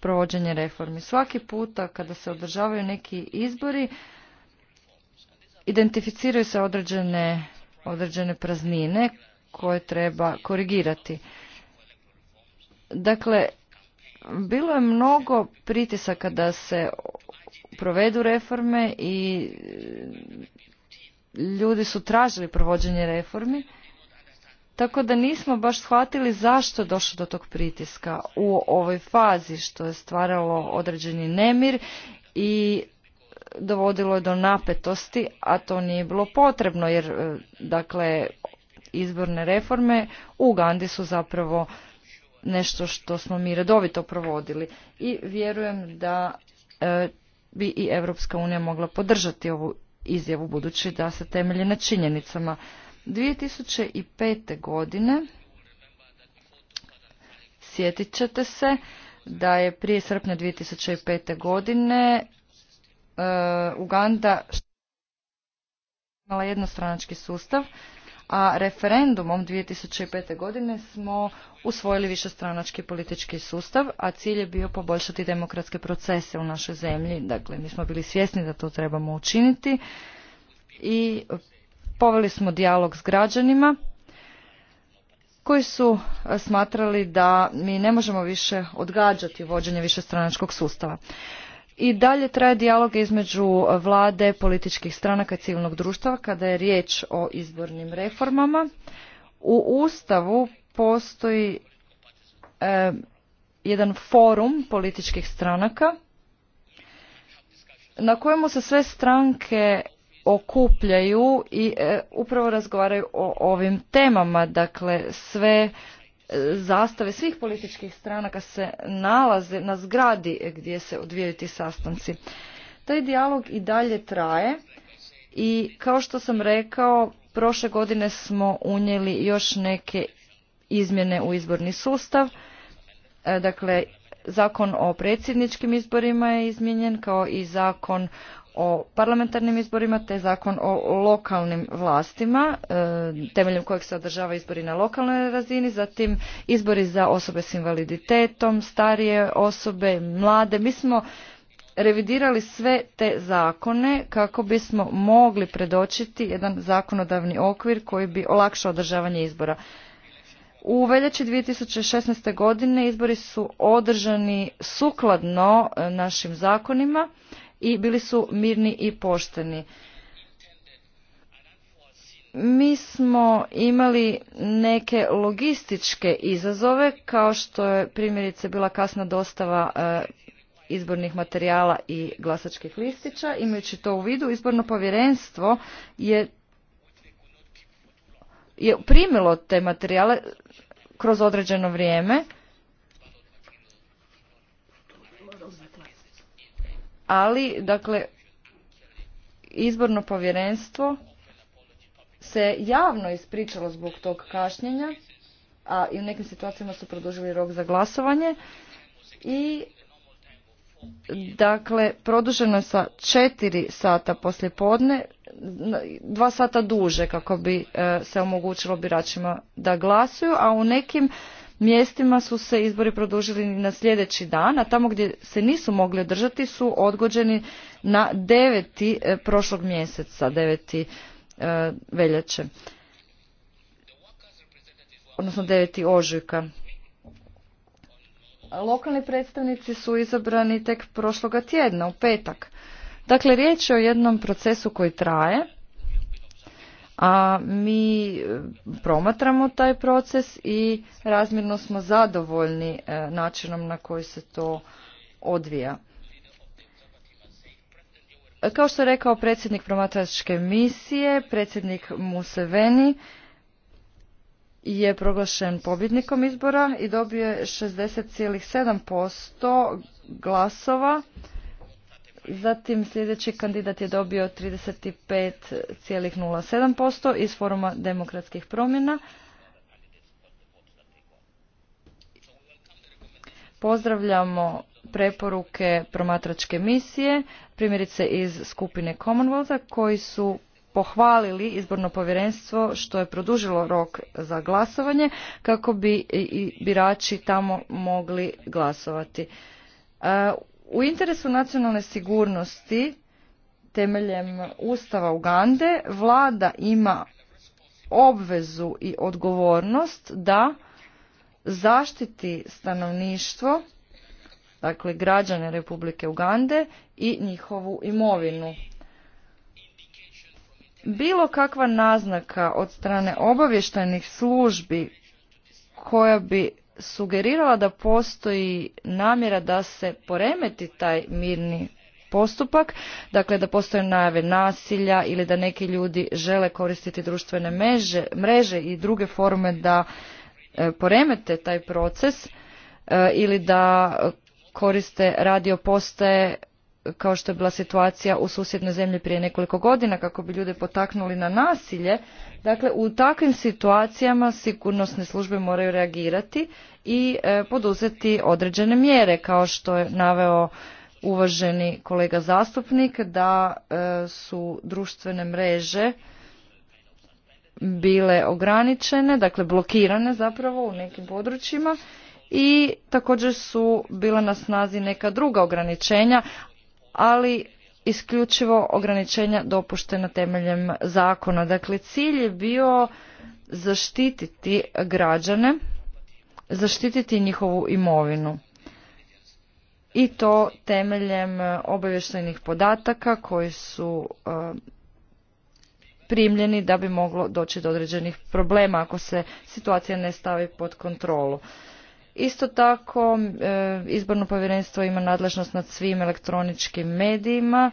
provođenje reformi. Svaki puta kada se održavaju neki izbori, identificiraju se određene, određene praznine koje treba korigirati. Dakle, bilo je mnogo pritisaka da se provedu reforme i e, ljudi su tražili provođenje reformi, tako da nismo baš shvatili zašto je došlo do tog pritiska u ovoj fazi što je stvaralo određeni nemir i dovodilo je do napetosti, a to nije bilo potrebno jer e, dakle izborne reforme u Ugandi su zapravo nešto što smo mi redovito provodili i vjerujem da e, bi i Europska unija mogla podržati ovu izjavu budući da se temelji na činjenicama. 2005. godine sjetit ćete se da je prije srpnja 2005. godine e, Uganda imala jednostranački sustav a referendumom 2005. godine smo usvojili višestranački politički sustav, a cilj je bio poboljšati demokratske procese u našoj zemlji. Dakle, mi smo bili svjesni da to trebamo učiniti i poveli smo dijalog s građanima koji su smatrali da mi ne možemo više odgađati vođenje višestranačkog sustava i dalje traje dijalog između vlade, političkih stranaka, i civilnog društva kada je riječ o izbornim reformama. U Ustavu postoji jedan forum političkih stranaka na kojemu se sve stranke okupljaju i e, upravo razgovaraju o ovim temama. Dakle, sve zastave svih političkih stranaka se nalaze na zgradi gdje se odvijaju ti sastanci. Taj dijalog i dalje traje i kao što sam rekao, prošle godine smo unijeli još neke izmjene u izborni sustav. E, dakle, zakon o predsjedničkim izborima je izmijenjen kao i zakon o parlamentarnim izborima te zakon o lokalnim vlastima e, temeljem kojeg se održavaju izbori na lokalnoj razini zatim izbori za osobe s invaliditetom starije osobe mlade mi smo revidirali sve te zakone kako bismo mogli predočiti jedan zakonodavni okvir koji bi olakšao održavanje izbora u veljači 2016. godine izbori su održani sukladno e, našim zakonima i bili su mirni i pošteni. Mi smo imali neke logističke izazove kao što je primjerice bila kasna dostava e, izbornih materijala i glasačkih listića. Imajući to u vidu, izborno povjerenstvo je, je primilo te materijale kroz određeno vrijeme ali dakle izborno povjerenstvo se javno ispričalo zbog tog kašnjenja, a i u nekim situacijama su produžili rok za glasovanje i dakle produženo je sa četiri sata poslijepodne, podne, dva sata duže kako bi e, se omogućilo biračima da glasuju, a u nekim mjestima su se izbori produžili na sljedeći dan, a tamo gdje se nisu mogli održati su odgođeni na 9. E, prošlog mjeseca, 9. E, veljače, odnosno 9. ožujka. Lokalni predstavnici su izabrani tek prošloga tjedna, u petak. Dakle, riječ je o jednom procesu koji traje a mi e, promatramo taj proces i razmjerno smo zadovoljni e, načinom na koji se to odvija. E, kao što je rekao predsjednik promatračke misije, predsjednik Museveni je proglašen pobjednikom izbora i dobio je 60,7% glasova Zatim sljedeći kandidat je dobio 35,07% iz foruma demokratskih promjena. Pozdravljamo preporuke promatračke misije, primjerice iz skupine Commonwealtha, koji su pohvalili izborno povjerenstvo što je produžilo rok za glasovanje kako bi i birači tamo mogli glasovati. E, u interesu nacionalne sigurnosti temeljem Ustava Ugande vlada ima obvezu i odgovornost da zaštiti stanovništvo, dakle građane Republike Ugande i njihovu imovinu. Bilo kakva naznaka od strane obavještajnih službi koja bi sugerirala da postoji namjera da se poremeti taj mirni postupak, dakle da postoje najave nasilja ili da neki ljudi žele koristiti društvene mreže i druge forme da e, poremete taj proces e, ili da koriste radio postaje kao što je bila situacija u susjednoj zemlji prije nekoliko godina kako bi ljude potaknuli na nasilje. Dakle, u takvim situacijama sigurnosne službe moraju reagirati i e, poduzeti određene mjere kao što je naveo uvaženi kolega zastupnik da e, su društvene mreže bile ograničene, dakle blokirane zapravo u nekim područjima i također su bila na snazi neka druga ograničenja, ali isključivo ograničenja dopuštena temeljem zakona. Dakle, cilj je bio zaštititi građane, zaštititi njihovu imovinu. I to temeljem obavještajnih podataka koji su e, primljeni da bi moglo doći do određenih problema ako se situacija ne stavi pod kontrolu. Isto tako, e, izborno povjerenstvo ima nadležnost nad svim elektroničkim medijima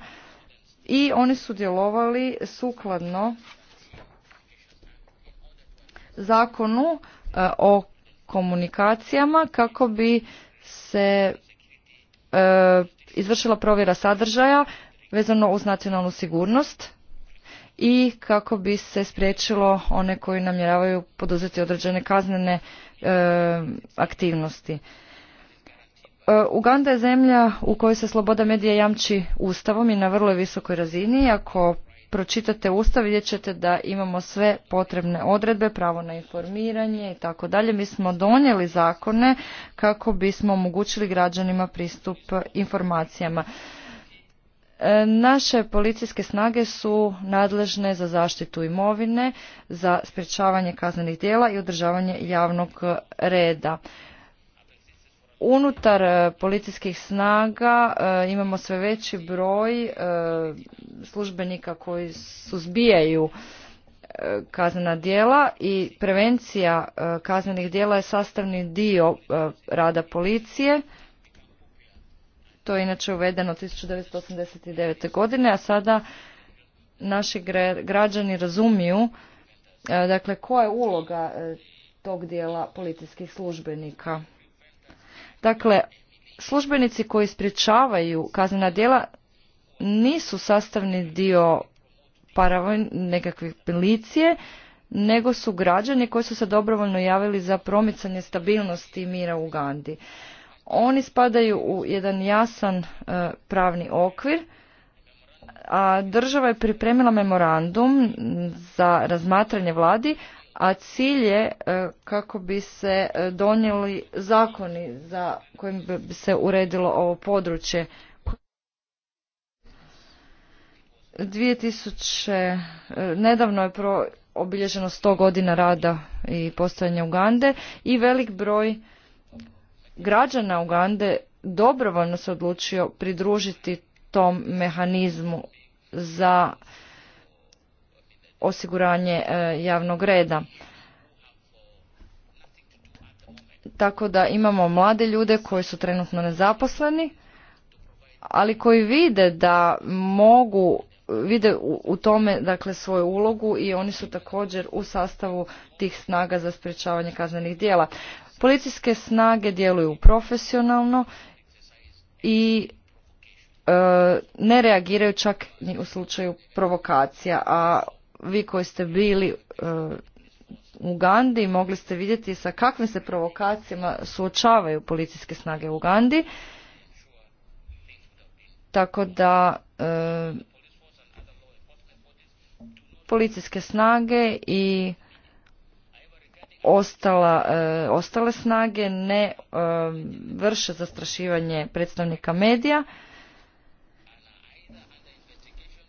i oni su djelovali sukladno zakonu e, o komunikacijama kako bi se e, izvršila provjera sadržaja vezano uz nacionalnu sigurnost i kako bi se spriječilo one koji namjeravaju poduzeti određene kaznene E, aktivnosti. E, Uganda je zemlja u kojoj se sloboda medija jamči ustavom i na vrlo visokoj razini. Ako pročitate ustav vidjet ćete da imamo sve potrebne odredbe, pravo na informiranje i tako dalje. Mi smo donijeli zakone kako bismo omogućili građanima pristup informacijama. E, naše policijske snage su nadležne za zaštitu imovine, za sprječavanje kaznenih djela i održavanje javnog reda. Unutar e, policijskih snaga e, imamo sve veći broj službenika koji suzbijaju kaznena djela i prevencija kaznenih djela je sastavni dio rada policije to je inače uvedeno 1989. godine, a sada naši građani razumiju e, dakle koja je uloga e, tog dijela policijskih službenika. Dakle, službenici koji sprječavaju kaznena djela nisu sastavni dio nekakvih nekakve milicije, nego su građani koji su se dobrovoljno javili za promicanje stabilnosti i mira u Ugandi. Oni spadaju u jedan jasan e, pravni okvir, a država je pripremila memorandum za razmatranje vladi, a cilj je e, kako bi se e, donijeli zakoni za kojim bi se uredilo ovo područje. 2000, nedavno je obilježeno 100 godina rada i postojanja Ugande i velik broj građana Ugande dobrovoljno se odlučio pridružiti tom mehanizmu za osiguranje e, javnog reda. Tako da imamo mlade ljude koji su trenutno nezaposleni, ali koji vide da mogu vide u, tome dakle svoju ulogu i oni su također u sastavu tih snaga za sprječavanje kaznenih djela. Policijske snage djeluju profesionalno i e, ne reagiraju čak ni u slučaju provokacija, a vi koji ste bili e, u Ugandi mogli ste vidjeti sa kakvim se provokacijama suočavaju policijske snage u Ugandi. Tako da e, policijske snage i ostala, e, ostale snage ne e, vrše zastrašivanje predstavnika medija.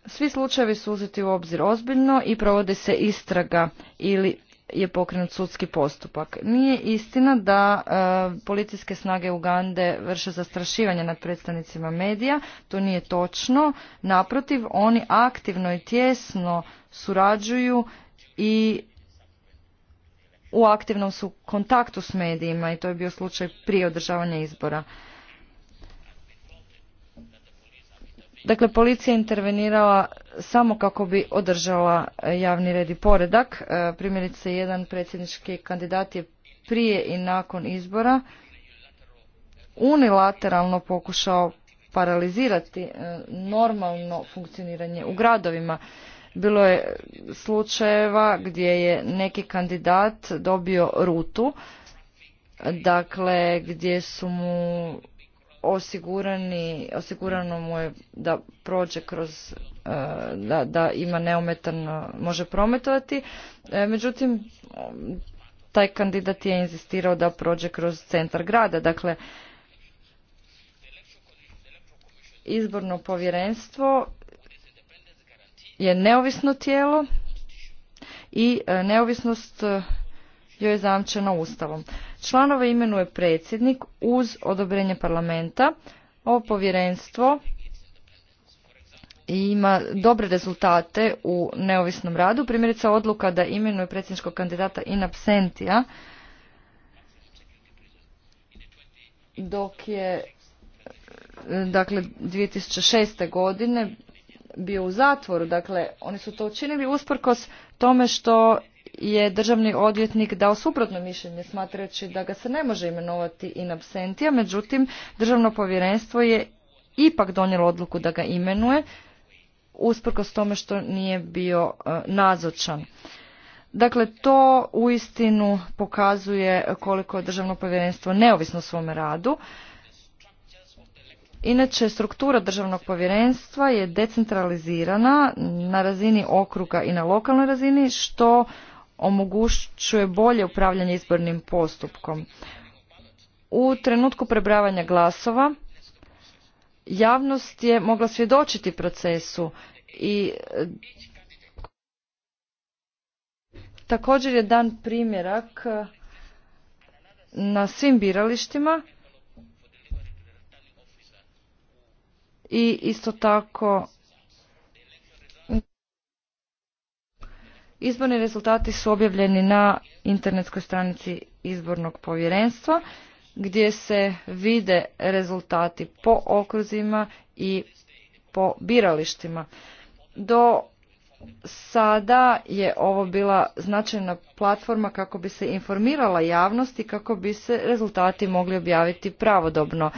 Svi slučajevi su uzeti u obzir ozbiljno i provode se istraga ili je pokrenut sudski postupak. Nije istina da e, policijske snage Ugande vrše zastrašivanje nad predstavnicima medija, to nije točno. Naprotiv, oni aktivno i tjesno surađuju i u aktivnom su kontaktu s medijima i to je bio slučaj prije održavanja izbora. Dakle, policija intervenirala samo kako bi održala e, javni red i poredak. E, primjerice, jedan predsjednički kandidat je prije i nakon izbora unilateralno pokušao paralizirati e, normalno funkcioniranje u gradovima. Bilo je slučajeva gdje je neki kandidat dobio rutu, dakle gdje su mu osigurani, osigurano mu je da prođe kroz, e, da, da ima neometan, može prometovati. E, međutim, taj kandidat je insistirao da prođe kroz centar grada. Dakle, izborno povjerenstvo je neovisno tijelo i e, neovisnost e, joj je zamčena Ustavom. Članove imenuje predsjednik uz odobrenje parlamenta. Ovo povjerenstvo ima dobre rezultate u neovisnom radu. Primjerice odluka da imenuje predsjedničkog kandidata in absentia, dok je e, dakle 2006. godine bio u zatvoru. Dakle, oni su to učinili usprkos tome što je državni odvjetnik dao suprotno mišljenje smatrajući da ga se ne može imenovati in absentia. međutim državno povjerenstvo je ipak donijelo odluku da ga imenuje usprkos tome što nije bio e, nazočan. Dakle, to uistinu pokazuje koliko je državno povjerenstvo neovisno o svome radu. Inače, struktura državnog povjerenstva je decentralizirana na razini okruga i na lokalnoj razini, što omogućuje bolje upravljanje izbornim postupkom. U trenutku prebravanja glasova javnost je mogla svjedočiti procesu i također je dan primjerak na svim biralištima i isto tako Izborni rezultati su objavljeni na internetskoj stranici izbornog povjerenstva gdje se vide rezultati po okruzima i po biralištima. Do sada je ovo bila značajna platforma kako bi se informirala javnost i kako bi se rezultati mogli objaviti pravodobno.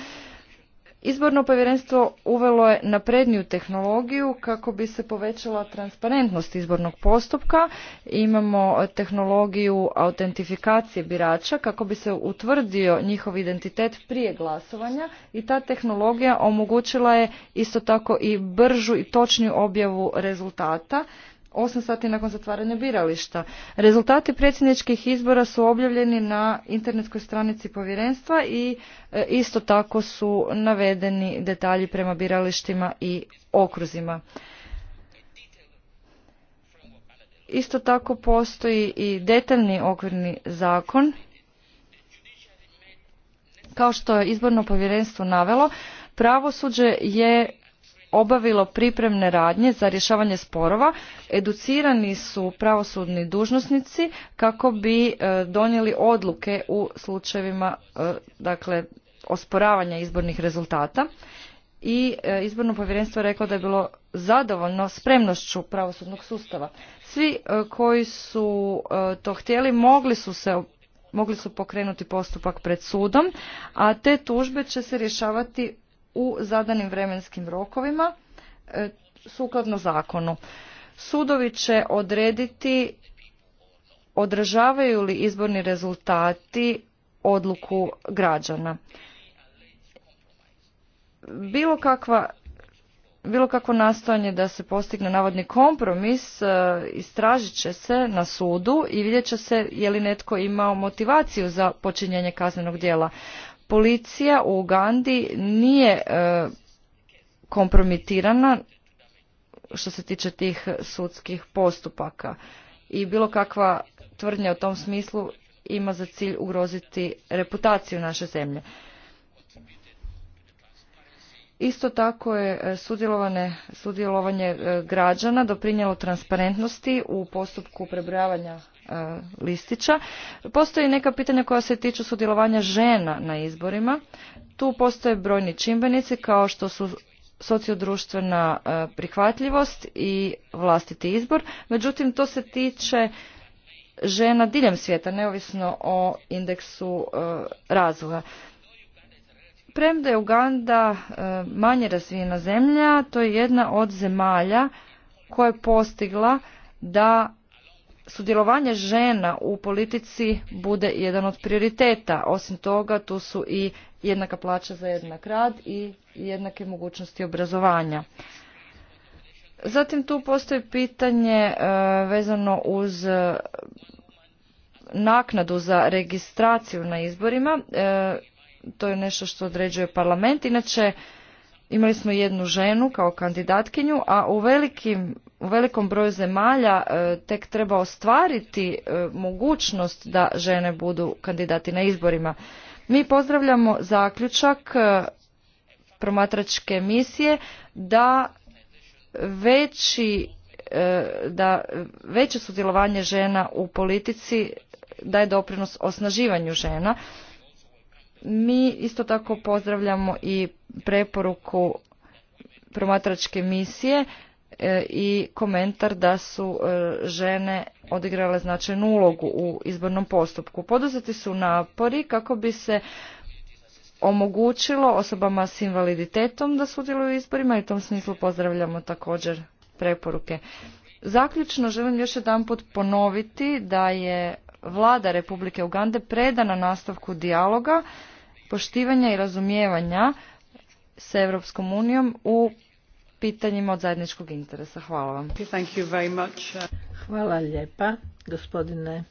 Izborno povjerenstvo uvelo je napredniju tehnologiju kako bi se povećala transparentnost izbornog postupka. Imamo eh, tehnologiju autentifikacije birača kako bi se utvrdio njihov identitet prije glasovanja i ta tehnologija omogućila je isto tako i bržu i točniju objavu rezultata 8 sati nakon zatvaranja birališta. Rezultati predsjedničkih izbora su objavljeni na internetskoj stranici povjerenstva i e, isto tako su navedeni detalji prema biralištima i okruzima. Isto tako postoji i detaljni okvirni zakon. Kao što je izborno povjerenstvo navelo, pravosuđe je obavilo pripremne radnje za rješavanje sporova, educirani su pravosudni dužnosnici kako bi e, donijeli odluke u slučajevima e, dakle osporavanja izbornih rezultata i e, izborno povjerenstvo je reklo da je bilo zadovoljno spremnošću pravosudnog sustava. Svi koji su to htjeli mogli su se mogli su pokrenuti postupak pred sudom, a te tužbe će se rješavati u zadanim vremenskim rokovima e, sukladno zakonu. Sudovi će odrediti odražavaju li izborni rezultati odluku građana. Bilo kakva bilo kako nastojanje da se postigne navodni kompromis e, istražit će se na sudu i vidjet će se je li netko imao motivaciju za počinjenje kaznenog djela. Policija u Ugandi nije e, kompromitirana što se tiče tih sudskih postupaka i bilo kakva tvrdnja u tom smislu ima za cilj ugroziti reputaciju naše zemlje. Isto tako je e, sudjelovanje, sudjelovanje građana doprinijelo transparentnosti u postupku prebrojavanja E, listića. Postoji neka pitanja koja se tiču sudjelovanja žena na izborima. Tu postoje brojni čimbenici kao što su sociodruštvena e, prihvatljivost i vlastiti izbor. Međutim, to se tiče žena diljem svijeta, neovisno o indeksu e, razvoja. Premda je Uganda manje razvijena zemlja, to je jedna od zemalja koja je postigla da sudjelovanje žena u politici bude jedan od prioriteta. Osim toga, tu su i jednaka plaća za jednak rad i jednake mogućnosti obrazovanja. Zatim tu postoji pitanje e, vezano uz e, naknadu za registraciju na izborima. E, to je nešto što određuje parlament. Inače, imali smo jednu ženu kao kandidatkinju, a u velikim u velikom broju zemalja e, tek treba ostvariti e, mogućnost da žene budu kandidati na izborima. Mi pozdravljamo zaključak e, promatračke misije da veći da veće sudjelovanje žena u politici daje doprinos osnaživanju žena. Mi isto tako pozdravljamo i preporuku promatračke misije E, i komentar da su e, žene odigrale značajnu ulogu u izbornom postupku. Poduzeti su napori kako bi se omogućilo osobama s invaliditetom da sudjeluju u izborima i u tom smislu pozdravljamo također preporuke. Zaključno želim još jedanput ponoviti da je vlada Republike Ugande predana nastavku dijaloga, poštivanja i razumijevanja s Europskom unijom u pitanjima od zajedničkog interesa. Hvala vam. Hvala lijepa, gospodine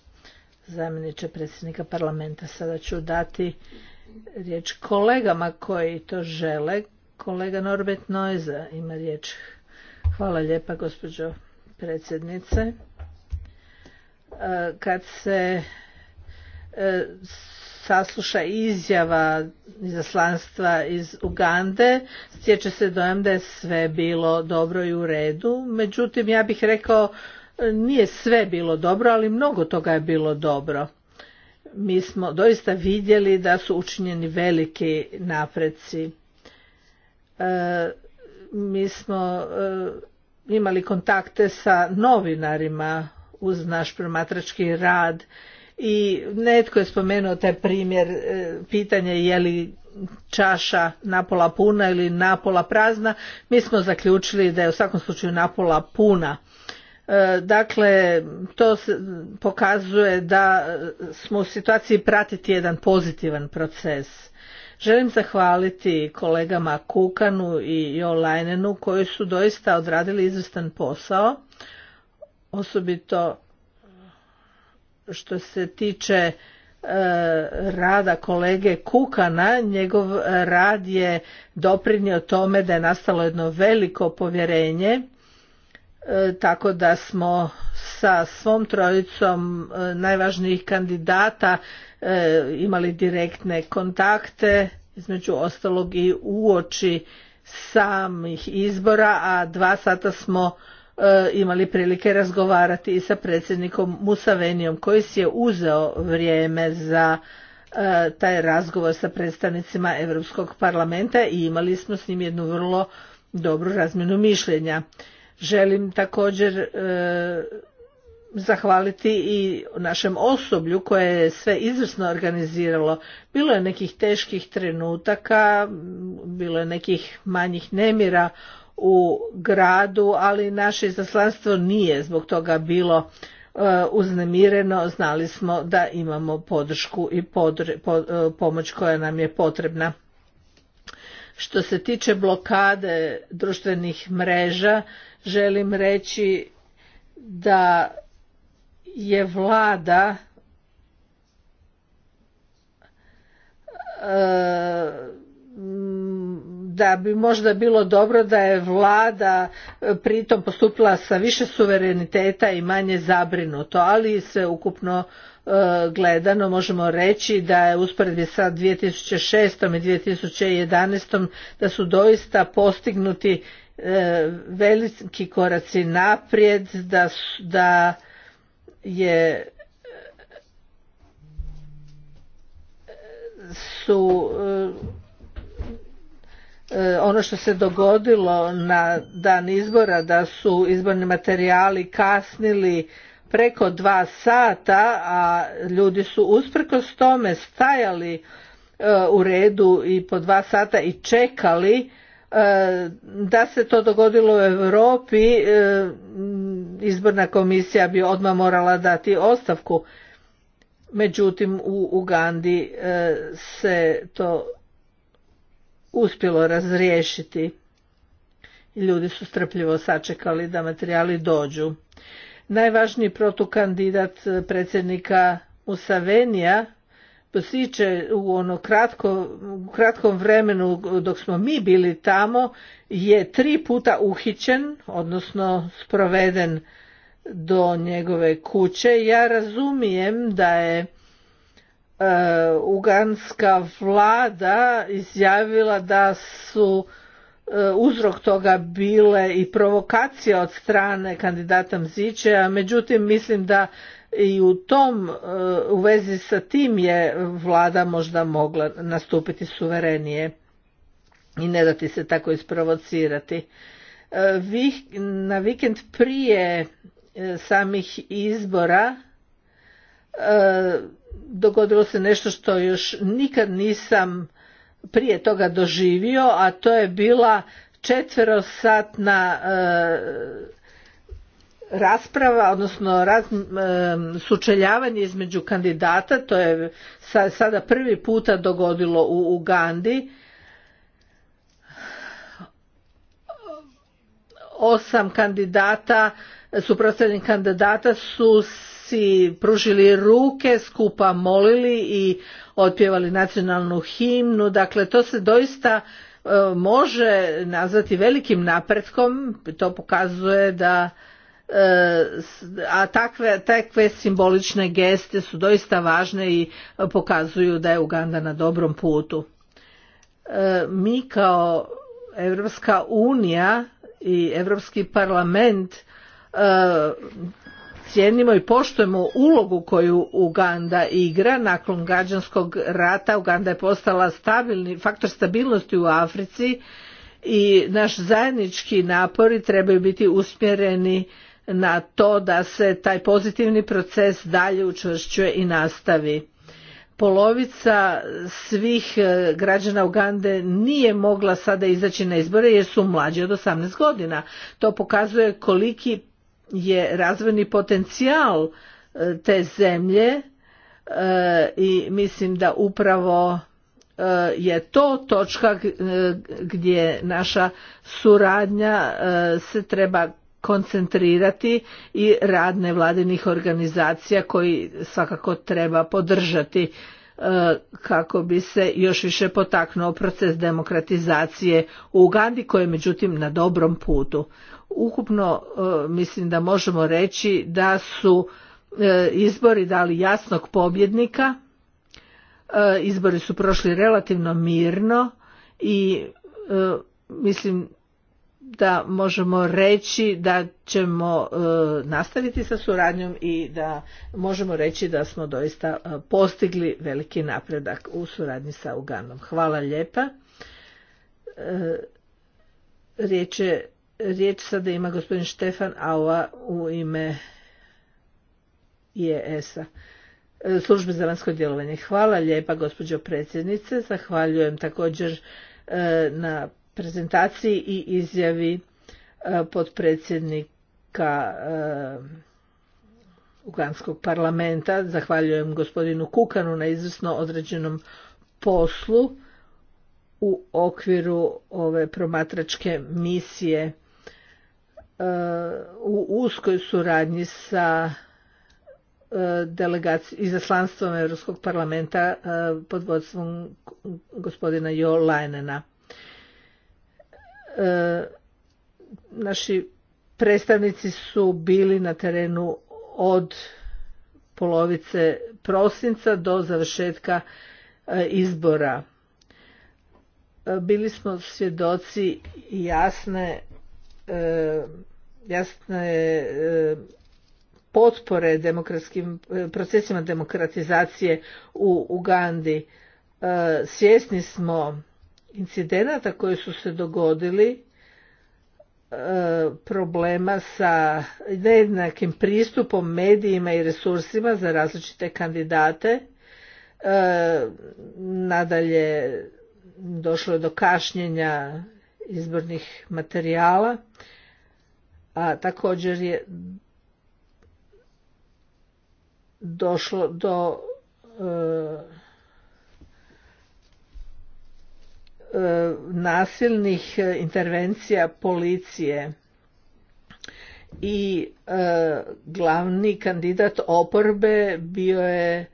zamjeniče predsjednika parlamenta. Sada ću dati riječ kolegama koji to žele. Kolega Norbert Noiza ima riječ. Hvala lijepa, gospođo predsjednice. E, kad se e, sasluša izjava izaslanstva iz Ugande, stječe se dojam da je sve bilo dobro i u redu. Međutim, ja bih rekao, nije sve bilo dobro, ali mnogo toga je bilo dobro. Mi smo doista vidjeli da su učinjeni veliki napreci. E, mi smo e, imali kontakte sa novinarima uz naš promatrački rad i netko je spomenuo taj primjer e, pitanje je li čaša napola puna ili napola prazna mi smo zaključili da je u svakom slučaju napola puna e, dakle to pokazuje da smo u situaciji pratiti jedan pozitivan proces želim zahvaliti kolegama Kukanu i Jo koji su doista odradili izvrstan posao osobito što se tiče e, rada kolege Kukana, njegov rad je doprinio tome da je nastalo jedno veliko povjerenje, e, tako da smo sa svom trojicom e, najvažnijih kandidata imali direktne kontakte, između ostalog i uoči samih izbora, a dva sata smo E, imali prilike razgovarati i sa predsjednikom Musavenijom koji si je uzeo vrijeme za e, taj razgovor sa predstavnicima Europskog parlamenta i imali smo s njim jednu vrlo dobru razmjenu mišljenja. Želim također e, zahvaliti i našem osoblju koje je sve izvrsno organiziralo. Bilo je nekih teških trenutaka, bilo je nekih manjih nemira u gradu, ali naše izaslanstvo nije zbog toga bilo e, uznemireno, znali smo da imamo podršku i e, pomoć koja nam je potrebna. Što se tiče blokade društvenih mreža, želim reći da je vlada e, da bi možda bilo dobro da je vlada e, pritom postupila sa više suvereniteta i manje zabrinuto, ali sve ukupno e, gledano možemo reći da je usporedbi sa 2006. i 2011. da su doista postignuti e, veliki koraci naprijed, da, da je su E, ono što se dogodilo na dan izbora da su izborni materijali kasnili preko dva sata a ljudi su usprkos tome stajali e, u redu i po dva sata i čekali e, da se to dogodilo u Europi izborna komisija bi odmah morala dati ostavku međutim u Ugandi se to uspjelo razriješiti. Ljudi su strpljivo sačekali da materijali dođu. Najvažniji protukandidat eh, predsjednika Musavenija Posiče u ono kratko, u kratkom vremenu dok smo mi bili tamo je tri puta uhićen, odnosno sproveden do njegove kuće. Ja razumijem da je E, uganska vlada izjavila da su e, uzrok toga bile i provokacije od strane kandidata a međutim mislim da i u tom e, u vezi sa tim je vlada možda mogla nastupiti suverenije i ne dati se tako isprovocirati. Na vikend prije samih izbora E, dogodilo se nešto što još nikad nisam prije toga doživio, a to je bila četverosatna e, rasprava, odnosno e, sučeljavanje između kandidata, to je sada prvi puta dogodilo u Ugandi. Osam kandidata, suprotstavljenih kandidata su pružili ruke, skupa molili i otpjevali nacionalnu himnu. Dakle, to se doista e, može nazvati velikim napretkom, to pokazuje da e, a takve, takve simbolične geste su doista važne i pokazuju da je Uganda na dobrom putu. E, mi kao Europska unija i Europski parlament cijenimo i poštujemo ulogu koju Uganda igra nakon građanskog rata. Uganda je postala stabilni, faktor stabilnosti u Africi i naš zajednički napori trebaju biti usmjereni na to da se taj pozitivni proces dalje učvršćuje i nastavi. Polovica svih e, građana Ugande nije mogla sada izaći na izbore jer su mlađi od 18 godina. To pokazuje koliki je razvojni potencijal e, te zemlje e, i mislim da upravo e, je to točka gdje naša suradnja se treba koncentrirati i rad nevladinih organizacija koji svakako treba podržati kako bi se još više potaknuo proces demokratizacije u Ugandi koji je međutim na dobrom putu ukupno e, mislim da možemo reći da su e, izbori dali jasnog pobjednika e, izbori su prošli relativno mirno i mislim da možemo reći da ćemo nastaviti sa suradnjom i da možemo reći da smo doista postigli veliki napredak u suradnji sa Ugandom. Hvala lijepa. Riječ je Riječ sada ima gospodin Štefan Aua u ime IES-a e, službe za vanjsko djelovanje. Hvala lijepa gospođo predsjednice, zahvaljujem također e, na prezentaciji i izjavi e, potpredsjednika Uganskog parlamenta. Zahvaljujem gospodinu Kukanu na izvrsno određenom poslu u okviru ove promatračke misije u uskoj suradnji sa e, izaslanstvom Europskog parlamenta e, pod vodstvom gospodina Jo Lajnena. E, naši predstavnici su bili na terenu od polovice prosinca do završetka izbora. Bili smo svjedoci jasne jasne e, potpore demokratskim e, procesima demokratizacije u Ugandi. E, svjesni smo incidenata koji su se dogodili problema sa nejednakim pristupom medijima i resursima za različite kandidate. Nadalje došlo je do kašnjenja izbornih materijala a također je došlo do e, e, nasilnih intervencija policije i e, glavni kandidat oporbe bio je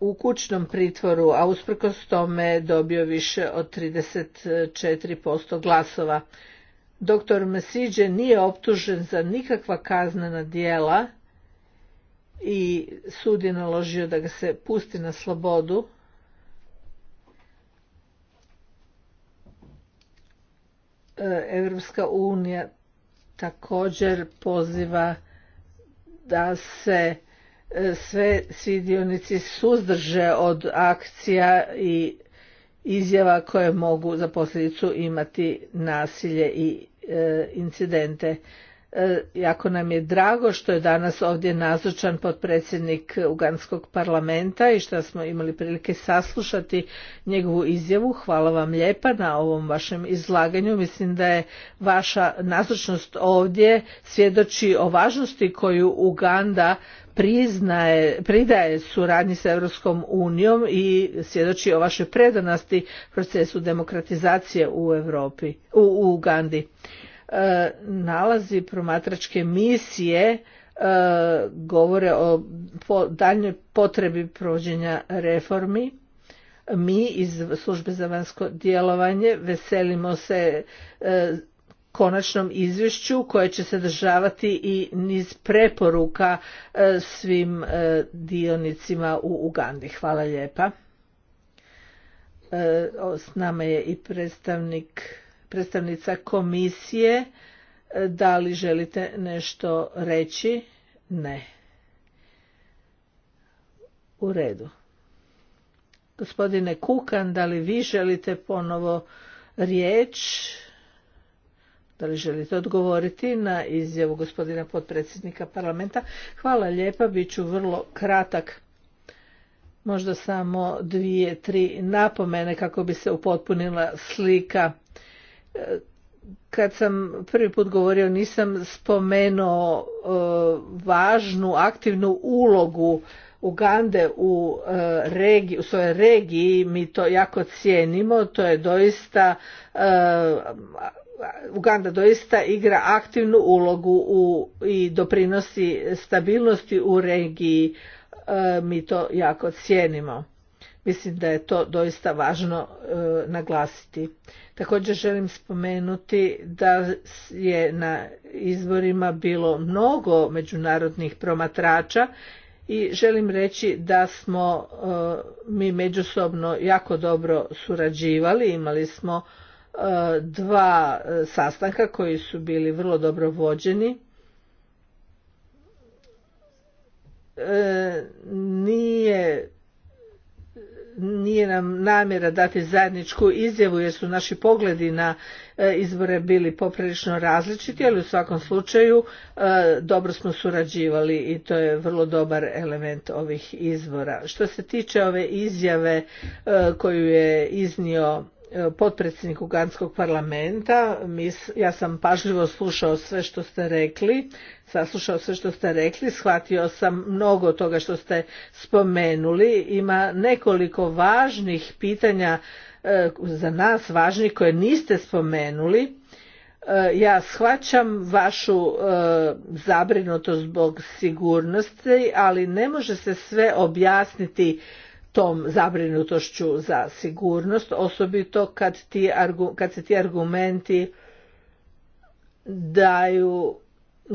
u kućnom pritvoru, a usprkos tome dobio više od 34% glasova. Doktor Mesiđe nije optužen za nikakva kaznena dijela i sud je naložio da ga se pusti na slobodu. E, Evropska unija također poziva da se e, sve svi dionici suzdrže od akcija i izjava koje mogu za posljedicu imati nasilje i e, incidente E, jako nam je drago što je danas ovdje nazočan potpredsjednik Uganskog parlamenta i što smo imali prilike saslušati njegovu izjavu. Hvala vam lijepa na ovom vašem izlaganju. Mislim da je vaša nazočnost ovdje svjedoči o važnosti koju Uganda priznaje, pridaje suradnji sa Europskom unijom i svjedoči o vašoj predanosti procesu demokratizacije u Europi, u Ugandi. E, nalazi promatračke misije e, govore o daljnjoj potrebi provođenja reformi. Mi iz službe za vanjsko djelovanje veselimo se e, konačnom izvješću koje će sadržavati i niz preporuka svim dionicima u Ugandi. Hvala lijepa. S nama je i predstavnik predstavnica komisije. E, da li želite nešto reći? Ne. U redu. Gospodine Kukan, da li vi želite ponovo riječ? Da li želite odgovoriti na izjavu gospodina potpredsjednika parlamenta? Hvala lijepa, bit ću vrlo kratak. Možda samo dvije, tri napomene kako bi se upotpunila slika kad sam prvi put govorio nisam spomenuo e, važnu aktivnu ulogu Ugande u, e, regiji, u svojoj regiji mi to jako cijenimo, to je doista e, Uganda doista igra aktivnu ulogu u, i doprinosi stabilnosti u regiji, mi to jako cijenimo. Mislim da je to doista važno e, naglasiti. Također želim spomenuti da je na izborima bilo mnogo međunarodnih promatrača i želim reći da smo e, mi međusobno jako dobro surađivali, imali smo e, dva sastanka koji su bili vrlo dobro vođeni. Nije nije nam namjera dati zajedničku izjavu jer su naši pogledi na e, izbore bili poprilično različiti, ali u svakom slučaju e, dobro smo surađivali i to je vrlo dobar element ovih izbora. Što se tiče ove izjave e, koju je iznio potpredsjednik Uganskog parlamenta. Ja sam pažljivo slušao sve što ste rekli, saslušao sve što ste rekli, shvatio sam mnogo toga što ste spomenuli. Ima nekoliko važnih pitanja e, za nas važnih koje niste spomenuli. E, ja shvaćam vašu e, zabrinutost zbog sigurnosti, ali ne može se sve objasniti tom zabrinutošću za sigurnost, osobito kad, ti, kad se ti argumenti daju,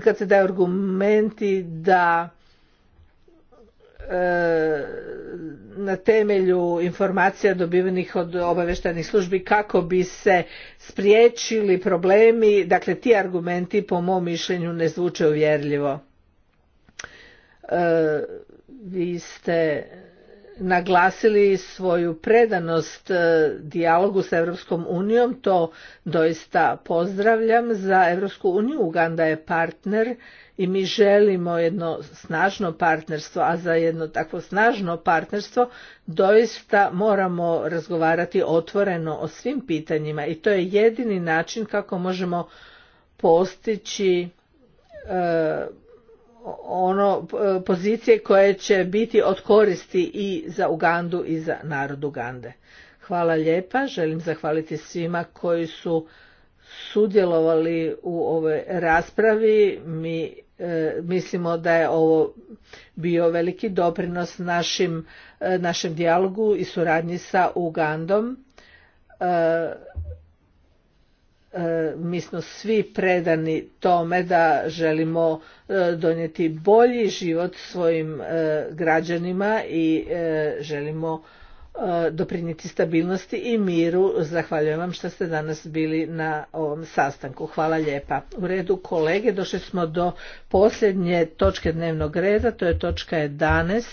kad se daju argumenti da e, na temelju informacija dobivenih od obavještajnih službi kako bi se spriječili problemi, dakle ti argumenti po mom mišljenju ne zvuče uvjerljivo. E, vi ste naglasili svoju predanost e, dijalogu s Europskom unijom, to doista pozdravljam. Za Europsku uniju Uganda je partner i mi želimo jedno snažno partnerstvo, a za jedno takvo snažno partnerstvo doista moramo razgovarati otvoreno o svim pitanjima i to je jedini način kako možemo postići e, ono e, pozicije koje će biti od koristi i za Ugandu i za narod Ugande. Hvala lijepa, želim zahvaliti svima koji su sudjelovali u ovoj raspravi. Mi e, mislimo da je ovo bio veliki doprinos e, našem dijalogu i suradnji sa Ugandom. E, mi smo svi predani tome da želimo e, donijeti bolji život svojim e, građanima i želimo doprinijeti stabilnosti i miru. Zahvaljujem vam što ste danas bili na ovom sastanku. Hvala lijepa. U redu kolege došli smo do posljednje točke dnevnog reda, to je točka 11.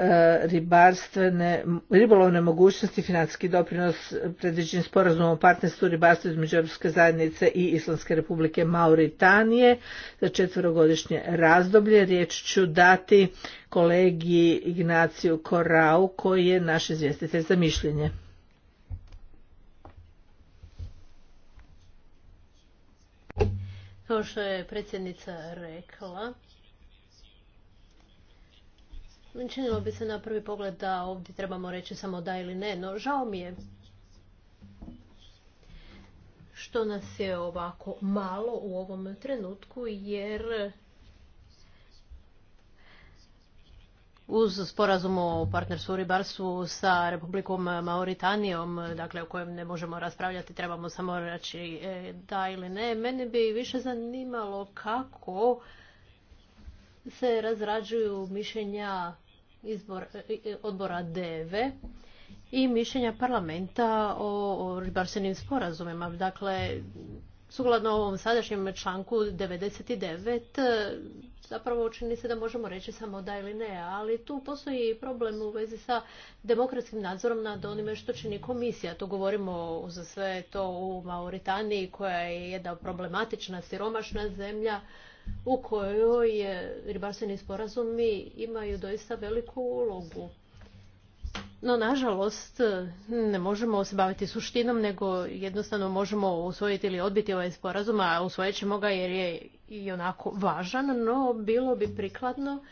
E, ribarstvene, ribolovne mogućnosti financijski doprinos predviđen sporazumom o partnerstvu ribarstva između Europske zajednice i Islamske republike Mauritanije za četvrogodišnje razdoblje. Riječ ću dati kolegi Ignaciju Korau koji je naš izvjestitelj za mišljenje. Kao što je predsjednica rekla, Činilo bi se na prvi pogled da ovdje trebamo reći samo da ili ne, no žao mi je što nas je ovako malo u ovom trenutku jer uz sporazum o partnerstvu u ribarstvu sa Republikom Mauritanijom, dakle o kojem ne možemo raspravljati, trebamo samo reći e, da ili ne, mene bi više zanimalo kako se razrađuju mišljenja e, odbora DEVE i mišljenja parlamenta o ribarstvenim sporazumima. Dakle, sukladno ovom sadašnjem članku 99, zapravo čini se da možemo reći samo da ili ne, ali tu postoji problem u vezi sa demokratskim nadzorom nad onime što čini komisija. To govorimo za sve to u Mauritaniji koja je jedna problematična, siromašna zemlja, u kojoj ribarstveni sporazumi imaju doista veliku ulogu. No, nažalost, ne možemo se baviti suštinom, nego jednostavno možemo usvojiti ili odbiti ovaj sporazum, a usvojit ćemo ga jer je i onako važan, no bilo bi prikladno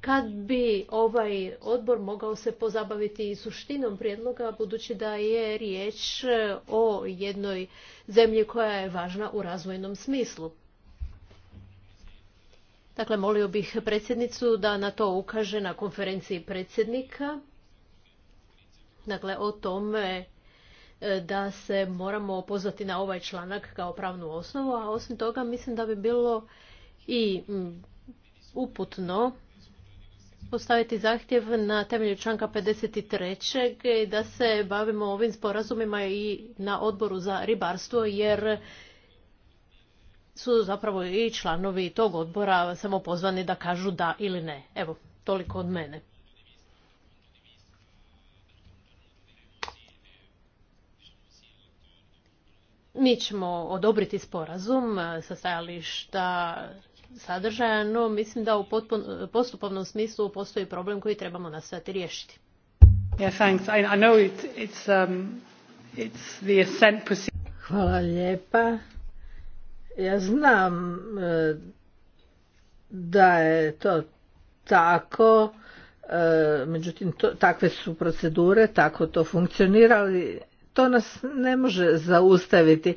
kad bi ovaj odbor mogao se pozabaviti i suštinom prijedloga, budući da je riječ o jednoj zemlji koja je važna u razvojnom smislu. Dakle, molio bih predsjednicu da na to ukaže na konferenciji predsjednika. Dakle, o tome e, da se moramo pozvati na ovaj članak kao pravnu osnovu, a osim toga mislim da bi bilo i uputno postaviti zahtjev na temelju članka 53. da se bavimo ovim sporazumima i na odboru za ribarstvo jer su zapravo i članovi tog odbora samo pozvani da kažu da ili ne. Evo, toliko od mene. Mi ćemo odobriti sporazum eh, sa stajališta sadržaja, no mislim da u postupovnom smislu postoji problem koji trebamo nastaviti riješiti. Um, Hvala lijepa. Ja znam e, da je to tako, e, međutim takve su procedure, tako to funkcionira, ali to nas ne može zaustaviti.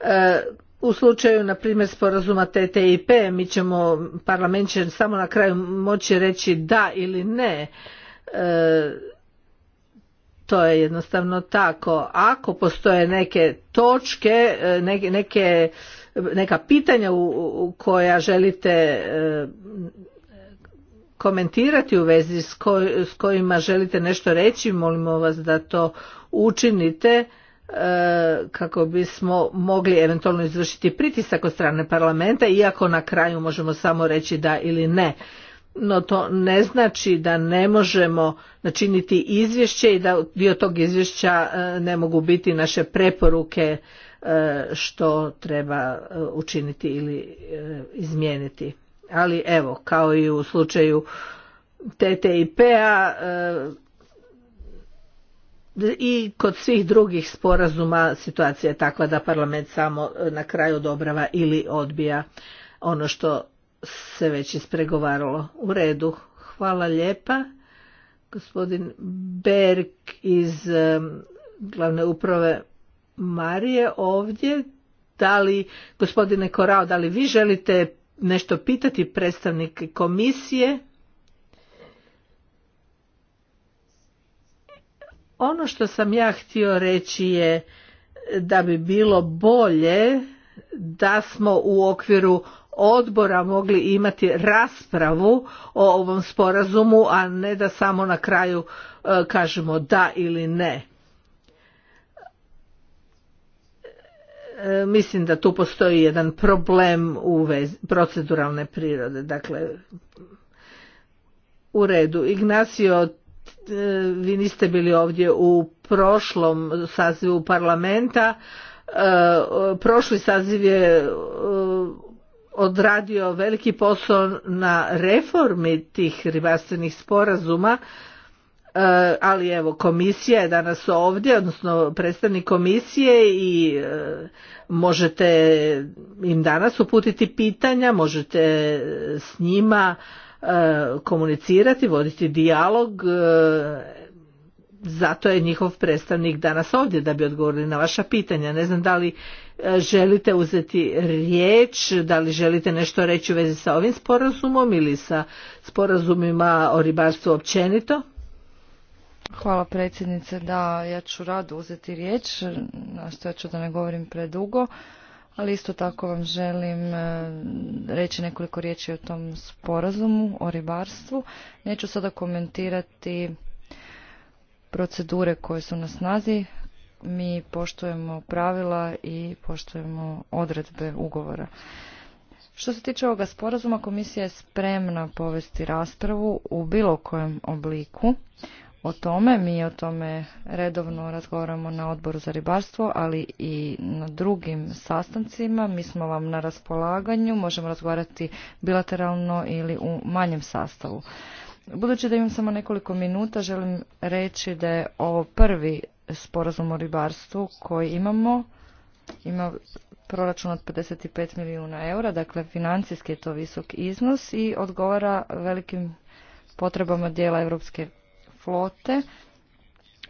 E, u slučaju, na primjer, sporazuma TTIP, mi ćemo, parlament će samo na kraju moći reći da ili ne. To je jednostavno tako. Ako postoje neke točke, neke neka pitanja u koja želite e, komentirati u vezi s kojima želite nešto reći, molimo vas da to učinite e, kako bismo mogli eventualno izvršiti pritisak od strane parlamenta, iako na kraju možemo samo reći da ili ne. No to ne znači da ne možemo načiniti izvješće i da dio tog izvješća e, ne mogu biti naše preporuke E, što treba e, učiniti ili e, izmijeniti. Ali evo, kao i u slučaju TTIP-a i kod svih drugih sporazuma situacija je takva da parlament samo na kraju odobrava ili odbija ono što se već ispregovaralo. U redu, hvala lijepa. Gospodin Berg iz glavne uprave Marije ovdje. Da li, gospodine Korao, da li vi želite nešto pitati predstavnik komisije? Ono što sam ja htio reći je da bi bilo bolje da smo u okviru odbora mogli imati raspravu o ovom sporazumu, a ne da samo na kraju e, kažemo da ili ne. E, mislim da tu postoji jedan problem u vezi, proceduralne prirode. Dakle, u redu. Ignacio, e, vi niste bili ovdje u prošlom sazivu parlamenta. E, prošli saziv je odradio veliki posao na reformi tih ribarstvenih sporazuma Eh, ali evo komisija je danas ovdje, odnosno predstavnik komisije i eh, možete im danas uputiti pitanja, možete s njima eh, komunicirati, voditi dijalog, zato je njihov predstavnik danas ovdje da bi odgovorili na vaša pitanja. Ne znam da li želite uzeti riječ, da li želite nešto reći u vezi sa ovim sporazumom ili sa sporazumima o ribarstvu općenito. Hvala predsjednice, da ja ću rado uzeti riječ, nastojat ću da ne govorim predugo, ali isto tako vam želim e, reći nekoliko riječi o tom sporazumu, o ribarstvu. Neću sada komentirati procedure koje su na snazi, mi poštujemo pravila i poštujemo odredbe ugovora. Što se tiče ovoga sporazuma, komisija je spremna povesti raspravu u bilo kojem obliku o tome. Mi o tome redovno razgovaramo na odboru za ribarstvo, ali i na drugim sastancima. Mi smo vam na raspolaganju, možemo razgovarati bilateralno ili u manjem sastavu. Budući da imam samo nekoliko minuta, želim reći da je ovo prvi sporazum o ribarstvu koji imamo. Ima proračun od 55 milijuna eura, dakle financijski je to visok iznos i odgovara velikim potrebama dijela Europske flote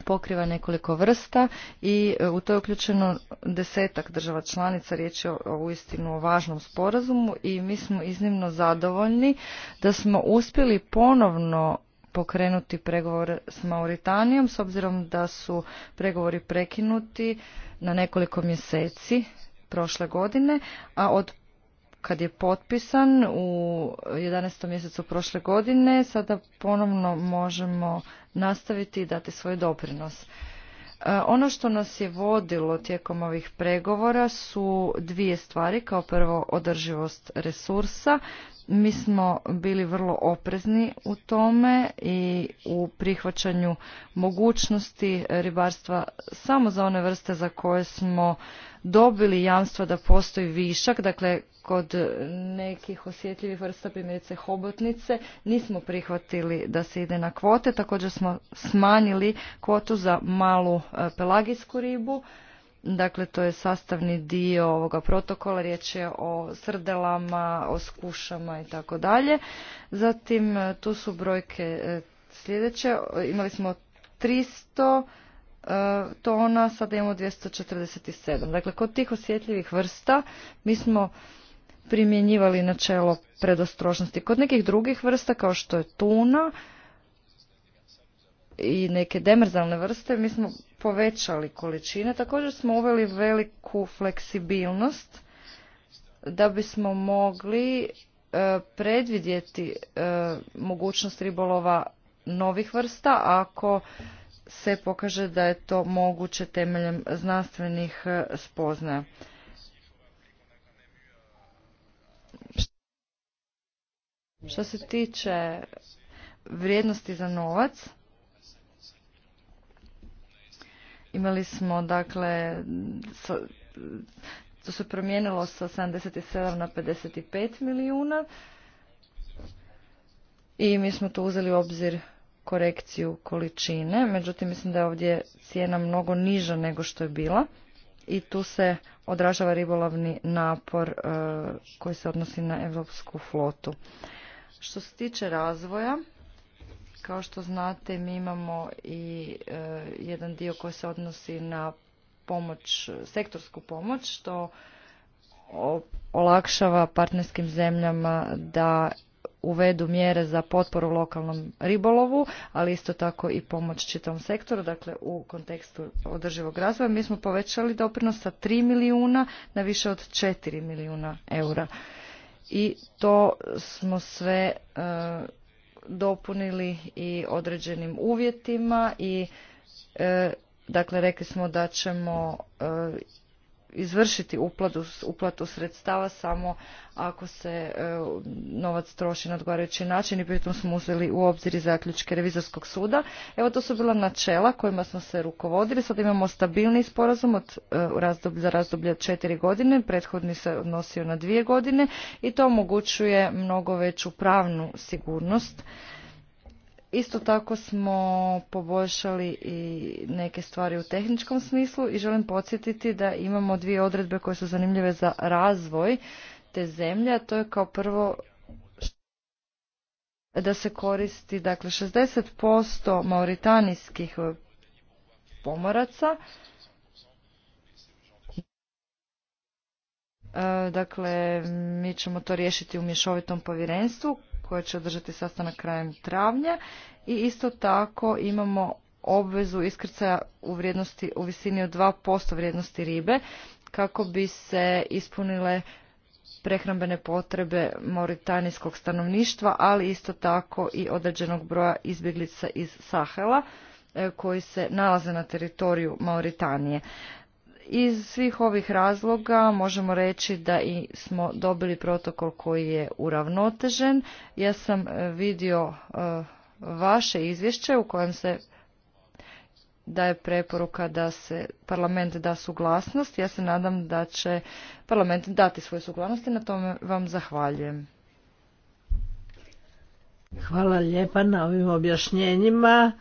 pokriva nekoliko vrsta i e, u to je uključeno desetak država članica, riječ je o uistinu o važnom sporazumu i mi smo iznimno zadovoljni da smo uspjeli ponovno pokrenuti pregovor s Mauritanijom s obzirom da su pregovori prekinuti na nekoliko mjeseci prošle godine, a od kad je potpisan u 11. mjesecu prošle godine, sada ponovno možemo nastaviti i dati svoj doprinos. E, ono što nas je vodilo tijekom ovih pregovora su dvije stvari. Kao prvo održivost resursa, mi smo bili vrlo oprezni u tome i u prihvaćanju mogućnosti ribarstva samo za one vrste za koje smo dobili jamstva da postoji višak, dakle kod nekih osjetljivih vrsta, primjerice hobotnice, nismo prihvatili da se ide na kvote, također smo smanjili kvotu za malu e, pelagijsku ribu Dakle, to je sastavni dio ovoga protokola, riječ je o srdelama, o skušama i tako dalje. Zatim, e, tu su brojke e, sljedeće, imali smo 300 e, tona, sada imamo 247. Dakle, kod tih osjetljivih vrsta mi smo primjenjivali načelo predostrožnosti. Kod nekih drugih vrsta, kao što je tuna, i neke demerzalne vrste, mi smo povećali količine. Također smo uveli veliku fleksibilnost da bismo mogli e, predvidjeti e, mogućnost ribolova novih vrsta ako se pokaže da je to moguće temeljem znanstvenih e, spoznaja. Što se tiče vrijednosti za novac, Imali smo dakle, to se promijenilo sa 77 na 55 milijuna i mi smo to uzeli u obzir korekciju količine, međutim mislim da je ovdje cijena mnogo niža nego što je bila i tu se odražava ribolovni napor e, koji se odnosi na evropsku flotu. Što se tiče razvoja, kao što znate, mi imamo i e, jedan dio koji se odnosi na pomoć, sektorsku pomoć, što olakšava partnerskim zemljama da uvedu mjere za potporu lokalnom ribolovu, ali isto tako i pomoć čitavom sektoru, dakle u kontekstu održivog razvoja. Mi smo povećali doprinos sa 3 milijuna na više od 4 milijuna eura. I to smo sve e, dopunili i određenim uvjetima i e, dakle rekli smo da ćemo e, izvršiti uplatu, sredstava samo ako se e, novac troši na odgovarajući način i pritom smo uzeli u obzir i zaključke revizorskog suda. Evo to su bila načela kojima smo se rukovodili. Sada imamo stabilni sporazum e, razdoblja, za razdoblje od četiri godine. Prethodni se odnosio na dvije godine i to omogućuje mnogo veću pravnu sigurnost Isto tako smo poboljšali i neke stvari u tehničkom smislu i želim podsjetiti da imamo dvije odredbe koje su zanimljive za razvoj te zemlje, to je kao prvo da se koristi dakle 60% mauritanijskih e, pomoraca e, Dakle, mi ćemo to riješiti u mješovitom povjerenstvu koja će održati sastanak krajem travnja i isto tako imamo obvezu iskrcaja u vrijednosti u visini od 2% vrijednosti ribe kako bi se ispunile prehrambene potrebe mauritanijskog stanovništva, ali isto tako i određenog broja izbjeglica iz Sahela e, koji se nalaze na teritoriju Mauritanije. Iz svih ovih razloga možemo reći da i smo dobili protokol koji je uravnotežen. Ja sam e, vidio e, vaše izvješće u kojem se daje preporuka da se parlament da suglasnost. Ja se nadam da će parlament dati svoje suglasnosti. Na tome vam zahvaljujem. Hvala lijepa na ovim objašnjenjima.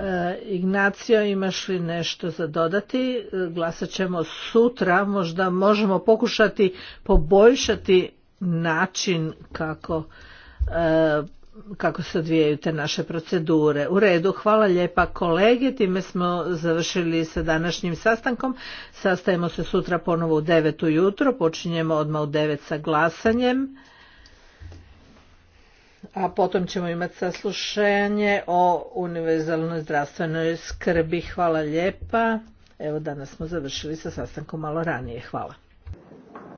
E, Ignacio, imaš li nešto za dodati? E, glasat ćemo sutra, možda možemo pokušati poboljšati način kako e, kako se odvijaju te naše procedure. U redu, hvala lijepa kolege, time smo završili sa današnjim sastankom. Sastajemo se sutra ponovo u 9 ujutro, počinjemo odmah u 9 sa glasanjem a potom ćemo imati saslušanje o univerzalnoj zdravstvenoj skrbi. Hvala lijepa. Evo danas smo završili sa sastankom malo ranije. Hvala.